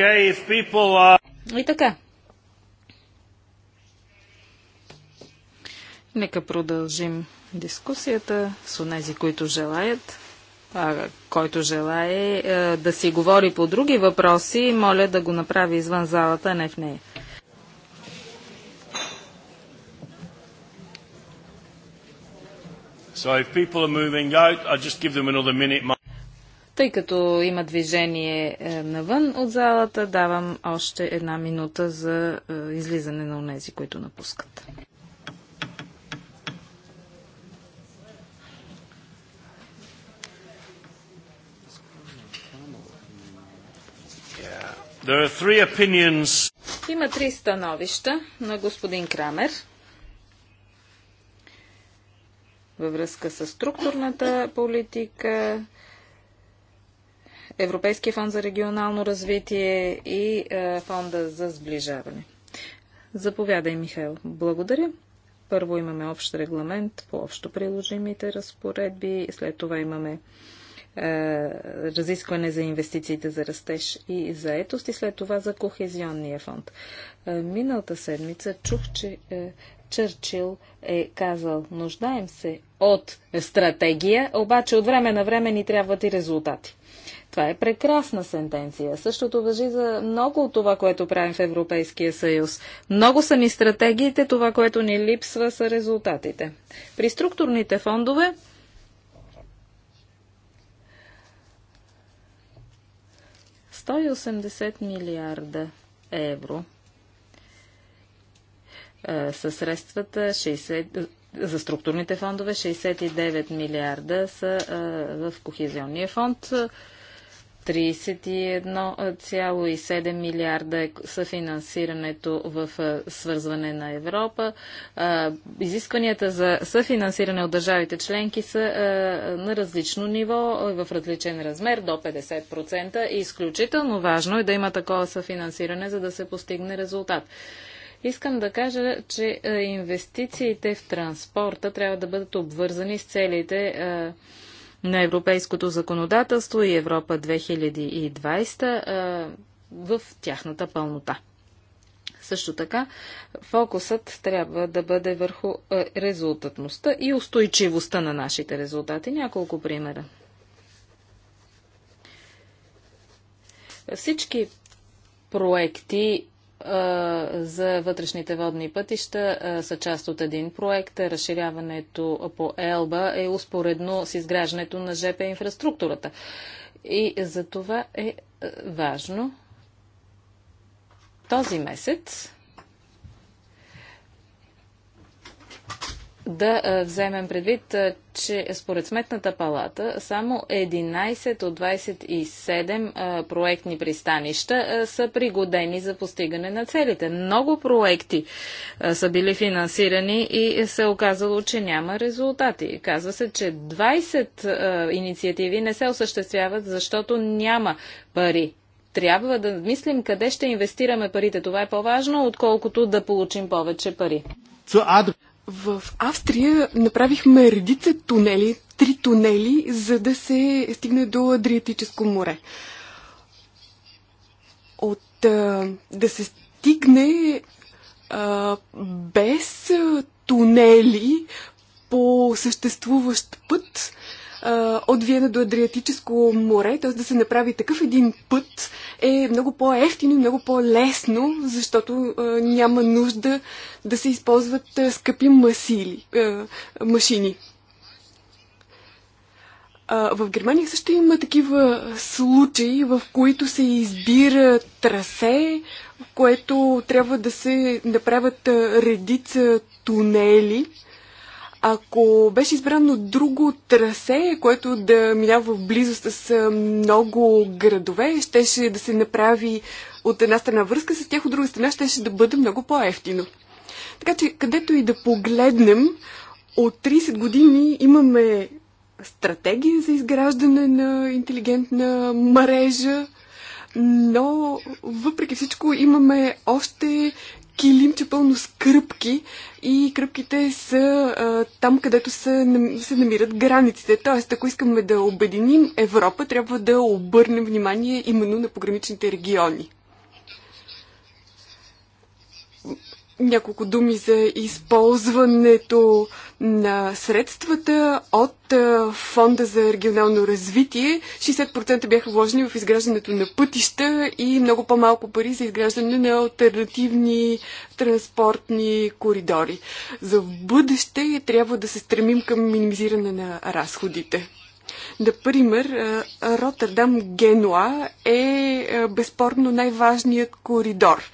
Okay, if people are... И така. Нека продължим дискусията с онези, които желаят. А, който желае е, да си говори по други въпроси, моля да го направи извън залата, не в нея. So if people are moving out, I just give them another minute. Тъй като има движение е, навън от залата, давам още една минута за е, излизане на унези, които напускат. Има три становища на господин Крамер във връзка с структурната политика, Европейския фонд за регионално развитие и е, фонда за сближаване. Заповядай, Михайло, Благодаря. Първо имаме общ регламент по общо приложимите разпоредби, след това имаме е, разискване за инвестициите за растеж и заетост и след това за кохезионния фонд. Е, миналата седмица чух, че Чърчил е казал, нуждаем се от стратегия, обаче от време на време ни трябват и резултати. Това е прекрасна сентенция. Същото въжи за много от това, което правим в Европейския съюз. Много са ни стратегиите, това, което ни липсва, са резултатите. При структурните фондове ...180 милиарда евро е, са средствата 60, за структурните фондове 69 милиарда са е, в Кохезионния фонд. 31,7 милиарда е съфинансирането в свързване на Европа. Изискванията за съфинансиране от държавите членки са на различно ниво, в различен размер, до 50%. И изключително важно е да има такова съфинансиране, за да се постигне резултат. Искам да кажа, че инвестициите в транспорта трябва да бъдат обвързани с целите на европейското законодателство и Европа 2020 в тяхната пълнота. Също така, фокусът трябва да бъде върху резултатността и устойчивостта на нашите резултати. Няколко примера. Всички проекти за вътрешните водни пътища са част от един проект. Разширяването по Елба е успоредно с изграждането на ЖП инфраструктурата. И за това е важно този месец да вземем предвид, че според Сметната палата само 11 от 27 проектни пристанища са пригодени за постигане на целите. Много проекти са били финансирани и се оказало, че няма резултати. Казва се, че 20 инициативи не се осъществяват, защото няма пари трябва да мислим къде ще инвестираме парите. Това е по-важно, отколкото да получим повече пари. В Австрия направихме редица тунели, три тунели, за да се стигне до Адриатическо море. От да се стигне а, без тунели по съществуващ път от Виена до Адриатическо море, т.е. да се направи такъв един път е много по-ефтино и много по-лесно, защото няма нужда да се използват скъпи масили, машини. В Германия също има такива случаи, в които се избира трасе, в което трябва да се направят редица тунели. Ако беше избрано друго трасе, което да минава в близост с много градове, щеше да се направи от една страна връзка с тях, от друга страна щеше да бъде много по-ефтино. Така че, където и да погледнем, от 30 години имаме стратегия за изграждане на интелигентна мрежа, но въпреки всичко имаме още килимче пълно с кръпки и кръпките са а, там, където са, се намират границите. Тоест, ако искаме да обединим Европа, трябва да обърнем внимание именно на пограничните региони. няколко думи за използването на средствата от Фонда за регионално развитие. 60% бяха вложени в изграждането на пътища и много по-малко пари за изграждане на альтернативни транспортни коридори. За бъдеще трябва да се стремим към минимизиране на разходите. Например, Роттердам Генуа е безспорно най-важният коридор.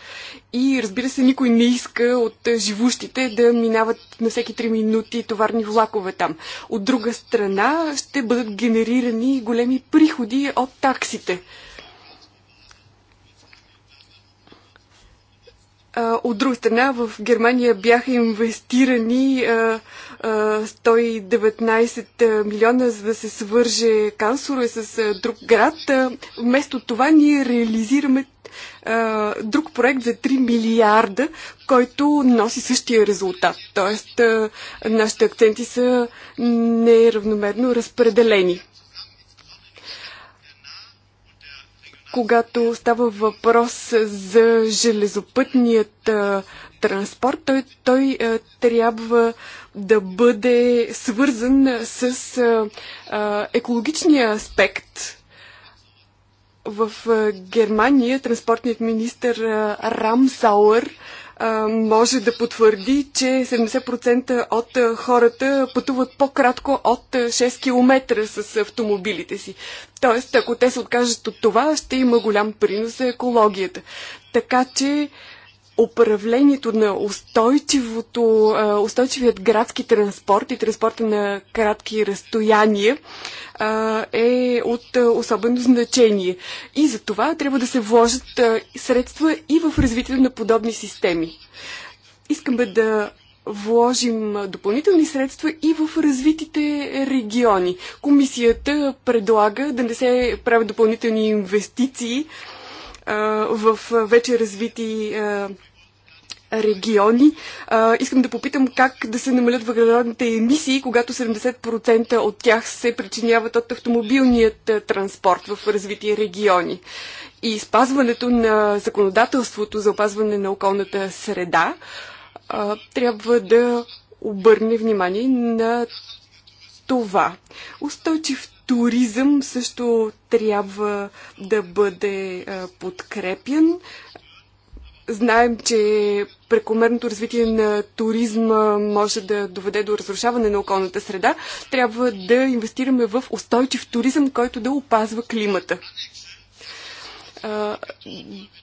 И разбира се, никой не иска от живущите да минават на всеки 3 минути товарни влакове там. От друга страна ще бъдат генерирани големи приходи от таксите. От друга страна, в Германия бяха инвестирани 119 милиона, за да се свърже Кансура с друг град. Вместо това ние реализираме а, друг проект за 3 милиарда, който носи същия резултат. Тоест, а, нашите акценти са неравномерно разпределени. Когато става въпрос за железопътният а, транспорт, той, той а, трябва да бъде свързан с а, а, екологичния аспект в Германия транспортният министр Рамсауер може да потвърди, че 70% от хората пътуват по-кратко от 6 км с автомобилите си. Тоест, ако те се откажат от това, ще има голям принос за екологията. Така че управлението на устойчивото, устойчивият градски транспорт и транспорта на кратки разстояния е от особено значение. И за това трябва да се вложат средства и в развитие на подобни системи. Искаме да вложим допълнителни средства и в развитите региони. Комисията предлага да не се правят допълнителни инвестиции в вече развити региони. искам да попитам как да се намалят въглеродните емисии, когато 70% от тях се причиняват от автомобилният транспорт в развити региони. И спазването на законодателството за опазване на околната среда трябва да обърне внимание на това. Устойчив туризъм също трябва да бъде подкрепен. Знаем, че прекомерното развитие на туризма може да доведе до разрушаване на околната среда. Трябва да инвестираме в устойчив туризъм, който да опазва климата.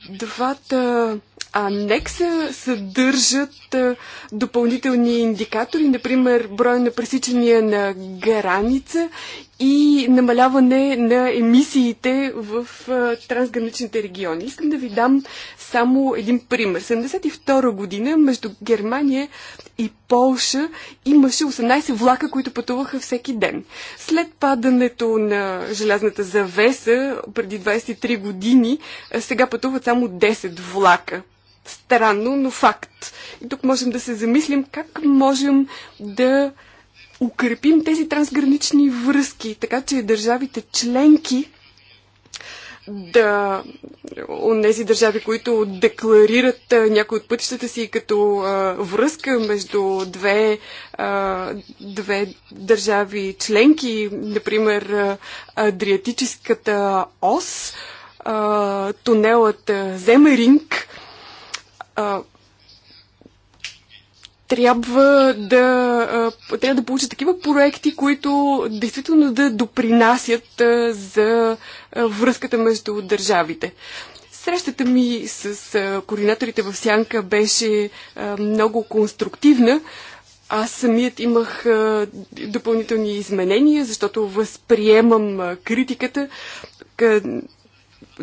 Двата анекса съдържат допълнителни индикатори, например броя на пресичания на граница и намаляване на емисиите в трансграничните региони. Искам да ви дам само един пример. 1972 година между Германия и Полша имаше 18 влака, които пътуваха всеки ден. След падането на желязната завеса преди 23 години, сега пътуват само 10 влака Странно, но факт. И тук можем да се замислим как можем да укрепим тези трансгранични връзки, така че държавите членки да от тези държави, които декларират някои от пътищата си като а, връзка между две, а, две държави членки, например Адриатическата ос, а, тунелът Земеринг, а, трябва да, трябва да получат такива проекти, които действително да допринасят за връзката между държавите. Срещата ми с координаторите в Сянка беше много конструктивна. Аз самият имах допълнителни изменения, защото възприемам критиката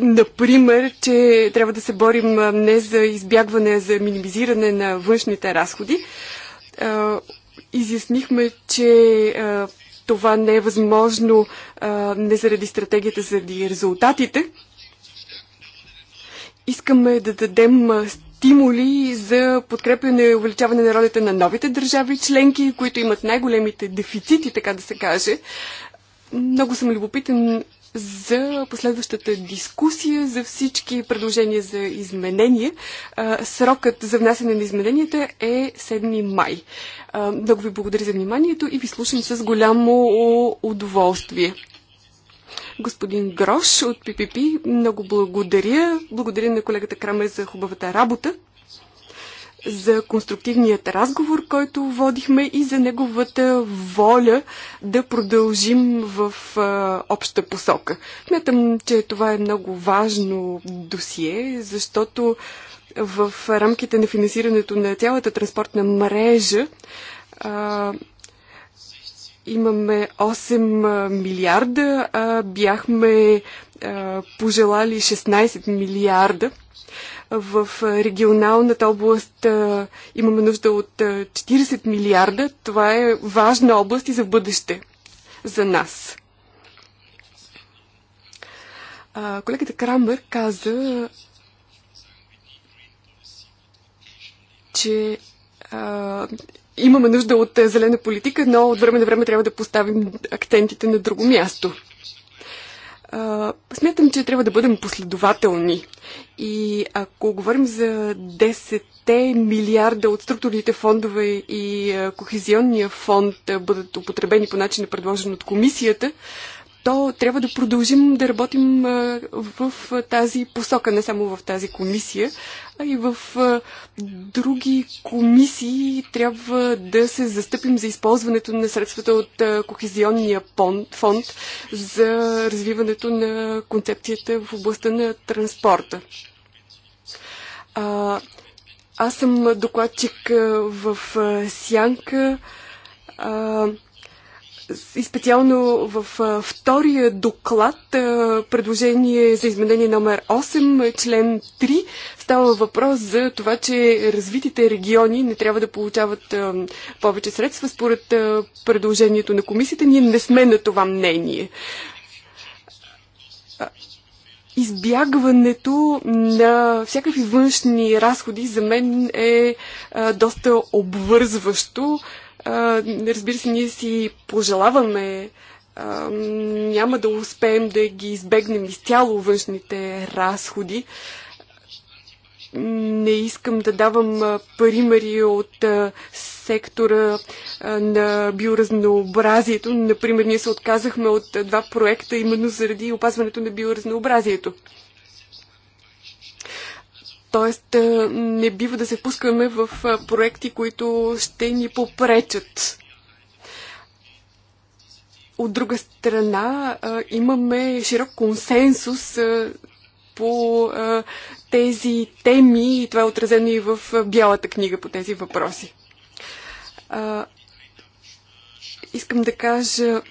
Например, че трябва да се борим не за избягване, а за минимизиране на външните разходи. Изяснихме, че това не е възможно не заради стратегията, заради резултатите. Искаме да дадем стимули за подкрепяне и увеличаване на ролята на новите държави членки, които имат най-големите дефицити, така да се каже. Много съм любопитен за последващата дискусия, за всички предложения за изменения. Срокът за внасяне на измененията е 7 май. Много ви благодаря за вниманието и ви слушам с голямо удоволствие. Господин Грош от ППП, много благодаря. Благодаря на колегата Крамер за хубавата работа за конструктивният разговор, който водихме и за неговата воля да продължим в а, обща посока. Смятам, че това е много важно досие, защото в рамките на финансирането на цялата транспортна мрежа а, имаме 8 милиарда, а бяхме а, пожелали 16 милиарда. В регионалната област имаме нужда от 40 милиарда. Това е важна област и за бъдеще за нас. Колегата Крамбър каза, че имаме нужда от зелена политика, но от време на време трябва да поставим акцентите на друго място смятам, че трябва да бъдем последователни. И ако говорим за 10 милиарда от структурните фондове и кохезионния фонд бъдат употребени по начин, предложен от комисията, то трябва да продължим да работим в тази посока, не само в тази комисия, а и в други комисии трябва да се застъпим за използването на средствата от Кохезионния фонд за развиването на концепцията в областта на транспорта. Аз съм докладчик в Сянка и специално в втория доклад, предложение за изменение номер 8, член 3, става въпрос за това, че развитите региони не трябва да получават повече средства. Според предложението на комисията ние не сме на това мнение. Избягването на всякакви външни разходи за мен е доста обвързващо Разбира се, ние си пожелаваме няма да успеем да ги избегнем изцяло външните разходи. Не искам да давам примери от сектора на биоразнообразието. Например, ние се отказахме от два проекта именно заради опазването на биоразнообразието. Тоест, е, не бива да се впускаме в е, проекти, които ще ни попречат. От друга страна, е, имаме широк консенсус по тези теми и това е отразено и в Бялата книга по тези въпроси. Искам да кажа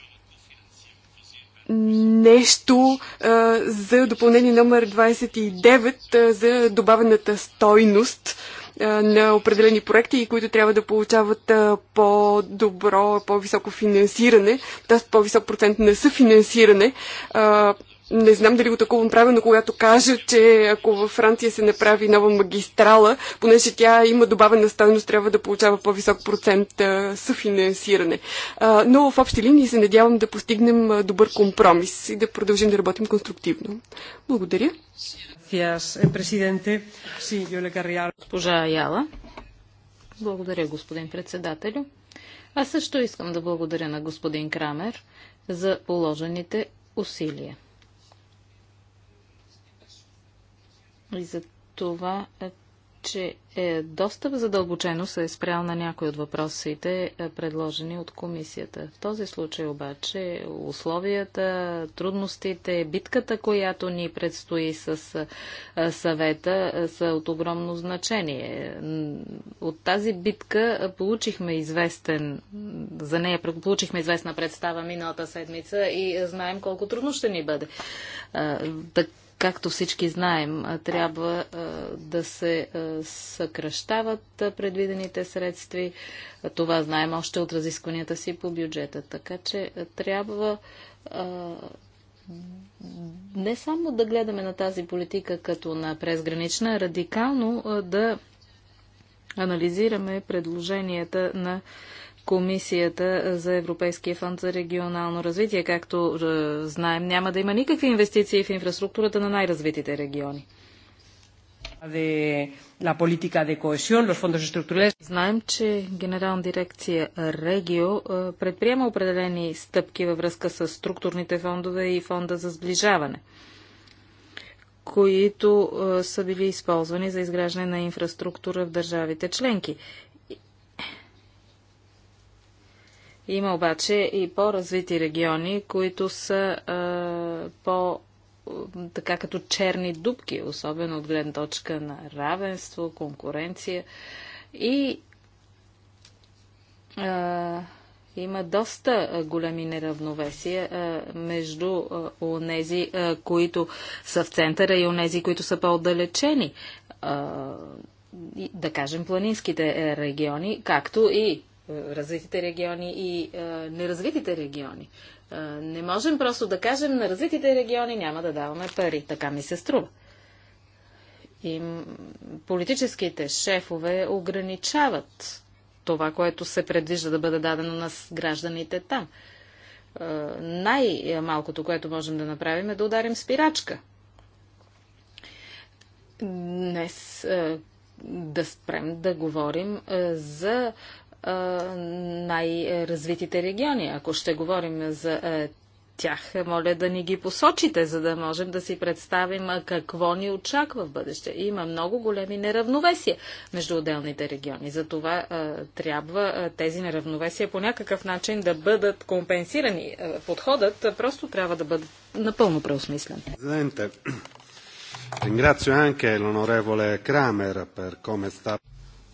нещо а, за допълнение номер 29 а, за добавената стойност а, на определени проекти, които трябва да получават по-добро, по-високо финансиране, т.е. по-висок процент на съфинансиране. А, не знам дали го таковам правилно, когато кажа, че ако във Франция се направи нова магистрала, понеже тя има добавена стойност, трябва да получава по-висок процент съфинансиране. Но в общи линии се надявам да постигнем добър компромис и да продължим да работим конструктивно. Благодаря. Eh, Госпожа Благодаря, господин председателю. Аз също искам да благодаря на господин Крамер за положените усилия. и за това, е, че е, доста задълбочено се е спрял на някои от въпросите, е, предложени от комисията. В този случай обаче условията, трудностите, битката, която ни предстои с е, съвета, са от огромно значение. От тази битка получихме известен, за нея получихме известна представа миналата седмица и знаем колко трудно ще ни бъде както всички знаем, трябва да се съкръщават предвидените средства. Това знаем още от разискванията си по бюджета. Така че трябва не само да гледаме на тази политика като на презгранична, радикално да анализираме предложенията на Комисията за Европейския фонд за регионално развитие. Както е, знаем, няма да има никакви инвестиции в инфраструктурата на най-развитите региони. Знаем, че Генерална дирекция Регио е, предприема определени стъпки във връзка с структурните фондове и фонда за сближаване, които е, са били използвани за изграждане на инфраструктура в държавите членки. Има обаче и по-развити региони, които са а, по- така като черни дубки, особено от гледна точка на равенство, конкуренция. И а, има доста големи неравновесия а, между онези, които са в центъра и онези, които са по-отдалечени. Да кажем планинските е, региони, както и е, развитите региони и а, е, неразвитите региони. А, е, не можем просто да кажем на развитите региони няма да даваме пари. Така ми се струва. И политическите шефове ограничават това, което се предвижда да бъде дадено на гражданите там. най-малкото, което можем да направим е да ударим спирачка. Днес да спрем да говорим за най-развитите региони. Ако ще говорим за тях, моля да ни ги посочите, за да можем да си представим какво ни очаква в бъдеще. Има много големи неравновесия между отделните региони. Затова трябва тези неравновесия по някакъв начин да бъдат компенсирани. Подходът просто трябва да бъде напълно преосмислен. Ringrazio anche l'onorevole Kramer per come sta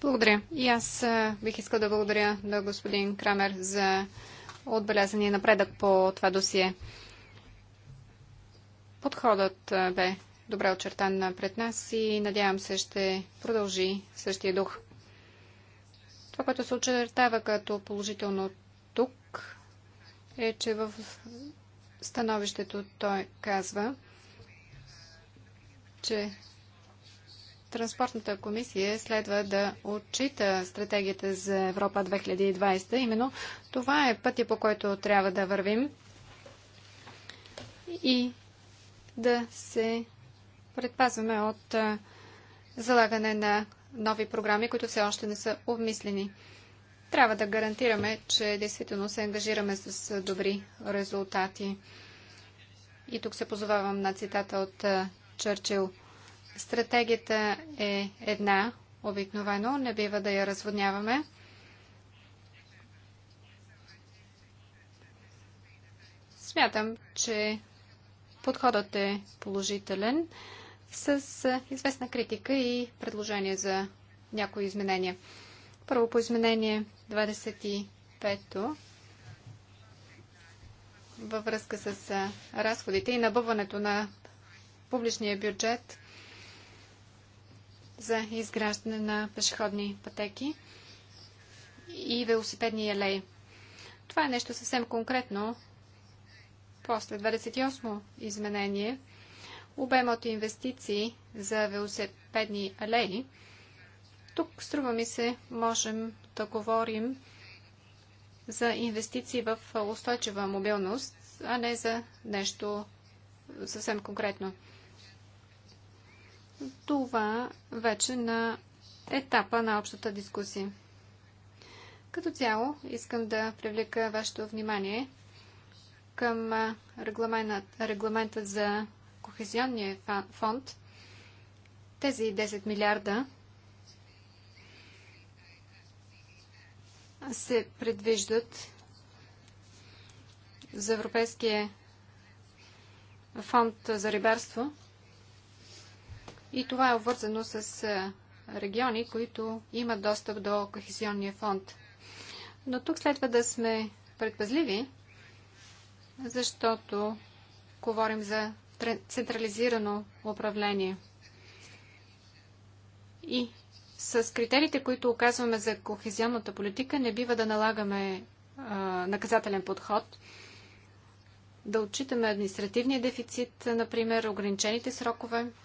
благодаря. И аз бих искал да благодаря на господин Крамер за отбелязания напредък по това досие. Подходът бе добре очертан пред нас и надявам се ще продължи същия дух. Това, което се очертава като положително тук, е, че в становището той казва, че Транспортната комисия следва да отчита стратегията за Европа 2020. Именно това е пътя, по който трябва да вървим и да се предпазваме от залагане на нови програми, които все още не са обмислени. Трябва да гарантираме, че действително се ангажираме с добри резултати. И тук се позовавам на цитата от Чърчил – Стратегията е една, обикновено, не бива да я разводняваме. Смятам, че подходът е положителен с известна критика и предложение за някои изменения. Първо по изменение 25-то във връзка с разходите и набъването на публичния бюджет за изграждане на пешеходни пътеки и велосипедни алеи. Това е нещо съвсем конкретно. После 28-о изменение, обемът инвестиции за велосипедни алеи, тук струва ми се можем да говорим за инвестиции в устойчива мобилност, а не за нещо съвсем конкретно. Това вече на етапа на общата дискусия. Като цяло искам да привлека вашето внимание към регламента за Кохезионния фонд. Тези 10 милиарда се предвиждат за Европейския фонд за рибарство и това е обвързано с региони, които имат достъп до кохезионния фонд. Но тук следва да сме предпазливи, защото говорим за централизирано управление. И с критериите, които оказваме за кохезионната политика, не бива да налагаме а, наказателен подход, да отчитаме административния дефицит, например, ограничените срокове –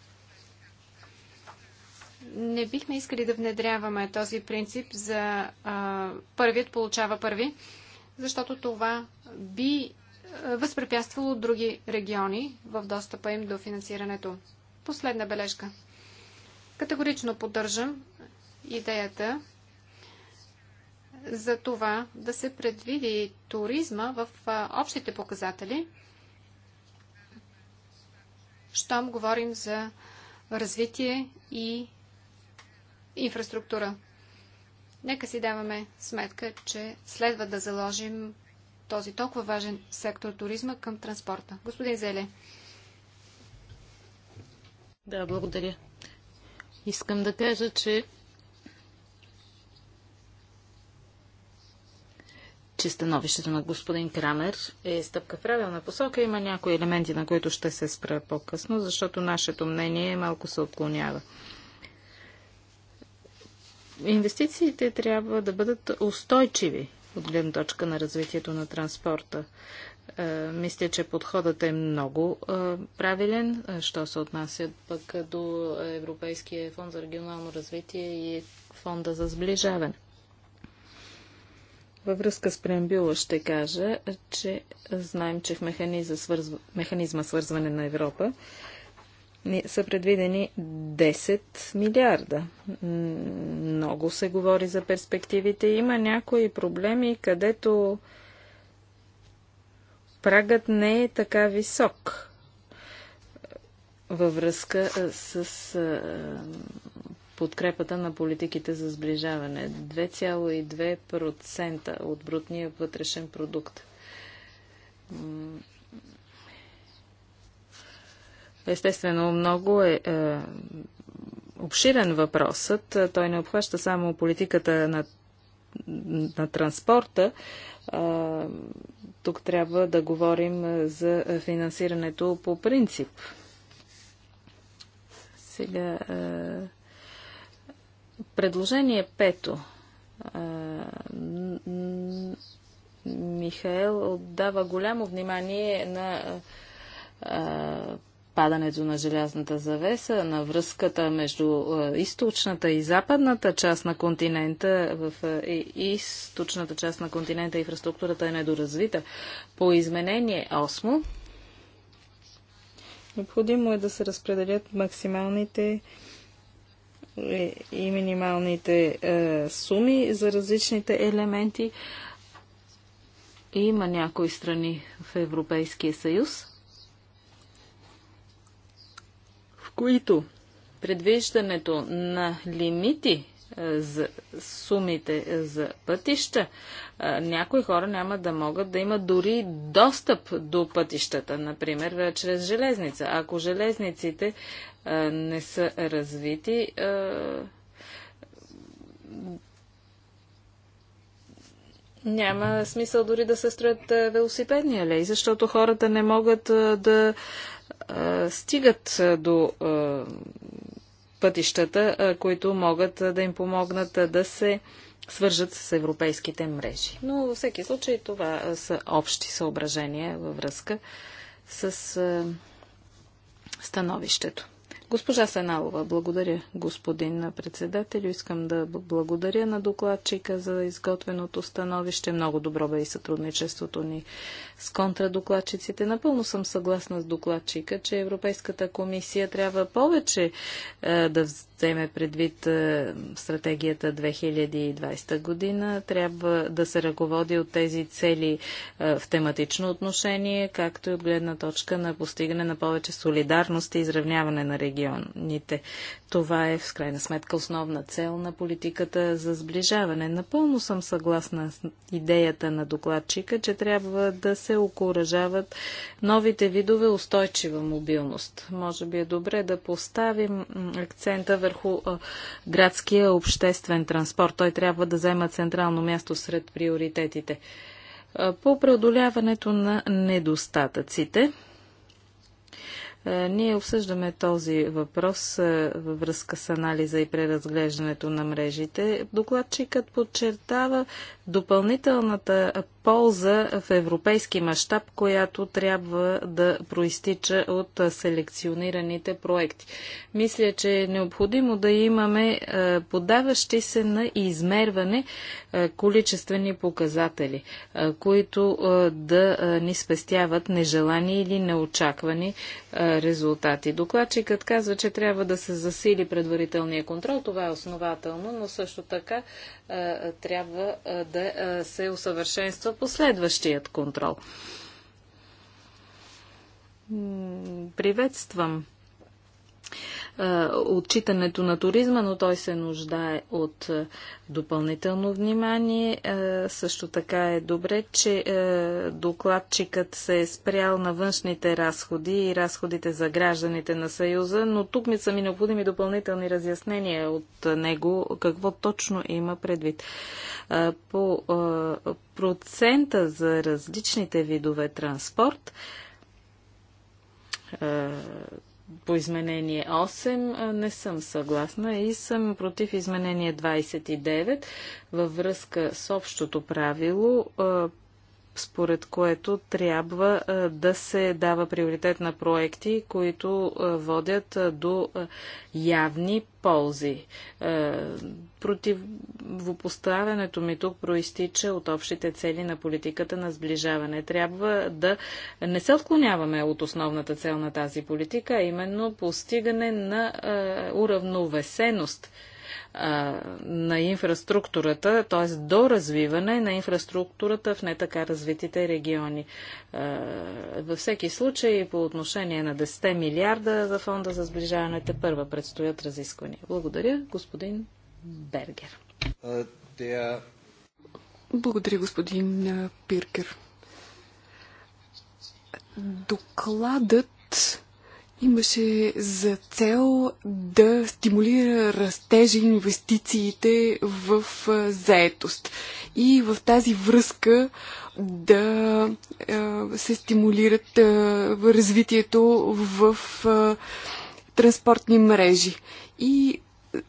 не бихме искали да внедряваме този принцип за а, първият получава първи, защото това би възпрепятствало други региони в достъпа им до финансирането. Последна бележка. Категорично поддържам идеята за това да се предвиди туризма в общите показатели, щом говорим за развитие и инфраструктура. Нека си даваме сметка, че следва да заложим този толкова важен сектор туризма към транспорта. Господин Зеле. Да, благодаря. Искам да кажа, че че становището на господин Крамер е стъпка в правилна посока. Има някои елементи, на които ще се спра по-късно, защото нашето мнение малко се отклонява инвестициите трябва да бъдат устойчиви от гледна точка на развитието на транспорта. Е, мисля, че подходът е много е, правилен, е, що се отнася пък до Европейския фонд за регионално развитие и фонда за сближаване. Във връзка с преамбюла ще кажа, че знаем, че в механизма, механизма свързване на Европа са предвидени 10 милиарда. Много се говори за перспективите. Има някои проблеми, където прагът не е така висок във връзка с подкрепата на политиките за сближаване. 2,2% от брутния вътрешен продукт. Естествено, много е, е обширен въпросът. Е, той не обхваща само политиката на, на транспорта. Е, тук трябва да говорим е, за финансирането по принцип. Сега. Е, предложение пето. А, е, Михаел отдава голямо внимание на падането на желязната завеса, на връзката между е, източната и западната част на континента, в е, източната част на континента инфраструктурата е недоразвита. По изменение 8 необходимо е да се разпределят максималните е, и минималните суми за различните елементи. Има някои страни в Европейския съюз, които предвиждането на лимити е, за сумите за пътища, е, някои хора няма да могат да имат дори достъп до пътищата, например, е, чрез железница. Ако железниците не са развити, няма смисъл дори да се строят велосипедни алеи, защото хората не могат да стигат до пътищата, които могат да им помогнат да се свържат с европейските мрежи. Но във всеки случай това са общи съображения във връзка с становището. Госпожа Сеналова, благодаря, господин председател. Искам да благодаря на докладчика за изготвеното становище. Много добро бе и сътрудничеството ни с контрадокладчиците. Напълно съм съгласна с докладчика, че Европейската комисия трябва повече е, да вземе предвид е, стратегията 2020 година. Трябва да се ръководи от тези цели е, в тематично отношение, както и от гледна точка на постигане на повече солидарност и изравняване на регионите регионите. Това е в крайна сметка основна цел на политиката за сближаване. Напълно съм съгласна с идеята на докладчика, че трябва да се окоръжават новите видове устойчива мобилност. Може би е добре да поставим акцента върху градския обществен транспорт. Той трябва да заема централно място сред приоритетите по преодоляването на недостатъците. Е, ние обсъждаме този въпрос е, във връзка с анализа и преразглеждането на мрежите. Докладчикът подчертава допълнителната полза в европейски мащаб, която трябва да проистича от селекционираните проекти. Мисля, че е необходимо да имаме е, подаващи се на измерване е, количествени показатели, е, които да ни спестяват нежелани или неочаквани резултати. Докладчикът казва, че трябва да се засили предварителния контрол. Това е основателно, но също така трябва да да е, се усъвършенства последващият контрол. Приветствам е, отчитането на туризма, но той се нуждае от е, допълнително внимание. Е, също така е добре, че докладчикът се е спрял на външните разходи и разходите за гражданите на Съюза, но тук ми са ми необходими допълнителни разяснения от него, какво точно има предвид. По процента за различните видове транспорт, по изменение 8 не съм съгласна и съм против изменение 29 във връзка с общото правило според което трябва да се дава приоритет на проекти, които водят до явни ползи. Противопоставянето ми тук проистича от общите цели на политиката на сближаване. Трябва да не се отклоняваме от основната цел на тази политика, а именно постигане на уравновесеност а, на инфраструктурата, т.е. до развиване на инфраструктурата в не така развитите региони. А, във всеки случай, по отношение на 10 милиарда за фонда за сближаването, първа предстоят разисквания. Благодаря, господин Бергер. Благодаря, господин Пиркер. Докладът имаше за цел да стимулира растежа инвестициите в заетост. И в тази връзка да се стимулират развитието в транспортни мрежи. И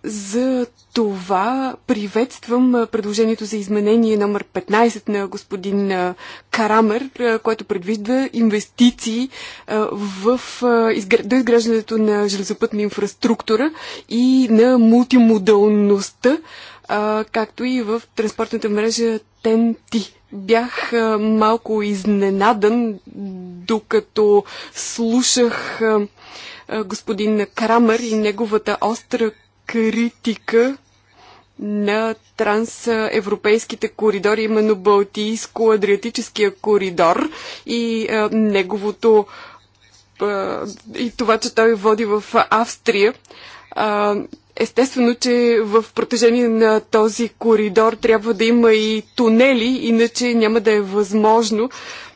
за това приветствам предложението за изменение номер 15 на господин Карамер, което предвижда инвестиции в доизграждането на железопътна инфраструктура и на мултимодалността, както и в транспортната мрежа ТЕНТИ. Бях малко изненадан, докато слушах господин Крамер и неговата остра критика на трансевропейските коридори, именно Балтийско-Адриатическия коридор и а, неговото а, и това, че той води в Австрия. А, Естествено, че в протежение на този коридор трябва да има и тунели, иначе няма да е възможно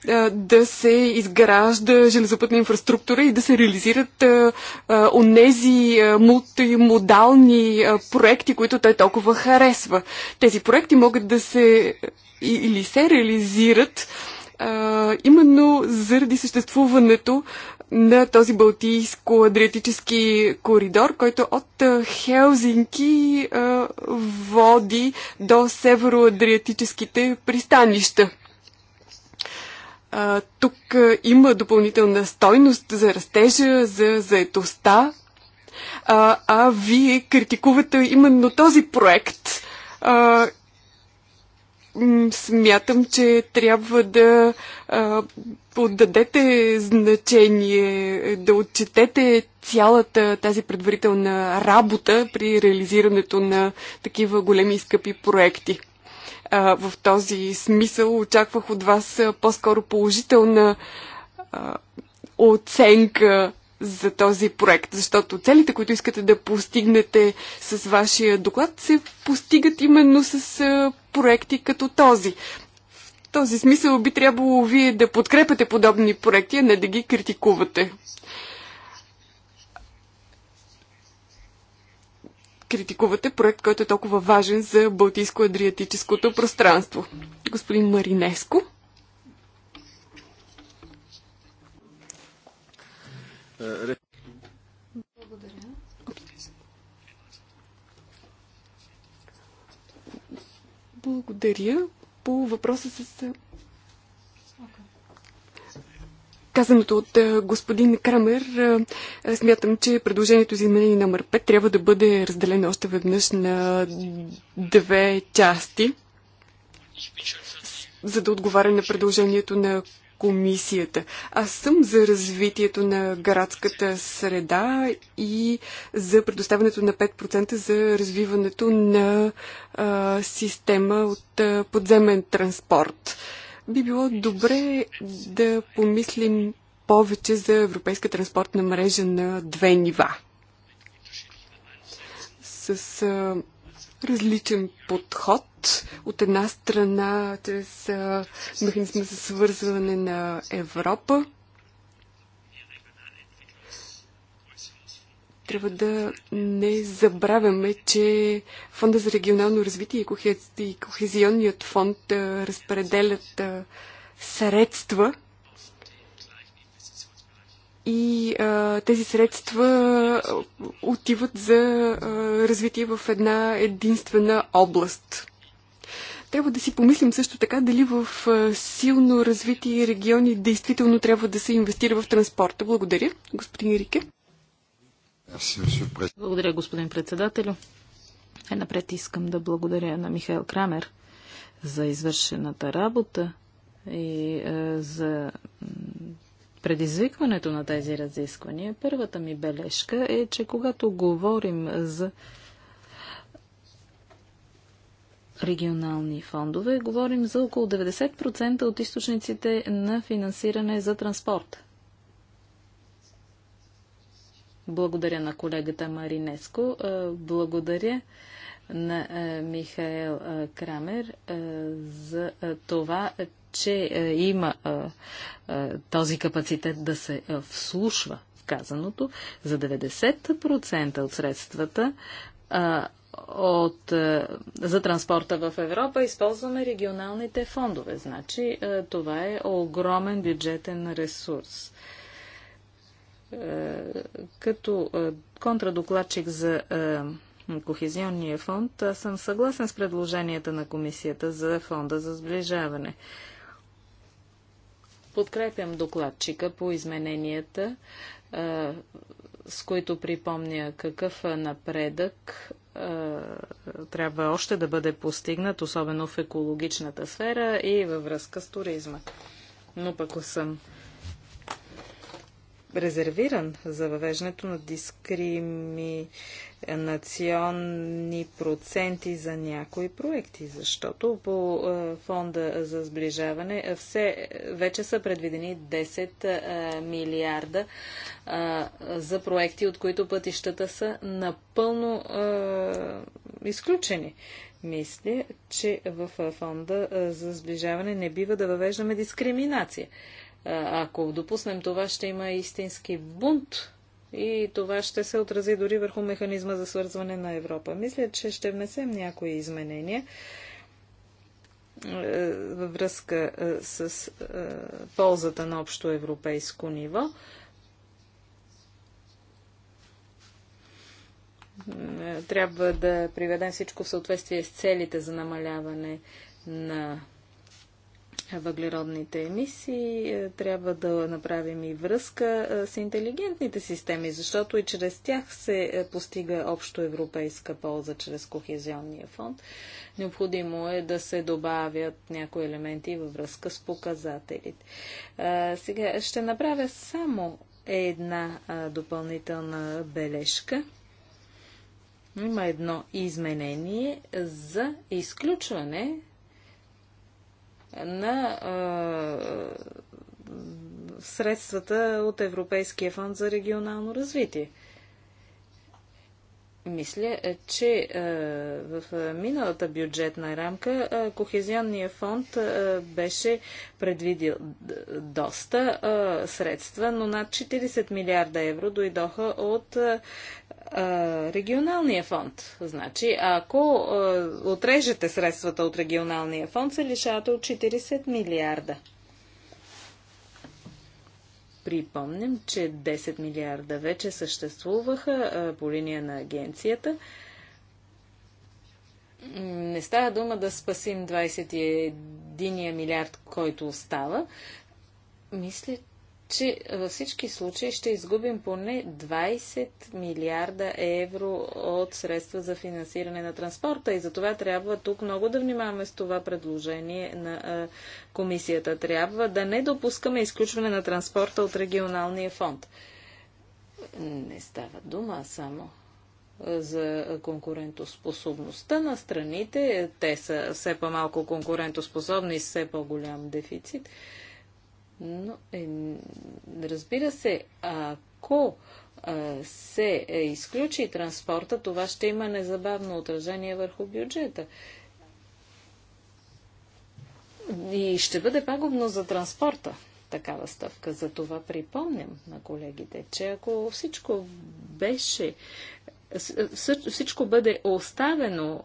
а, да се изгражда железопътна инфраструктура и да се реализират а, а, онези а, мултимодални а, проекти, които той толкова харесва. Тези проекти могат да се или се реализират а, именно заради съществуването на този Балтийско-Адриатически коридор, който от Хелзинки води до северо-адриатическите пристанища. Тук има допълнителна стойност за растежа, за заетостта, а, а вие критикувате именно този проект смятам, че трябва да а, отдадете значение, да отчетете цялата тази предварителна работа при реализирането на такива големи и скъпи проекти. А, в този смисъл очаквах от вас по-скоро положителна а, оценка за този проект, защото целите, които искате да постигнете с вашия доклад, се постигат именно с проекти като този. В този смисъл би трябвало вие да подкрепяте подобни проекти, а не да ги критикувате. критикувате проект, който е толкова важен за Балтийско-Адриатическото пространство. Господин Маринеско. Благодаря. Благодаря по въпроса с казаното от господин Крамер, смятам, че предложението за изменение номер 5 трябва да бъде разделено още веднъж на две части, за да отговаря на предложението на комисията. Аз съм за развитието на градската среда и за предоставянето на 5% за развиването на а, система от а, подземен транспорт. Би било добре да помислим повече за европейска транспортна мрежа на две нива. С а, различен подход от една страна, чрез механизма за свързване на Европа, трябва да не забравяме, че Фонда за регионално развитие и Кохезионният фонд разпределят средства и а, тези средства отиват за а, развитие в една единствена област. Трябва да си помислим също така дали в силно развити региони действително трябва да се инвестира в транспорта. Благодаря, господин Рике. Благодаря, господин председателю. Е, напред искам да благодаря на Михаил Крамер за извършената работа и е, за предизвикването на тези разисквания. Първата ми бележка е, че когато говорим за регионални фондове. Говорим за около 90% от източниците на финансиране за транспорт. Благодаря на колегата Маринеско. Е, благодаря на е, Михаел е, Крамер за това, че има този капацитет да се вслушва в казаното. За 90% от средствата от, е, за транспорта в Европа използваме регионалните фондове. Значи е, това е огромен бюджетен ресурс. Е, като контрадокладчик за Кохезионния фонд, аз съм съгласен с предложенията на комисията за фонда за сближаване. Подкрепям докладчика по измененията, с които припомня какъв напредък е, трябва още да бъде постигнат, особено в екологичната сфера и във връзка с туризма. Но пък съм резервиран за въвеждането на дискрими национни проценти за някои проекти, защото по е, фонда за сближаване все вече са предвидени 10 е, милиарда е, за проекти, от които пътищата са напълно изключени. Мисля, че в фонда за сближаване не бива да въвеждаме дискриминация. Ако допуснем това, ще има истински бунт и това ще се отрази дори върху механизма за свързване на Европа. Мисля, че ще внесем някои изменения е, във връзка е, с е, ползата на общо европейско ниво. Трябва да приведем всичко в съответствие с целите за намаляване на въглеродните емисии, е, трябва да направим и връзка е, с интелигентните системи, защото и чрез тях се е, постига общо европейска полза чрез Кохезионния фонд. Необходимо е да се добавят някои елементи във връзка с показателите. Сега ще направя само една допълнителна бележка. Има едно изменение за изключване на средствата от Европейския фонд за регионално развитие. Мисля, е, че е, в е, миналата бюджетна рамка Кохезионния фонд беше предвидил доста средства, но над 40 милиарда евро дойдоха от регионалния фонд. Значи, ако отрежете средствата от регионалния фонд, се лишавате от 40 милиарда припомним, че 10 милиарда вече съществуваха по линия на агенцията. Не става дума да спасим 21 милиард, който остава. Мисля, че във всички случаи ще изгубим поне 20 милиарда евро от средства за финансиране на транспорта и затова трябва тук много да внимаваме с това предложение на комисията. Трябва да не допускаме изключване на транспорта от регионалния фонд. Не става дума само за конкурентоспособността на страните. Те са все по-малко конкурентоспособни с все по-голям дефицит. Но, е, разбира се, ако се е, изключи транспорта, това ще има незабавно отражение върху бюджета. И ще бъде пагубно за транспорта такава стъпка. това припомням на колегите, че ако всичко беше всичко бъде оставено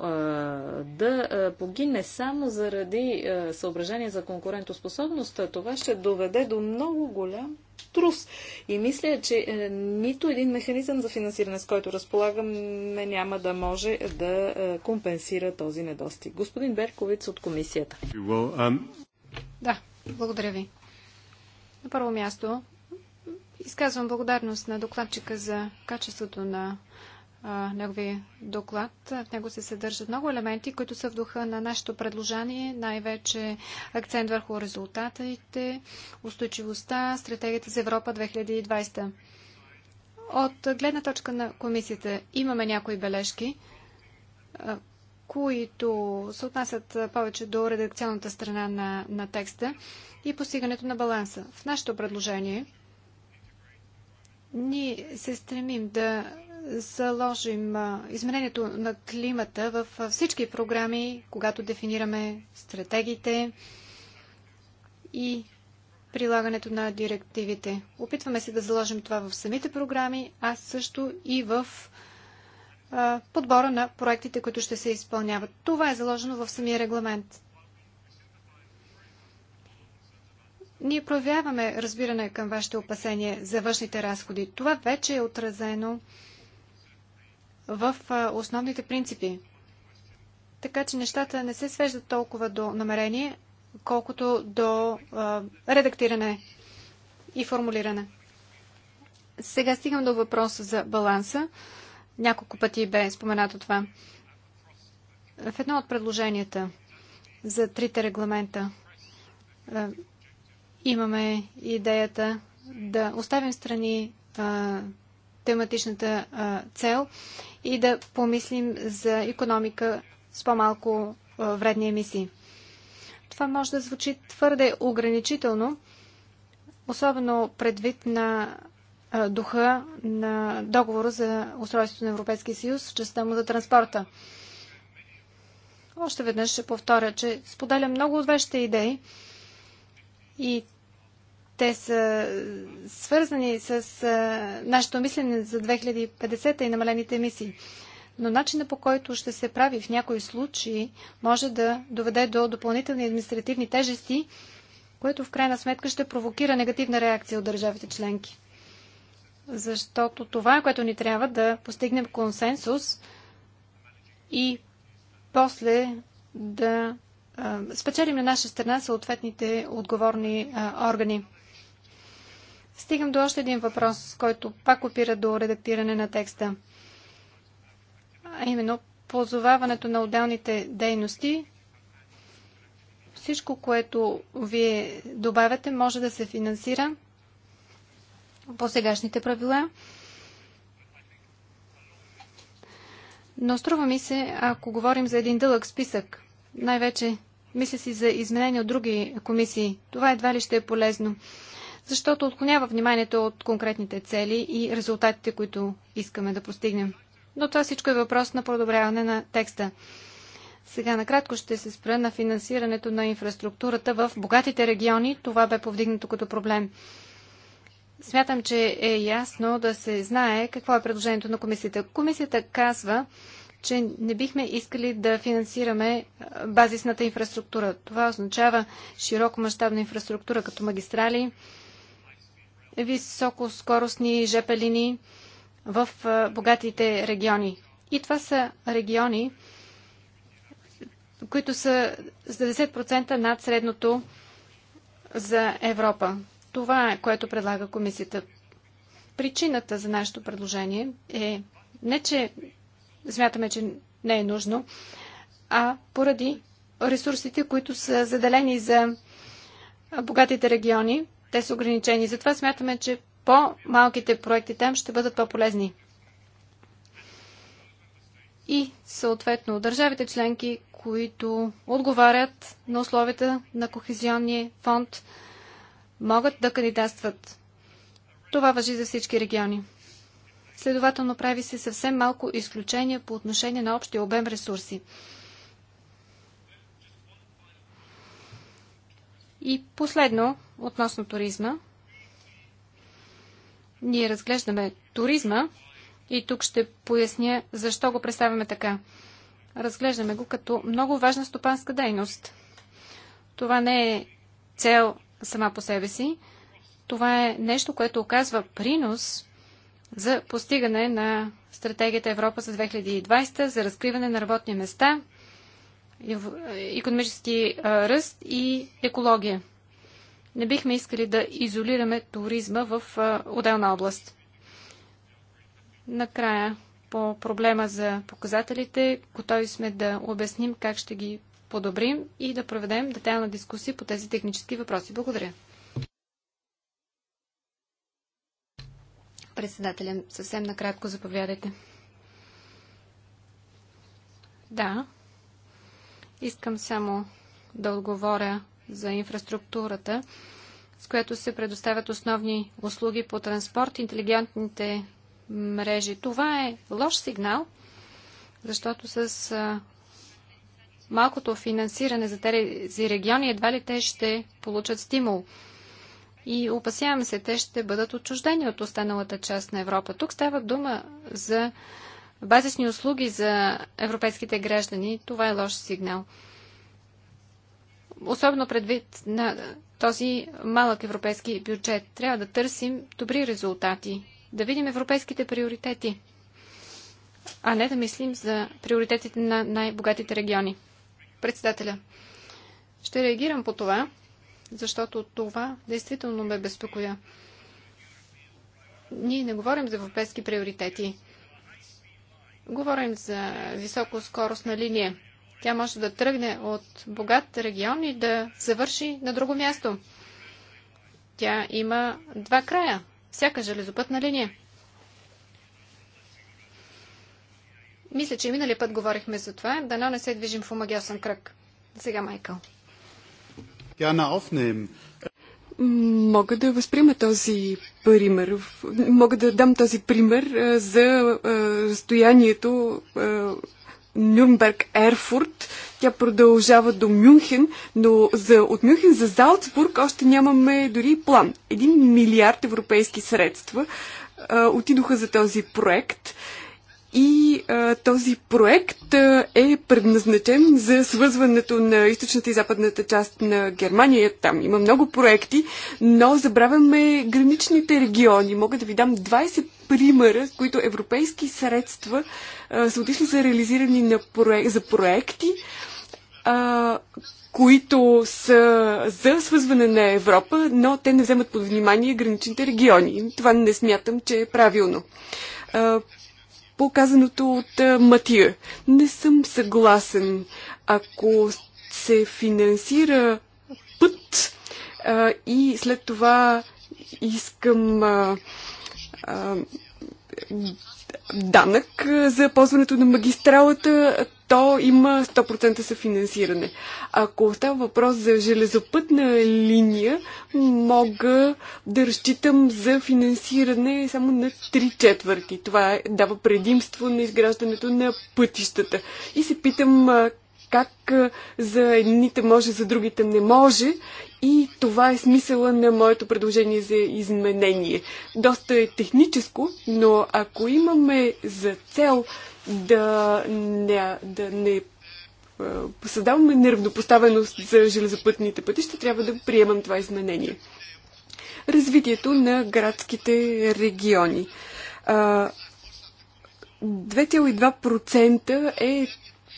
да погине само заради съображение за конкурентоспособност, това ще доведе до много голям трус. И мисля, че е, нито един механизъм за финансиране, с който разполагам, няма да може да е, компенсира този недостиг. Господин Берковиц от комисията. Да, благодаря ви. На първо място изказвам благодарност на докладчика за качеството на негови доклад. В него се съдържат много елементи, които са в духа на нашето предложение, най-вече акцент върху резултатите, устойчивостта, стратегията за Европа 2020. От гледна точка на комисията имаме някои бележки, които се отнасят повече до редакционната страна на, на текста и постигането на баланса. В нашето предложение ние се стремим да заложим изменението на климата в всички програми, когато дефинираме стратегиите и прилагането на директивите. Опитваме се да заложим това в самите програми, а също и в подбора на проектите, които ще се изпълняват. Това е заложено в самия регламент. Ние проявяваме разбиране към вашите опасения за външните разходи. Това вече е отразено в основните принципи. Така че нещата не се свеждат толкова до намерение, колкото до а, редактиране и формулиране. Сега стигам до въпроса за баланса. Няколко пъти бе споменато това. В едно от предложенията за трите регламента а, имаме идеята да оставим страни а, тематичната а, цел и да помислим за економика с по-малко вредни емисии. Това може да звучи твърде ограничително, особено предвид на а, духа на договора за устройството на Европейския съюз в частта му за транспорта. Още веднъж ще повторя, че споделя много от вашите идеи и те са е, свързани с е, нашето мислене за 2050 и намалените емисии. Но начина по който ще се прави в някои случаи може да доведе до допълнителни административни тежести, което в крайна сметка ще провокира негативна реакция от държавите членки. Защото това, е което ни трябва да постигнем консенсус и после да спечелим на наша страна съответните отговорни а, органи. Стигам до още един въпрос, който пак опира до редактиране на текста. А именно, позоваването на отделните дейности, всичко, което вие добавяте, може да се финансира по сегашните правила. Но струва ми се, ако говорим за един дълъг списък, най-вече мисля си за изменения от други комисии, това едва ли ще е полезно защото отклонява вниманието от конкретните цели и резултатите, които искаме да постигнем. Но това всичко е въпрос на подобряване на текста. Сега накратко ще се спра на финансирането на инфраструктурата в богатите региони. Това бе повдигнато като проблем. Смятам, че е ясно да се знае какво е предложението на комисията. Комисията казва, че не бихме искали да финансираме базисната инфраструктура. Това означава широко мащабна инфраструктура като магистрали, високоскоростни ЖП линии в богатите региони. И това са региони, които са с 90% над средното за Европа. Това е което предлага комисията. Причината за нашето предложение е не, че смятаме, че не е нужно, а поради ресурсите, които са заделени за богатите региони, те са ограничени. Затова смятаме, че по-малките проекти там ще бъдат по-полезни. И съответно държавите членки, които отговарят на условията на Кохезионния фонд, могат да кандидатстват. Това въжи за всички региони. Следователно прави се съвсем малко изключение по отношение на общия обем ресурси. И последно, относно туризма. Ние разглеждаме туризма и тук ще поясня защо го представяме така. Разглеждаме го като много важна стопанска дейност. Това не е цел сама по себе си. Това е нещо, което оказва принос за постигане на стратегията Европа за 2020, за разкриване на работни места – економически ръст и екология. Не бихме искали да изолираме туризма в отделна област. Накрая, по проблема за показателите, готови сме да обясним как ще ги подобрим и да проведем детайлна дискусия по тези технически въпроси. Благодаря. Председателя, съвсем накратко заповядайте. Да, Искам само да отговоря за инфраструктурата, с която се предоставят основни услуги по транспорт, интелигентните мрежи. Това е лош сигнал, защото с малкото финансиране за тези региони едва ли те ще получат стимул. И опасявам се, те ще бъдат отчуждени от останалата част на Европа. Тук става дума за базисни услуги за европейските граждани, това е лош сигнал. Особено предвид на този малък европейски бюджет. Трябва да търсим добри резултати, да видим европейските приоритети, а не да мислим за приоритетите на най-богатите региони. Председателя, ще реагирам по това, защото това действително ме безпокоя. Ние не говорим за европейски приоритети. Говорим за високоскоростна линия. Тя може да тръгне от богат регион и да завърши на друго място. Тя има два края, всяка железопътна линия. Мисля, че миналия път говорихме за това. Дано не се движим в омагиосен кръг. Сега, Майкъл. Мога да възприема този пример. Мога да дам този пример за разстоянието Нюрнберг Ерфурт. Тя продължава до Мюнхен, но за, от Мюнхен за Залцбург още нямаме дори план. Един милиард европейски средства а, отидоха за този проект. А, и а, този проект а, е предназначен за свързването на източната и западната част на Германия. Там има много проекти, но забравяме граничните региони. Мога да ви дам 20 примера, с които европейски средства а, са отишли за реализирани на проек, за проекти, а, които са за свързване на Европа, но те не вземат под внимание граничните региони. Това не смятам, че е правилно по казаното от Матия. Не съм съгласен. Ако се финансира път а, и след това искам а, а, данък за ползването на магистралата, то има 100% съфинансиране. Ако става въпрос за железопътна линия, мога да разчитам за финансиране само на 3 четвърти. Това е, дава предимство на изграждането на пътищата. И се питам как за едните може, за другите не може. И това е смисъла на моето предложение за изменение. Доста е техническо, но ако имаме за цел да не, да не създаваме неравнопоставеност за железопътните пътища, трябва да приемам това изменение. Развитието на градските региони. 2,2% е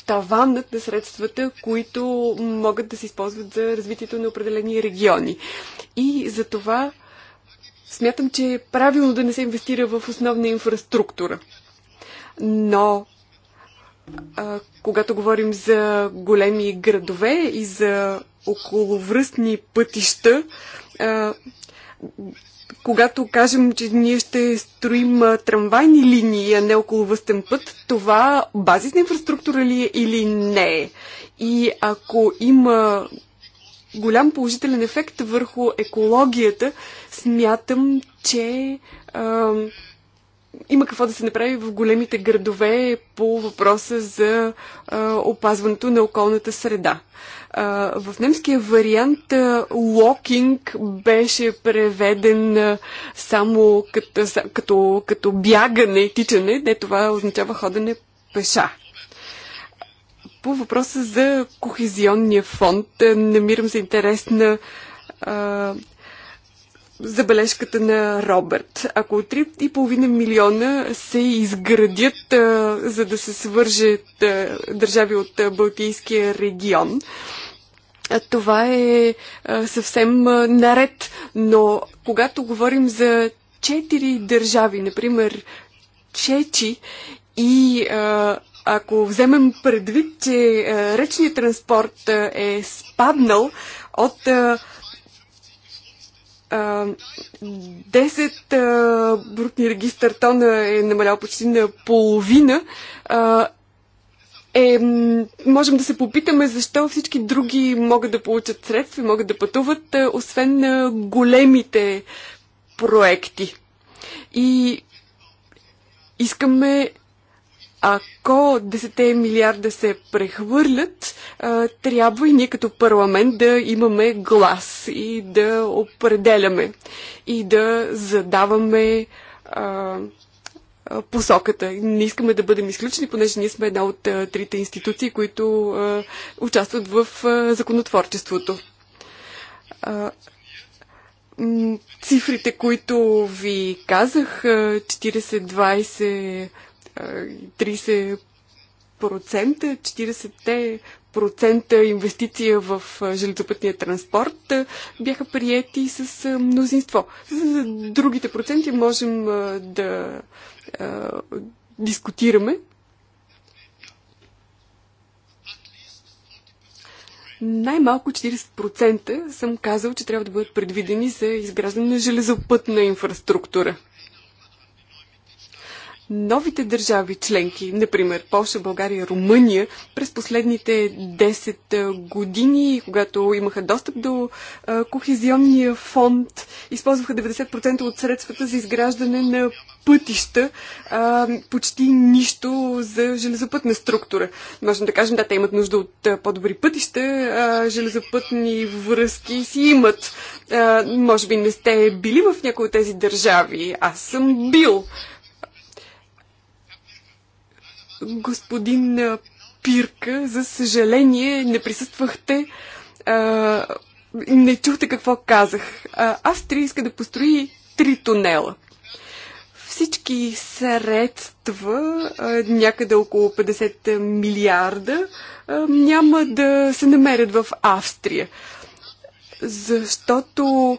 таванът на средствата, които могат да се използват за развитието на определени региони. И за това смятам, че е правилно да не се инвестира в основна инфраструктура но а, когато говорим за големи градове и за околовръстни пътища, а, когато кажем, че ние ще строим трамвайни линии, а не околовъстен път, това базисна инфраструктура ли е или не е? И ако има голям положителен ефект върху екологията, смятам, че а, има какво да се направи в големите градове по въпроса за а, опазването на околната среда. А, в немския вариант локинг беше преведен а, само като, като, като бягане, тичане, не това означава ходене пеша. По въпроса за кохезионния фонд намирам се интересна а, забележката на Робърт. Ако 3,5 милиона се изградят, а, за да се свържат а, държави от а, Балтийския регион, а, това е а, съвсем а, наред. Но когато говорим за четири държави, например Чечи и а, ако вземем предвид, че а, речният транспорт а, е спаднал от а, 10 брутни регистър тона е намалял почти на половина. Е, можем да се попитаме защо всички други могат да получат средства и могат да пътуват, освен на големите проекти. И искаме ако 10 милиарда се прехвърлят, трябва и ние като парламент да имаме глас и да определяме и да задаваме посоката. Не искаме да бъдем изключени, понеже ние сме една от трите институции, които участват в законотворчеството. Цифрите, които ви казах, 40-20 30%, 40% процента инвестиция в железопътния транспорт бяха приети с мнозинство. За другите проценти можем да дискутираме. Най-малко 40% съм казал, че трябва да бъдат предвидени за изграждане на железопътна инфраструктура новите държави членки, например Польша, България, Румъния, през последните 10 години, когато имаха достъп до кохезионния фонд, използваха 90% от средствата за изграждане на пътища, почти нищо за железопътна структура. Можем да кажем, да, те имат нужда от по-добри пътища, железопътни връзки си имат. може би не сте били в някои от тези държави. Аз съм бил господин Пирка. За съжаление, не присъствахте. А, не чухте какво казах. А, Австрия иска да построи три тунела. Всички средства, а, някъде около 50 милиарда, а, няма да се намерят в Австрия. Защото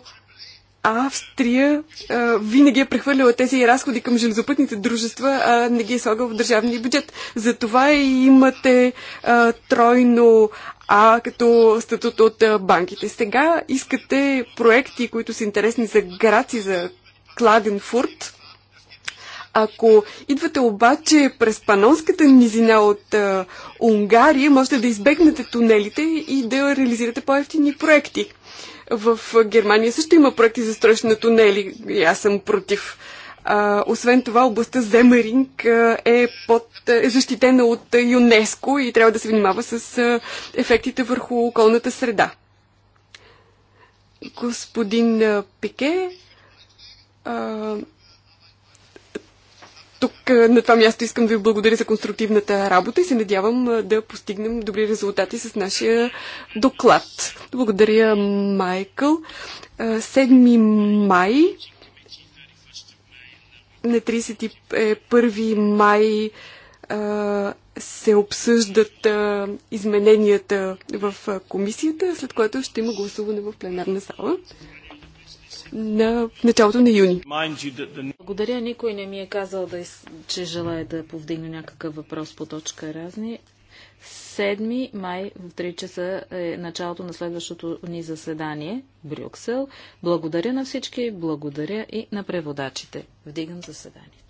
Австрия а, винаги е прехвърляла тези разходи към железопътните дружества, а не ги е слагала в държавния бюджет. Затова и имате а, тройно А като статут от а, банките. Сега искате проекти, които са интересни за граци, за Кладенфурт. Ако идвате обаче през Панонската низина от а, Унгария, можете да избегнете тунелите и да реализирате по-ефтини проекти. В Германия също има проекти за строеж на тунели и аз съм против. А, освен това, областта Земеринг е, под, е защитена от ЮНЕСКО и трябва да се внимава с ефектите върху околната среда. Господин Пике, а, тук е, на това място искам да ви благодаря за конструктивната работа и се надявам е, да постигнем добри резултати с нашия доклад. Благодаря, Майкъл. 7 е, май на 31 май се обсъждат измененията в комисията, след което ще има гласуване в пленарна сала на началото на юни. Благодаря. Никой не ми е казал, да, че желая да повдигне някакъв въпрос по точка разни. 7 май в 3 часа е началото на следващото ни заседание в Брюксел. Благодаря на всички, благодаря и на преводачите. Вдигам заседание.